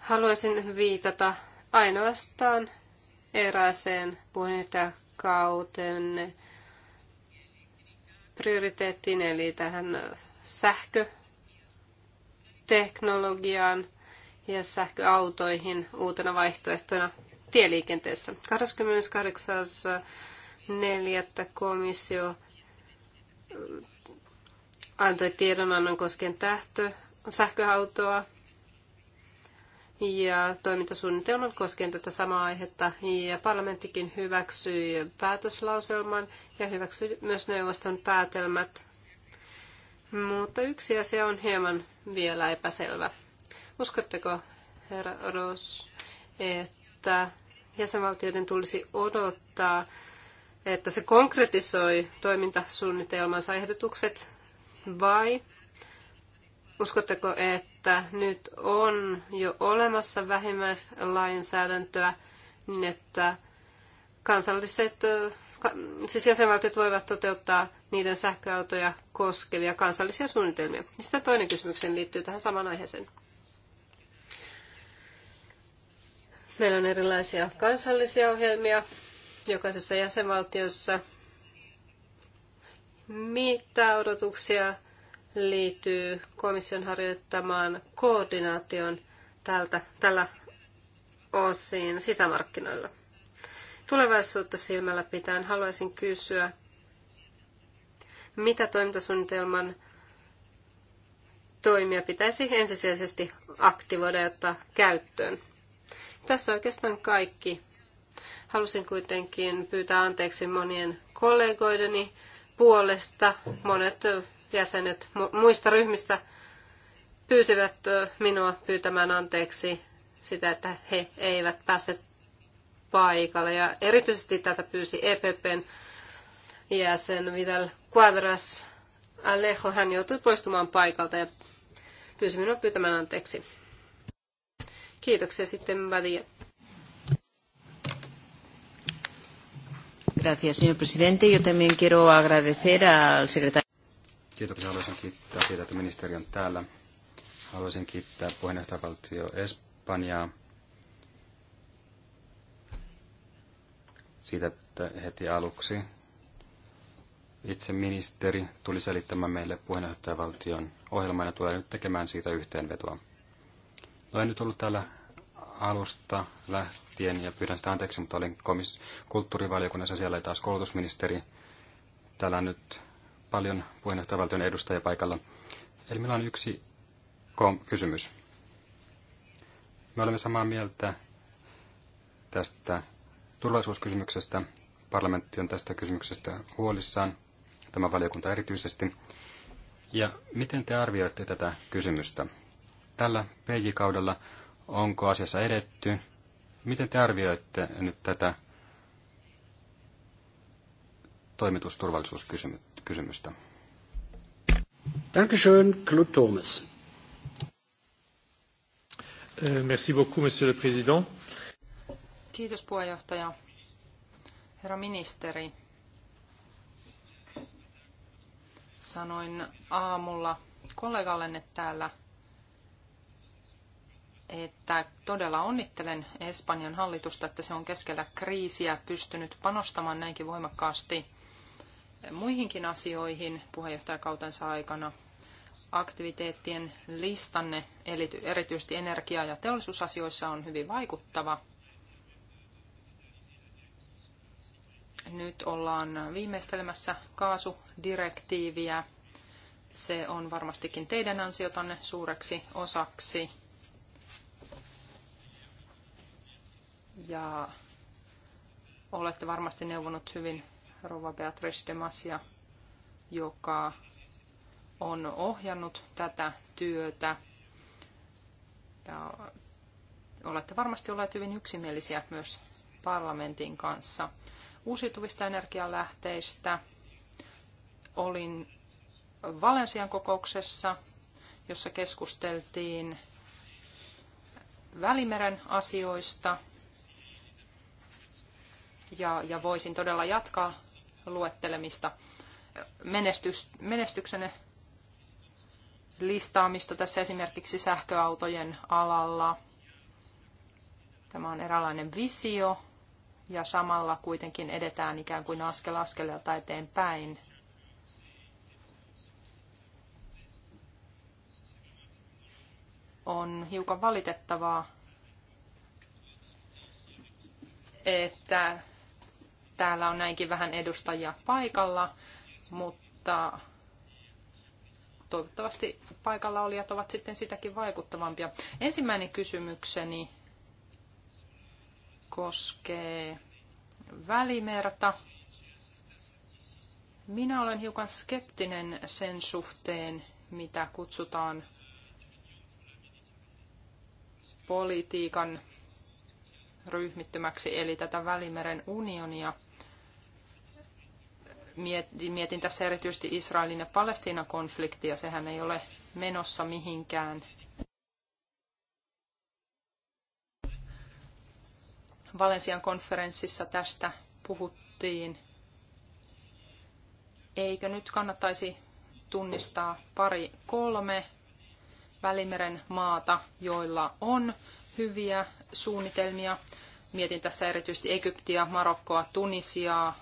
Haluaisin viitata ainoastaan erääseen puheenjohtajakauteen prioriteettiin, eli tähän sähköteknologiaan ja sähköautoihin uutena vaihtoehtona tieliikenteessä. 28.4. komissio antoi tiedonannon koskien tähtö, sähköautoa ja toimintasuunnitelman koskien tätä samaa aihetta. Ja parlamenttikin hyväksyi päätöslauselman ja hyväksyi myös neuvoston päätelmät. Mutta yksi asia on hieman vielä epäselvä. Uskotteko, herra Ros, että jäsenvaltioiden tulisi odottaa, että se konkretisoi toimintasuunnitelmansa ehdotukset vai uskotteko, että nyt on jo olemassa vähimmäislainsäädäntöä niin, että kansalliset, siis jäsenvaltiot voivat toteuttaa niiden sähköautoja koskevia kansallisia suunnitelmia. Sitten toinen kysymykseen liittyy tähän samaan aiheeseen. Meillä on erilaisia kansallisia ohjelmia jokaisessa jäsenvaltiossa – mitä odotuksia liittyy komission harjoittamaan koordinaation tältä, tällä osin sisämarkkinoilla. Tulevaisuutta silmällä pitäen haluaisin kysyä, mitä toimintasuunnitelman toimia pitäisi ensisijaisesti aktivoida ja ottaa käyttöön. Tässä oikeastaan kaikki. Halusin kuitenkin pyytää anteeksi monien kollegoideni puolesta monet jäsenet muista ryhmistä pyysivät minua pyytämään anteeksi sitä, että he eivät pääse paikalle. Ja erityisesti tätä pyysi EPPn jäsen Vidal Quadras Alejo. Hän joutui poistumaan paikalta ja pyysi minua pyytämään anteeksi. Kiitoksia sitten Badia. Gracias, señor presidente. Yo también quiero agradecer al secretario. Kiitoksia. Haluaisin kiittää siitä, että ministeri on täällä. Haluaisin kiittää puheenjohtajavaltio Espanjaa siitä, että heti aluksi itse ministeri tuli selittämään meille puheenjohtajavaltion ohjelman ja tulee nyt tekemään siitä yhteenvetoa. No en nyt ollut täällä alusta lähtien, ja pyydän sitä anteeksi, mutta olin komis- kulttuurivaliokunnassa, siellä oli taas koulutusministeri. Täällä on nyt paljon puheenjohtajavaltion edustajia paikalla. Eli meillä on yksi kysymys. Me olemme samaa mieltä tästä turvallisuuskysymyksestä. Parlamentti on tästä kysymyksestä huolissaan, tämä valiokunta erityisesti. Ja miten te arvioitte tätä kysymystä? Tällä PJ-kaudella Onko asiassa edetty? Miten te arvioitte nyt tätä toimitusturvallisuuskysymystä? Dankeschön, Claude Thomas. Euh, merci beaucoup, monsieur le président. Kiitos puheenjohtaja. Herra ministeri, sanoin aamulla kollegallenne täällä että todella onnittelen Espanjan hallitusta, että se on keskellä kriisiä pystynyt panostamaan näinkin voimakkaasti muihinkin asioihin puheenjohtajakautensa aikana. Aktiviteettien listanne, eli erityisesti energia- ja teollisuusasioissa, on hyvin vaikuttava. Nyt ollaan viimeistelemässä kaasudirektiiviä. Se on varmastikin teidän ansiotanne suureksi osaksi ja olette varmasti neuvonut hyvin Rova Beatrice de Masia, joka on ohjannut tätä työtä. Ja olette varmasti olleet hyvin yksimielisiä myös parlamentin kanssa. Uusiutuvista energialähteistä olin Valensian kokouksessa, jossa keskusteltiin Välimeren asioista ja, ja voisin todella jatkaa luettelemista menestys, listaamista tässä esimerkiksi sähköautojen alalla. Tämä on eräänlainen visio ja samalla kuitenkin edetään ikään kuin askel askeleelta eteenpäin. On hiukan valitettavaa, että täällä on näinkin vähän edustajia paikalla, mutta toivottavasti paikalla olijat ovat sitten sitäkin vaikuttavampia. Ensimmäinen kysymykseni koskee välimerta. Minä olen hiukan skeptinen sen suhteen, mitä kutsutaan politiikan ryhmittymäksi, eli tätä Välimeren unionia – Mietin tässä erityisesti Israelin ja Palestiinan konfliktia. Sehän ei ole menossa mihinkään. Valensian konferenssissa tästä puhuttiin. Eikö nyt kannattaisi tunnistaa pari kolme Välimeren maata, joilla on hyviä suunnitelmia. Mietin tässä erityisesti Egyptiä, Marokkoa, Tunisiaa,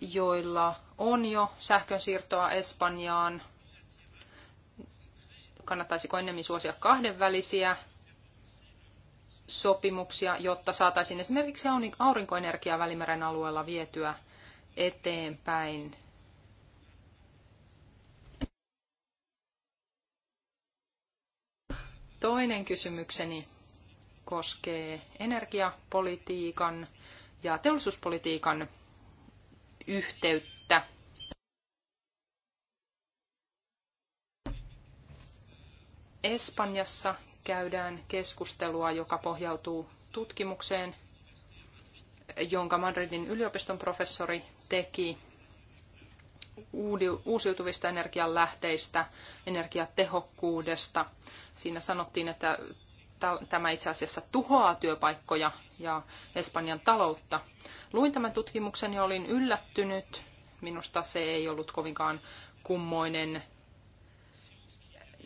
joilla on jo sähkönsiirtoa Espanjaan. Kannattaisiko ennemmin suosia kahdenvälisiä sopimuksia, jotta saataisiin esimerkiksi aurinkoenergiaa Välimeren alueella vietyä eteenpäin. Toinen kysymykseni koskee energiapolitiikan ja teollisuuspolitiikan yhteyttä. Espanjassa käydään keskustelua, joka pohjautuu tutkimukseen, jonka Madridin yliopiston professori teki uusiutuvista energianlähteistä, energiatehokkuudesta. Siinä sanottiin, että tämä itse asiassa tuhoaa työpaikkoja ja Espanjan taloutta. Luin tämän tutkimuksen ja olin yllättynyt. Minusta se ei ollut kovinkaan kummoinen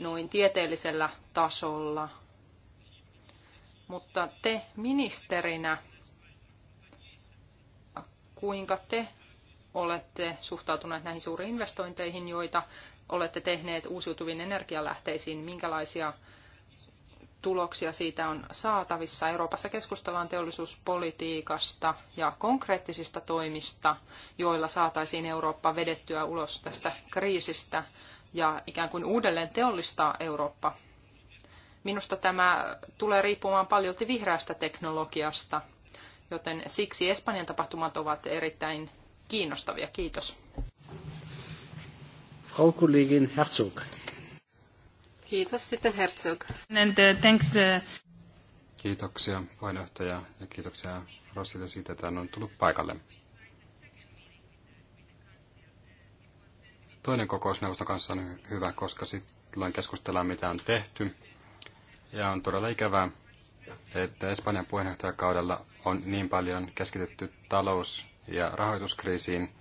noin tieteellisellä tasolla. Mutta te ministerinä, kuinka te olette suhtautuneet näihin suuriin investointeihin, joita olette tehneet uusiutuviin energialähteisiin, minkälaisia tuloksia siitä on saatavissa. Euroopassa keskustellaan teollisuuspolitiikasta ja konkreettisista toimista, joilla saataisiin Eurooppa vedettyä ulos tästä kriisistä ja ikään kuin uudelleen teollistaa Eurooppa. Minusta tämä tulee riippumaan paljolti vihreästä teknologiasta, joten siksi Espanjan tapahtumat ovat erittäin kiinnostavia. Kiitos. Frau Kollegin Herzog. Kiitos sitten Herzog. And, uh, thanks, uh... Kiitoksia puheenjohtaja ja kiitoksia Rosille siitä, että hän on tullut paikalle. Toinen kokous neuvoston kanssa on hyvä, koska silloin keskustellaan, mitä on tehty. Ja on todella ikävää, että Espanjan puheenjohtajakaudella on niin paljon keskitytty talous- ja rahoituskriisiin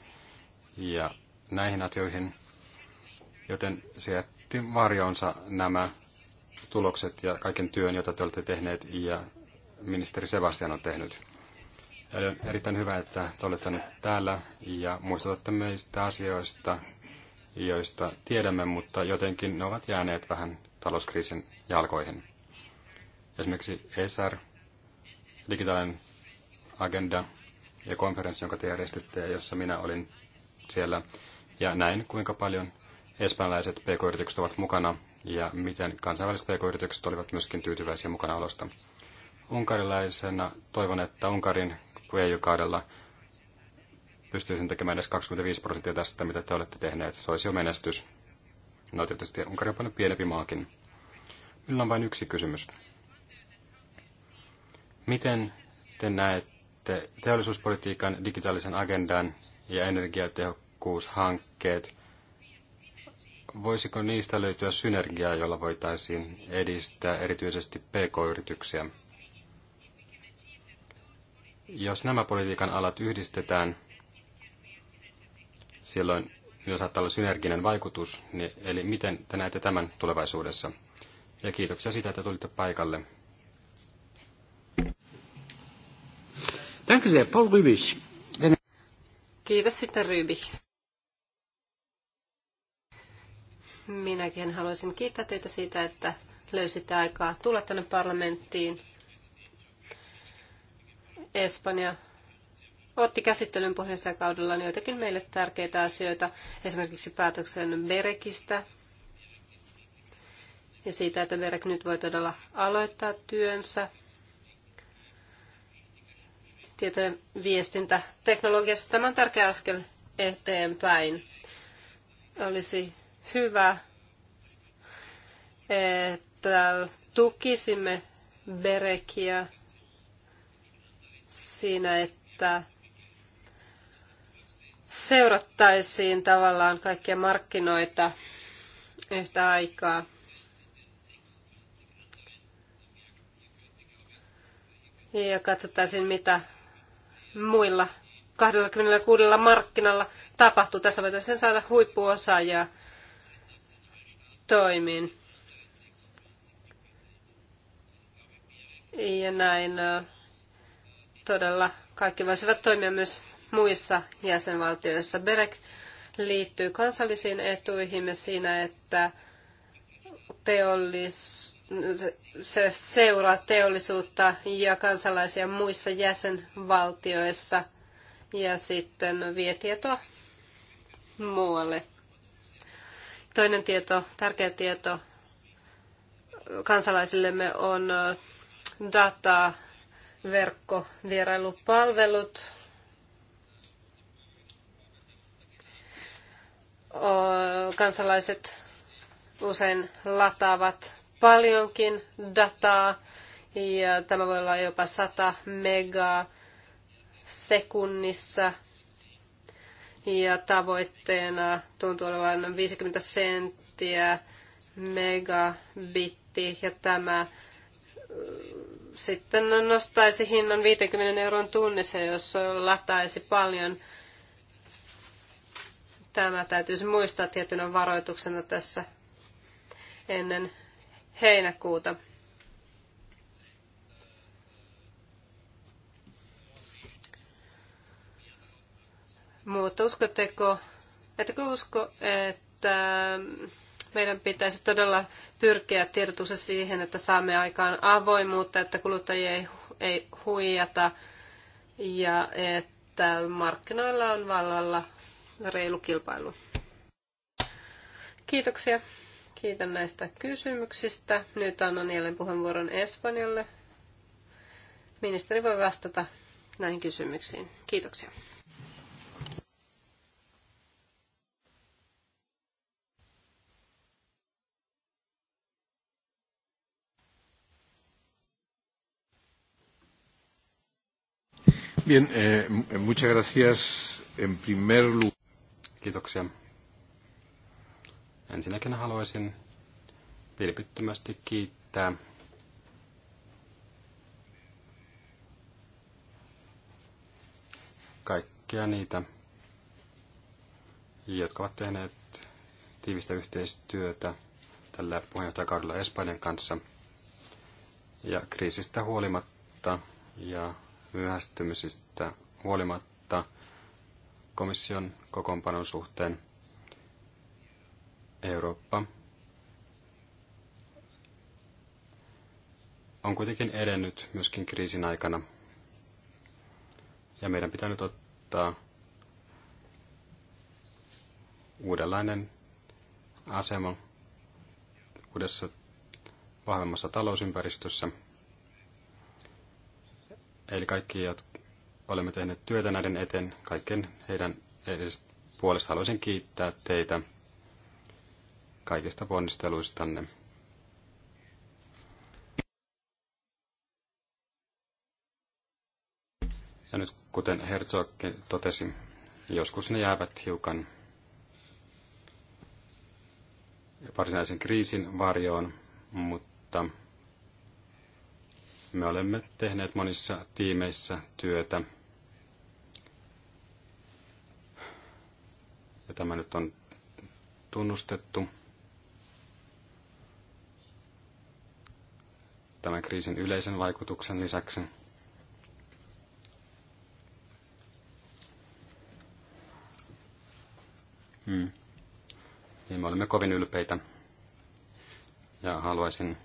ja näihin asioihin, joten se heitti varjonsa nämä tulokset ja kaiken työn, jota te olette tehneet ja ministeri Sebastian on tehnyt. Eli on erittäin hyvä, että te olette nyt täällä ja muistutatte meistä asioista, joista tiedämme, mutta jotenkin ne ovat jääneet vähän talouskriisin jalkoihin. Esimerkiksi ESR, digitaalinen agenda ja konferenssi, jonka te järjestitte ja jossa minä olin siellä. Ja näin, kuinka paljon espanjalaiset pk-yritykset ovat mukana ja miten kansainväliset pk-yritykset olivat myöskin tyytyväisiä alosta. Unkarilaisena toivon, että Unkarin EU-kaudella pystyisin tekemään edes 25 prosenttia tästä, mitä te olette tehneet. Se olisi jo menestys. No tietysti Unkari on paljon pienempi maakin. Minulla on vain yksi kysymys. Miten te näette teollisuuspolitiikan, digitaalisen agendan ja energiatehokkuushankkeet – Voisiko niistä löytyä synergiaa, jolla voitaisiin edistää erityisesti pk-yrityksiä? Jos nämä politiikan alat yhdistetään, silloin niillä saattaa olla synerginen vaikutus, eli miten te näette tämän tulevaisuudessa? Ja kiitoksia siitä, että tulitte paikalle. Danke sehr, Paul Rübig. Kiitos sitten Rübig. Minäkin haluaisin kiittää teitä siitä, että löysitte aikaa tulla tänne parlamenttiin. Espanja otti käsittelyn puheenjohtajakaudella joitakin meille tärkeitä asioita, esimerkiksi päätöksen Berekistä ja siitä, että Berek nyt voi todella aloittaa työnsä. Tietojen viestintä teknologiassa tämä on tärkeä askel eteenpäin. Olisi hyvä, että tukisimme Berekiä siinä, että seurattaisiin tavallaan kaikkia markkinoita yhtä aikaa. Ja katsottaisiin, mitä muilla 26 markkinalla tapahtuu. Tässä voitaisiin saada huippuosaajaa toimin Ja näin todella kaikki voisivat toimia myös muissa jäsenvaltioissa. BEREC liittyy kansallisiin etuihimme siinä, että teollis, se seuraa teollisuutta ja kansalaisia muissa jäsenvaltioissa ja sitten vie tietoa muualle. Toinen tieto, tärkeä tieto kansalaisillemme on data, verkko, vierailupalvelut. Kansalaiset usein lataavat paljonkin dataa ja tämä voi olla jopa 100 megaa sekunnissa – ja tavoitteena tuntuu olevan 50 senttiä megabitti ja tämä sitten nostaisi hinnan 50 euron tunnissa, jos lataisi paljon. Tämä täytyisi muistaa tietynä varoituksena tässä ennen heinäkuuta. Mutta uskotteko, ettekö usko, että meidän pitäisi todella pyrkiä tiedotuksessa siihen, että saamme aikaan avoimuutta, että kuluttajia ei, ei huijata ja että markkinoilla on vallalla reilu kilpailu. Kiitoksia. Kiitän näistä kysymyksistä. Nyt annan jälleen puheenvuoron Espanjalle. Ministeri voi vastata näihin kysymyksiin. Kiitoksia. Bien, eh, muchas gracias en primer lugar. Kiitoksia. Ensinnäkin haluaisin vilpittömästi kiittää kaikkia niitä, jotka ovat tehneet tiivistä yhteistyötä tällä puheenjohtajakaudella Espanjan kanssa. Ja kriisistä huolimatta ja myöhästymisistä huolimatta komission kokoonpanon suhteen Eurooppa on kuitenkin edennyt myöskin kriisin aikana. Ja meidän pitää nyt ottaa uudenlainen asema uudessa vahvemmassa talousympäristössä – Eli kaikki, jotka olemme tehneet työtä näiden eteen, kaikkien heidän puolesta haluaisin kiittää teitä kaikista ponnisteluistanne. Ja nyt kuten Herzog totesi, joskus ne jäävät hiukan varsinaisen kriisin varjoon, mutta me olemme tehneet monissa tiimeissä työtä. Ja tämä nyt on tunnustettu. Tämän kriisin yleisen vaikutuksen lisäksi. Hmm. Niin me olemme kovin ylpeitä ja haluaisin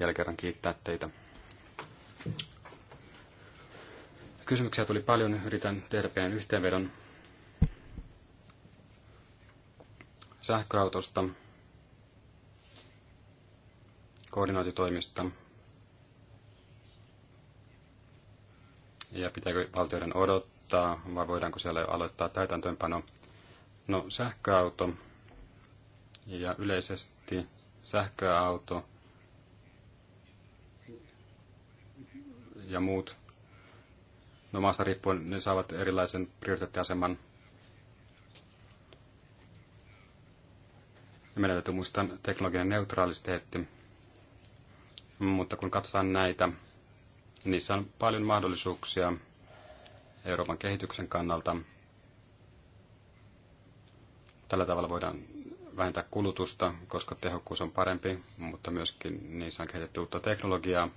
jälkeen kiittää teitä. Kysymyksiä tuli paljon, yritän tehdä pienen yhteenvedon sähköautosta, koordinaatitoimista ja pitääkö valtioiden odottaa vai voidaanko siellä jo aloittaa täytäntöönpano. No sähköauto ja yleisesti sähköauto ja muut, no maasta riippuen ne saavat erilaisen prioriteettiaseman. meidän täytyy muistaa teknologian neutraaliteetti. Mutta kun katsotaan näitä, niissä on paljon mahdollisuuksia Euroopan kehityksen kannalta. Tällä tavalla voidaan vähentää kulutusta, koska tehokkuus on parempi, mutta myöskin niissä on kehitetty uutta teknologiaa,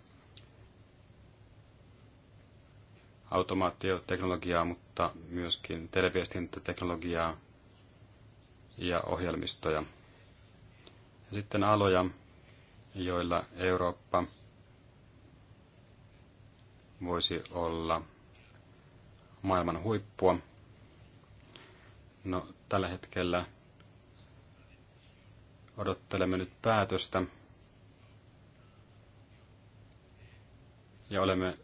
automaatioteknologiaa, mutta myöskin televiestintäteknologiaa ja ohjelmistoja. Ja sitten aloja, joilla Eurooppa voisi olla maailman huippua. No, tällä hetkellä odottelemme nyt päätöstä ja olemme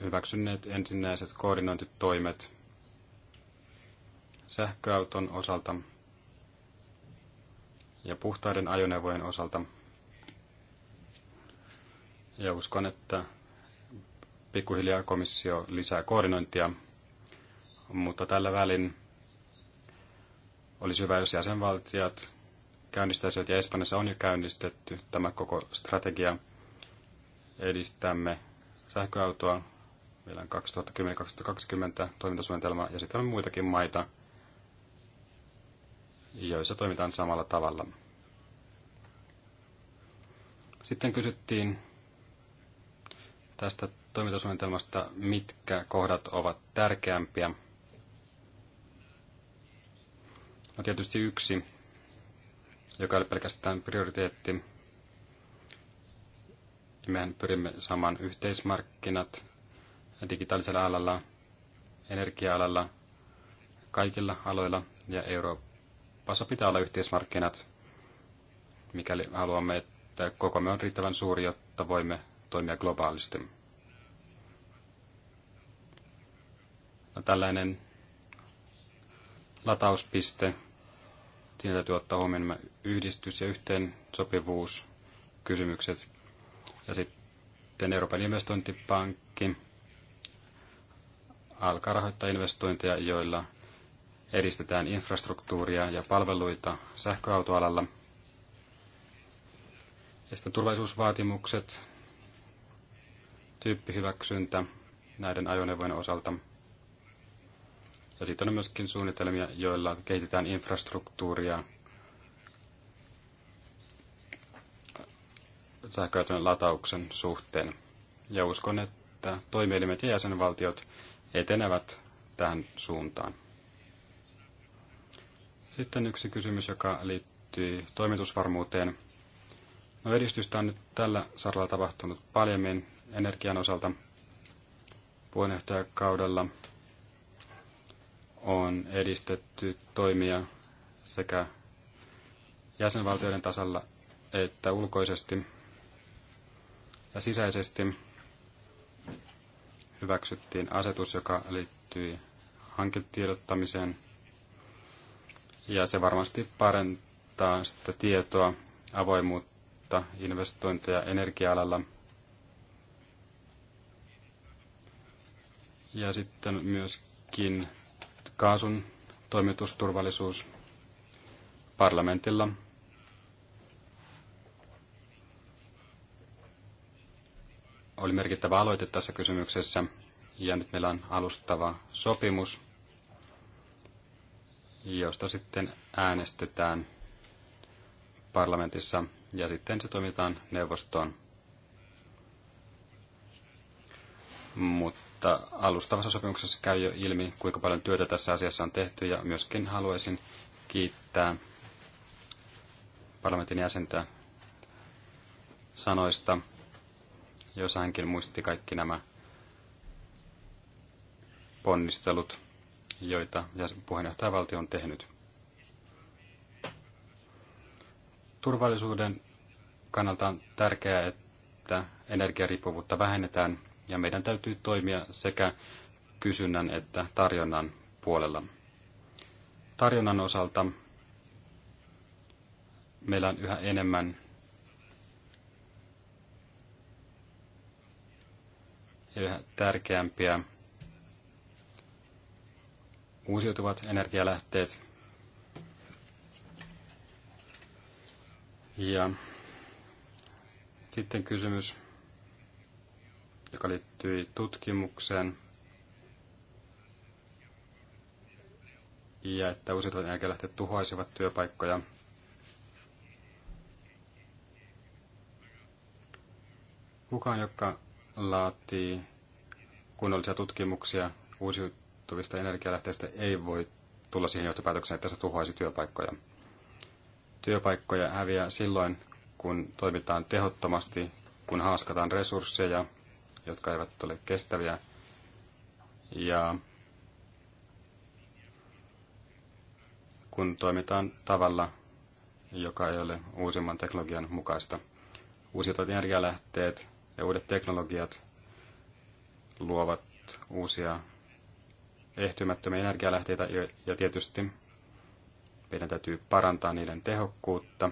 hyväksyneet ensinnäiset koordinointitoimet sähköauton osalta ja puhtaiden ajoneuvojen osalta. Ja uskon, että pikkuhiljaa komissio lisää koordinointia, mutta tällä välin olisi hyvä, jos jäsenvaltiot käynnistäisivät, ja Espanjassa on jo käynnistetty tämä koko strategia, edistämme sähköautoa Meillä on 2010-2020 toimintasuunnitelma ja sitten on muitakin maita, joissa toimitaan samalla tavalla. Sitten kysyttiin tästä toimintasuunnitelmasta, mitkä kohdat ovat tärkeämpiä. No tietysti yksi, joka ei ole pelkästään prioriteetti. Mehän pyrimme saamaan yhteismarkkinat digitaalisella alalla, energia-alalla, kaikilla aloilla ja Euroopassa pitää olla yhteismarkkinat, mikäli haluamme, että kokomme on riittävän suuri, jotta voimme toimia globaalisti. No, tällainen latauspiste, siinä täytyy ottaa huomioon yhdistys- ja yhteensopivuuskysymykset. Ja sitten Euroopan investointipankki alkaa rahoittaa investointeja, joilla edistetään infrastruktuuria ja palveluita sähköautoalalla. Ja sitten turvallisuusvaatimukset, tyyppihyväksyntä näiden ajoneuvojen osalta. Ja sitten on myöskin suunnitelmia, joilla kehitetään infrastruktuuria sähköautojen latauksen suhteen. Ja uskon, että toimielimet ja jäsenvaltiot etenevät tähän suuntaan. Sitten yksi kysymys, joka liittyy toimitusvarmuuteen. No edistystä on nyt tällä saralla tapahtunut paljemmin energian osalta puheenjohtajakaudella on edistetty toimia sekä jäsenvaltioiden tasalla että ulkoisesti ja sisäisesti hyväksyttiin asetus, joka liittyi hanketiedottamiseen. Ja se varmasti parantaa sitä tietoa, avoimuutta, investointeja energia-alalla. Ja sitten myöskin kaasun toimitusturvallisuus parlamentilla – oli merkittävä aloite tässä kysymyksessä, ja nyt meillä on alustava sopimus, josta sitten äänestetään parlamentissa, ja sitten se toimitaan neuvostoon. Mutta alustavassa sopimuksessa käy jo ilmi, kuinka paljon työtä tässä asiassa on tehty, ja myöskin haluaisin kiittää parlamentin jäsentä sanoista, jos hänkin muisti kaikki nämä ponnistelut, joita puheenjohtajavaltio on tehnyt. Turvallisuuden kannalta on tärkeää, että energiariippuvuutta vähennetään ja meidän täytyy toimia sekä kysynnän että tarjonnan puolella. Tarjonnan osalta meillä on yhä enemmän yhä tärkeämpiä uusiutuvat energialähteet. Ja sitten kysymys, joka liittyy tutkimukseen. Ja että uusiutuvat energialähteet tuhoaisivat työpaikkoja. Kukaan, joka laatii kunnollisia tutkimuksia uusiutuvista energialähteistä, ei voi tulla siihen johtopäätökseen, että se tuhoaisi työpaikkoja. Työpaikkoja häviää silloin, kun toimitaan tehottomasti, kun haaskataan resursseja, jotka eivät ole kestäviä, ja kun toimitaan tavalla, joka ei ole uusimman teknologian mukaista. Uusiutuvat energialähteet ja uudet teknologiat luovat uusia ehtymättömiä energialähteitä ja tietysti meidän täytyy parantaa niiden tehokkuutta.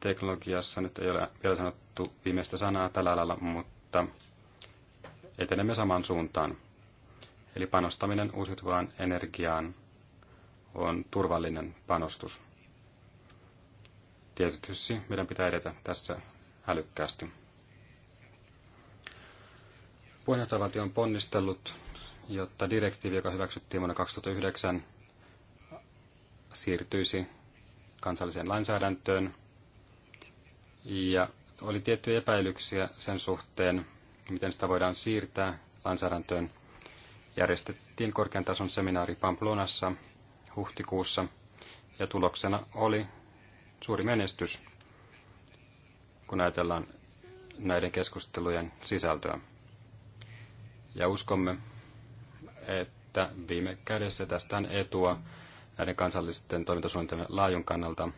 Teknologiassa nyt ei ole vielä sanottu viimeistä sanaa tällä alalla, mutta etenemme samaan suuntaan. Eli panostaminen uusiutuvaan energiaan on turvallinen panostus. Tietysti meidän pitää edetä tässä älykkäästi. Puheenjohtajavaltio on ponnistellut, jotta direktiivi, joka hyväksyttiin vuonna 2009, siirtyisi kansalliseen lainsäädäntöön. Ja oli tiettyjä epäilyksiä sen suhteen, miten sitä voidaan siirtää lainsäädäntöön. Järjestettiin korkean tason seminaari Pamplonassa huhtikuussa, ja tuloksena oli suuri menestys kun ajatellaan näiden keskustelujen sisältöä. Ja uskomme, että viime kädessä tästä on etua näiden kansallisten toimintasuunnitelmien laajun kannalta.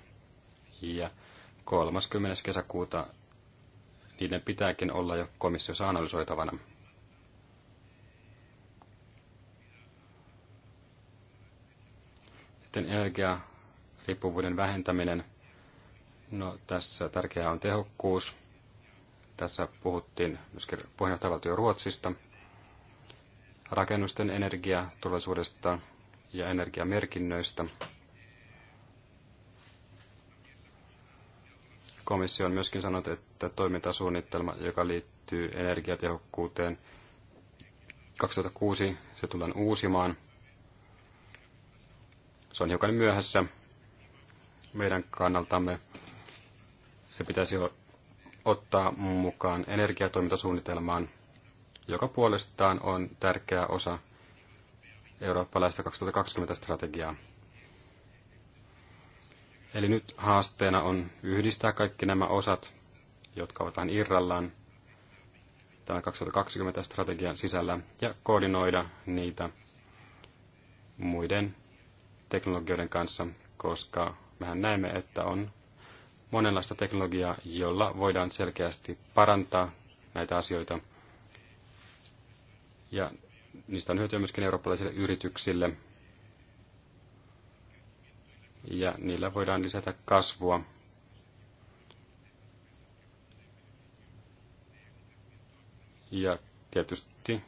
Ja 30. kesäkuuta niiden pitääkin olla jo komissiossa analysoitavana. Sitten energiariippuvuuden vähentäminen – No, tässä tärkeää on tehokkuus. Tässä puhuttiin myöskin puheenjohtajavaltio Ruotsista, rakennusten energiaturvallisuudesta ja energiamerkinnöistä. Komissio on myöskin sanonut, että toimintasuunnitelma, joka liittyy energiatehokkuuteen 2006, se tullaan uusimaan. Se on hiukan myöhässä meidän kannaltamme se pitäisi ottaa mukaan energiatoimintasuunnitelmaan, joka puolestaan on tärkeä osa eurooppalaista 2020-strategiaa. Eli nyt haasteena on yhdistää kaikki nämä osat, jotka ovat vähän irrallaan tämän 2020-strategian sisällä, ja koordinoida niitä muiden teknologioiden kanssa, koska mehän näemme, että on monenlaista teknologiaa, jolla voidaan selkeästi parantaa näitä asioita. Ja niistä on hyötyä myöskin eurooppalaisille yrityksille. Ja niillä voidaan lisätä kasvua. Ja tietysti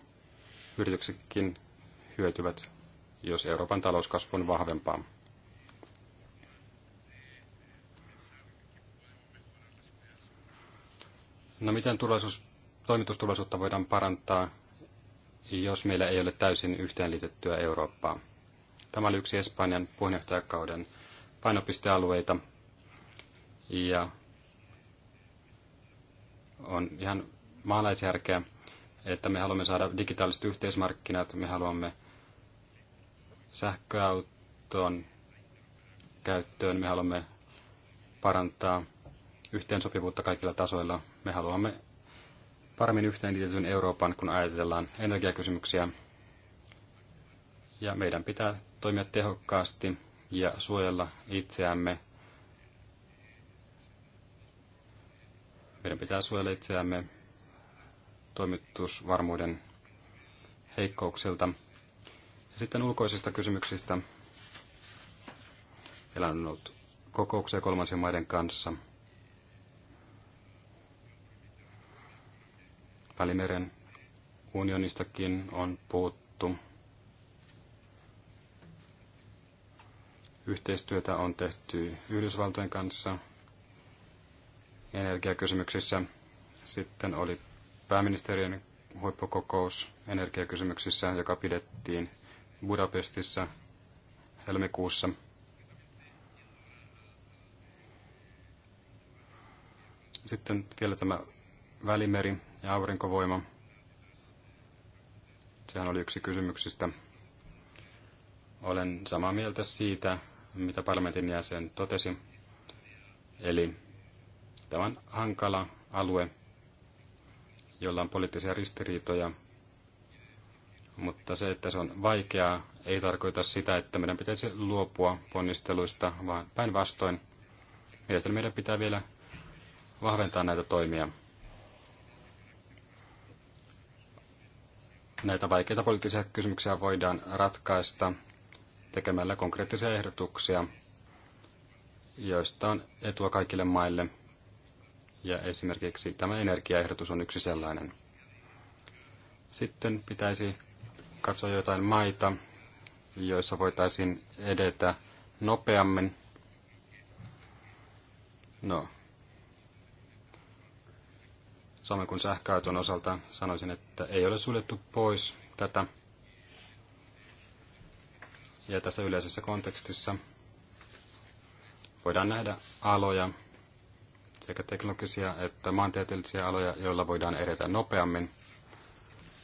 yrityksetkin hyötyvät, jos Euroopan talouskasvu on vahvempaa. No miten turvallisuus, toimitustulosuutta voidaan parantaa, jos meillä ei ole täysin yhteenliitettyä Eurooppaa? Tämä oli yksi Espanjan puheenjohtajakauden painopistealueita. Ja on ihan maalaisjärkeä, että me haluamme saada digitaaliset yhteismarkkinat, me haluamme sähköauton käyttöön, me haluamme parantaa yhteensopivuutta kaikilla tasoilla, me haluamme paremmin yhteenliitetyn Euroopan, kun ajatellaan energiakysymyksiä. Ja meidän pitää toimia tehokkaasti ja suojella itseämme. Meidän pitää suojella itseämme toimitusvarmuuden heikkouksilta. Ja sitten ulkoisista kysymyksistä. Meillä on ollut kokouksia kolmansien maiden kanssa – Välimeren unionistakin on puhuttu. Yhteistyötä on tehty Yhdysvaltojen kanssa energiakysymyksissä. Sitten oli pääministerien huippukokous energiakysymyksissä, joka pidettiin Budapestissa helmikuussa. Sitten vielä tämä Välimeri ja aurinkovoima. Sehän oli yksi kysymyksistä. Olen samaa mieltä siitä, mitä parlamentin jäsen totesi. Eli tämä on hankala alue, jolla on poliittisia ristiriitoja, mutta se, että se on vaikeaa, ei tarkoita sitä, että meidän pitäisi luopua ponnisteluista, vaan päinvastoin. Mielestäni meidän pitää vielä vahventaa näitä toimia. näitä vaikeita poliittisia kysymyksiä voidaan ratkaista tekemällä konkreettisia ehdotuksia, joista on etua kaikille maille. Ja esimerkiksi tämä energiaehdotus on yksi sellainen. Sitten pitäisi katsoa jotain maita, joissa voitaisiin edetä nopeammin. No, Samoin kuin sähköauton osalta sanoisin, että ei ole suljettu pois tätä. Ja tässä yleisessä kontekstissa voidaan nähdä aloja, sekä teknologisia että maantieteellisiä aloja, joilla voidaan edetä nopeammin.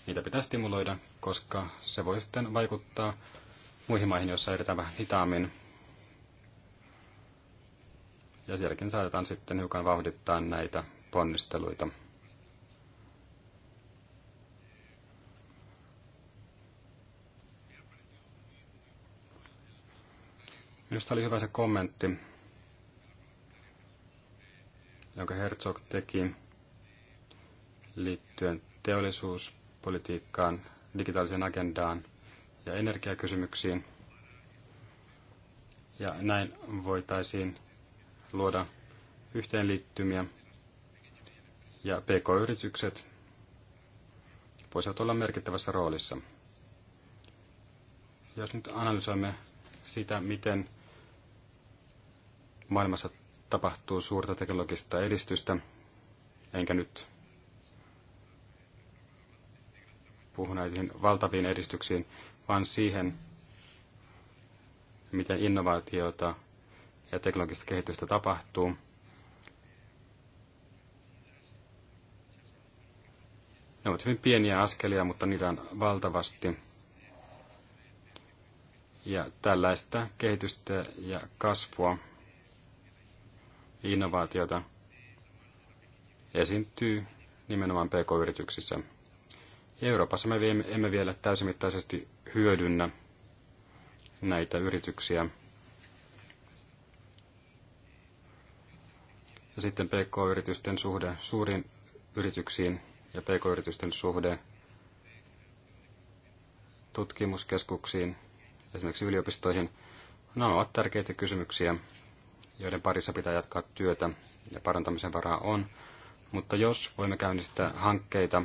Niitä pitää stimuloida, koska se voi sitten vaikuttaa muihin maihin, joissa edetään vähän hitaammin. Ja sielläkin saatetaan sitten hiukan vauhdittaa näitä ponnisteluita. Minusta oli hyvä se kommentti, jonka Herzog teki liittyen teollisuuspolitiikkaan, digitaaliseen agendaan ja energiakysymyksiin. Ja näin voitaisiin luoda yhteenliittymiä ja pk-yritykset voisivat olla merkittävässä roolissa. Jos nyt analysoimme sitä, miten maailmassa tapahtuu suurta teknologista edistystä, enkä nyt puhu näihin valtaviin edistyksiin, vaan siihen, miten innovaatiota ja teknologista kehitystä tapahtuu. Ne ovat hyvin pieniä askelia, mutta niitä on valtavasti. Ja tällaista kehitystä ja kasvua innovaatiota esiintyy nimenomaan pk-yrityksissä. Euroopassa me emme vielä täysimittaisesti hyödynnä näitä yrityksiä. Ja sitten pk-yritysten suhde suuriin yrityksiin ja pk-yritysten suhde tutkimuskeskuksiin, esimerkiksi yliopistoihin. Nämä ovat tärkeitä kysymyksiä, joiden parissa pitää jatkaa työtä ja parantamisen varaa on. Mutta jos voimme käynnistää hankkeita,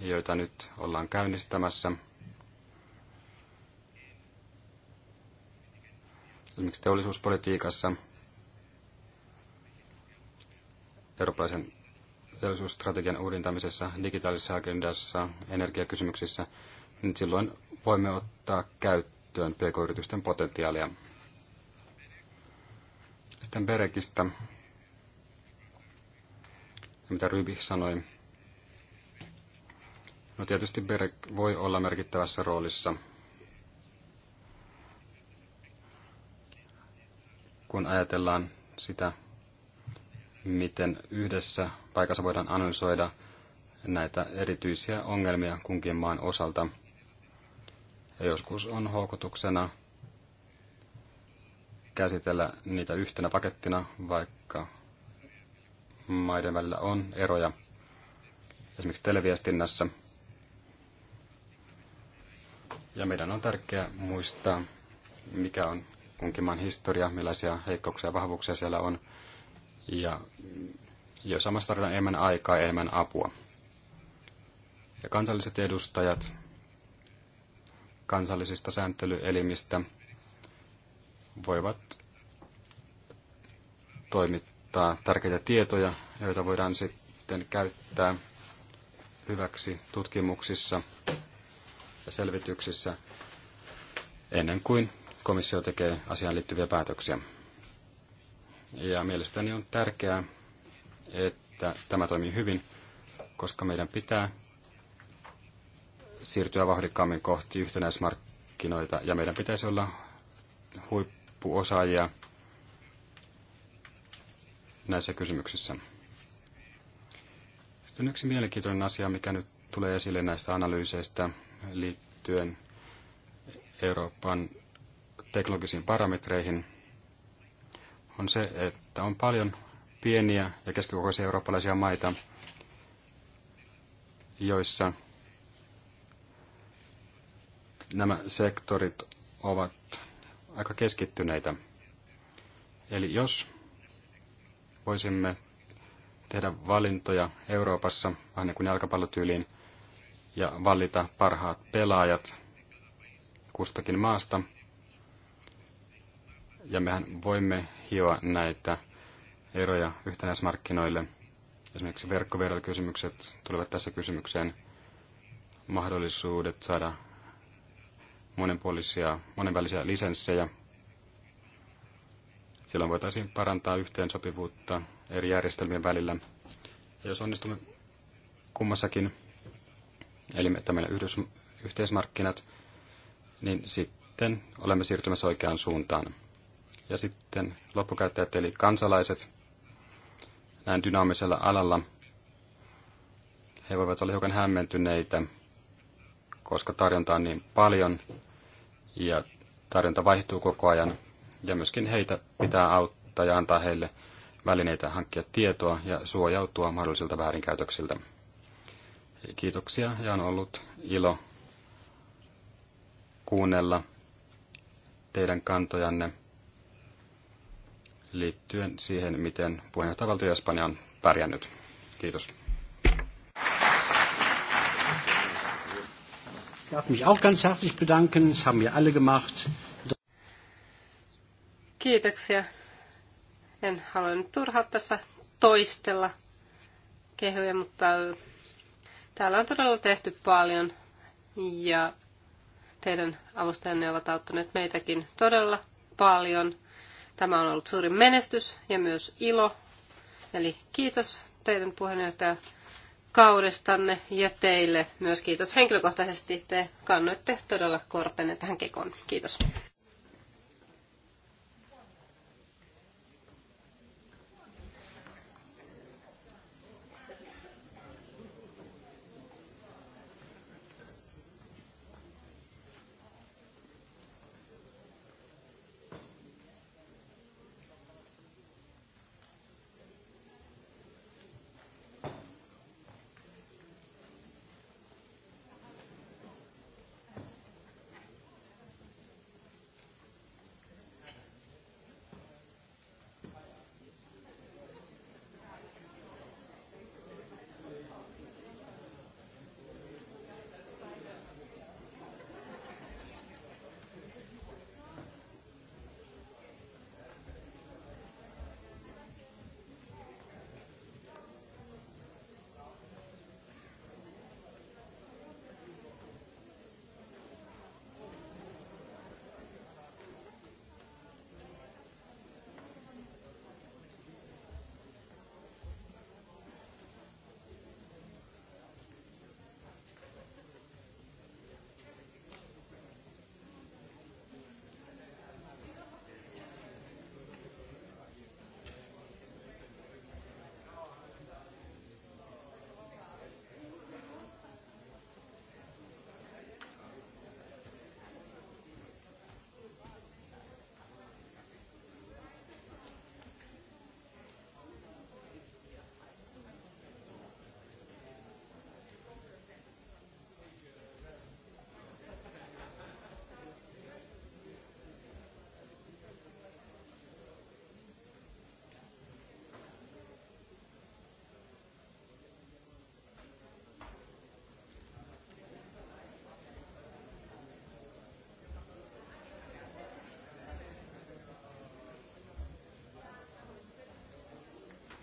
joita nyt ollaan käynnistämässä, esimerkiksi teollisuuspolitiikassa, eurooppalaisen teollisuusstrategian uudintamisessa, digitaalisessa agendassa, energiakysymyksissä, niin silloin voimme ottaa käyttöön pk-yritysten potentiaalia. Sitten Berekistä, mitä Ryby sanoi. No tietysti Berek voi olla merkittävässä roolissa, kun ajatellaan sitä, miten yhdessä paikassa voidaan analysoida näitä erityisiä ongelmia kunkin maan osalta. Ja joskus on houkutuksena käsitellä niitä yhtenä pakettina, vaikka maiden välillä on eroja. Esimerkiksi televiestinnässä. Ja meidän on tärkeää muistaa, mikä on kunkin maan historia, millaisia heikkouksia ja vahvuuksia siellä on. Ja jos samassa tarvitaan enemmän aikaa ja enemmän apua. Ja kansalliset edustajat kansallisista sääntelyelimistä – voivat toimittaa tärkeitä tietoja, joita voidaan sitten käyttää hyväksi tutkimuksissa ja selvityksissä ennen kuin komissio tekee asiaan liittyviä päätöksiä. Ja mielestäni on tärkeää, että tämä toimii hyvin, koska meidän pitää siirtyä vauhdikkaammin kohti yhtenäismarkkinoita ja meidän pitäisi olla huippu huippuosaajia näissä kysymyksissä. Sitten yksi mielenkiintoinen asia, mikä nyt tulee esille näistä analyyseistä liittyen Euroopan teknologisiin parametreihin, on se, että on paljon pieniä ja keskikokoisia eurooppalaisia maita, joissa nämä sektorit ovat aika keskittyneitä. Eli jos voisimme tehdä valintoja Euroopassa, vähän niin kuin jalkapallotyyliin, ja valita parhaat pelaajat kustakin maasta, ja mehän voimme hioa näitä eroja yhtenäismarkkinoille. Esimerkiksi verkkoverkokysymykset tulevat tässä kysymykseen. Mahdollisuudet saada monenpuolisia, monenvälisiä lisenssejä. Silloin voitaisiin parantaa yhteensopivuutta eri järjestelmien välillä. Ja jos onnistumme kummassakin, eli että meillä yhdys, yhteismarkkinat, niin sitten olemme siirtymässä oikeaan suuntaan. Ja sitten loppukäyttäjät eli kansalaiset näin dynaamisella alalla. He voivat olla hiukan hämmentyneitä koska tarjonta on niin paljon ja tarjonta vaihtuu koko ajan. Ja myöskin heitä pitää auttaa ja antaa heille välineitä hankkia tietoa ja suojautua mahdollisilta väärinkäytöksiltä. Eli kiitoksia ja on ollut ilo kuunnella teidän kantojanne liittyen siihen, miten puheenjohtajavaltio Espanja on pärjännyt. Kiitos. darf mich auch ganz herzlich bedanken. Das haben wir alle gemacht. Kiitoksia. En halua nyt turhaa tässä toistella kehoja, mutta äh, täällä on todella tehty paljon ja teidän avustajanne ovat auttaneet meitäkin todella paljon. Tämä on ollut suuri menestys ja myös ilo. Eli kiitos teidän puheenjohtaja kaudestanne ja teille myös kiitos henkilökohtaisesti. Te kannoitte todella korpenne tähän kekoon. Kiitos.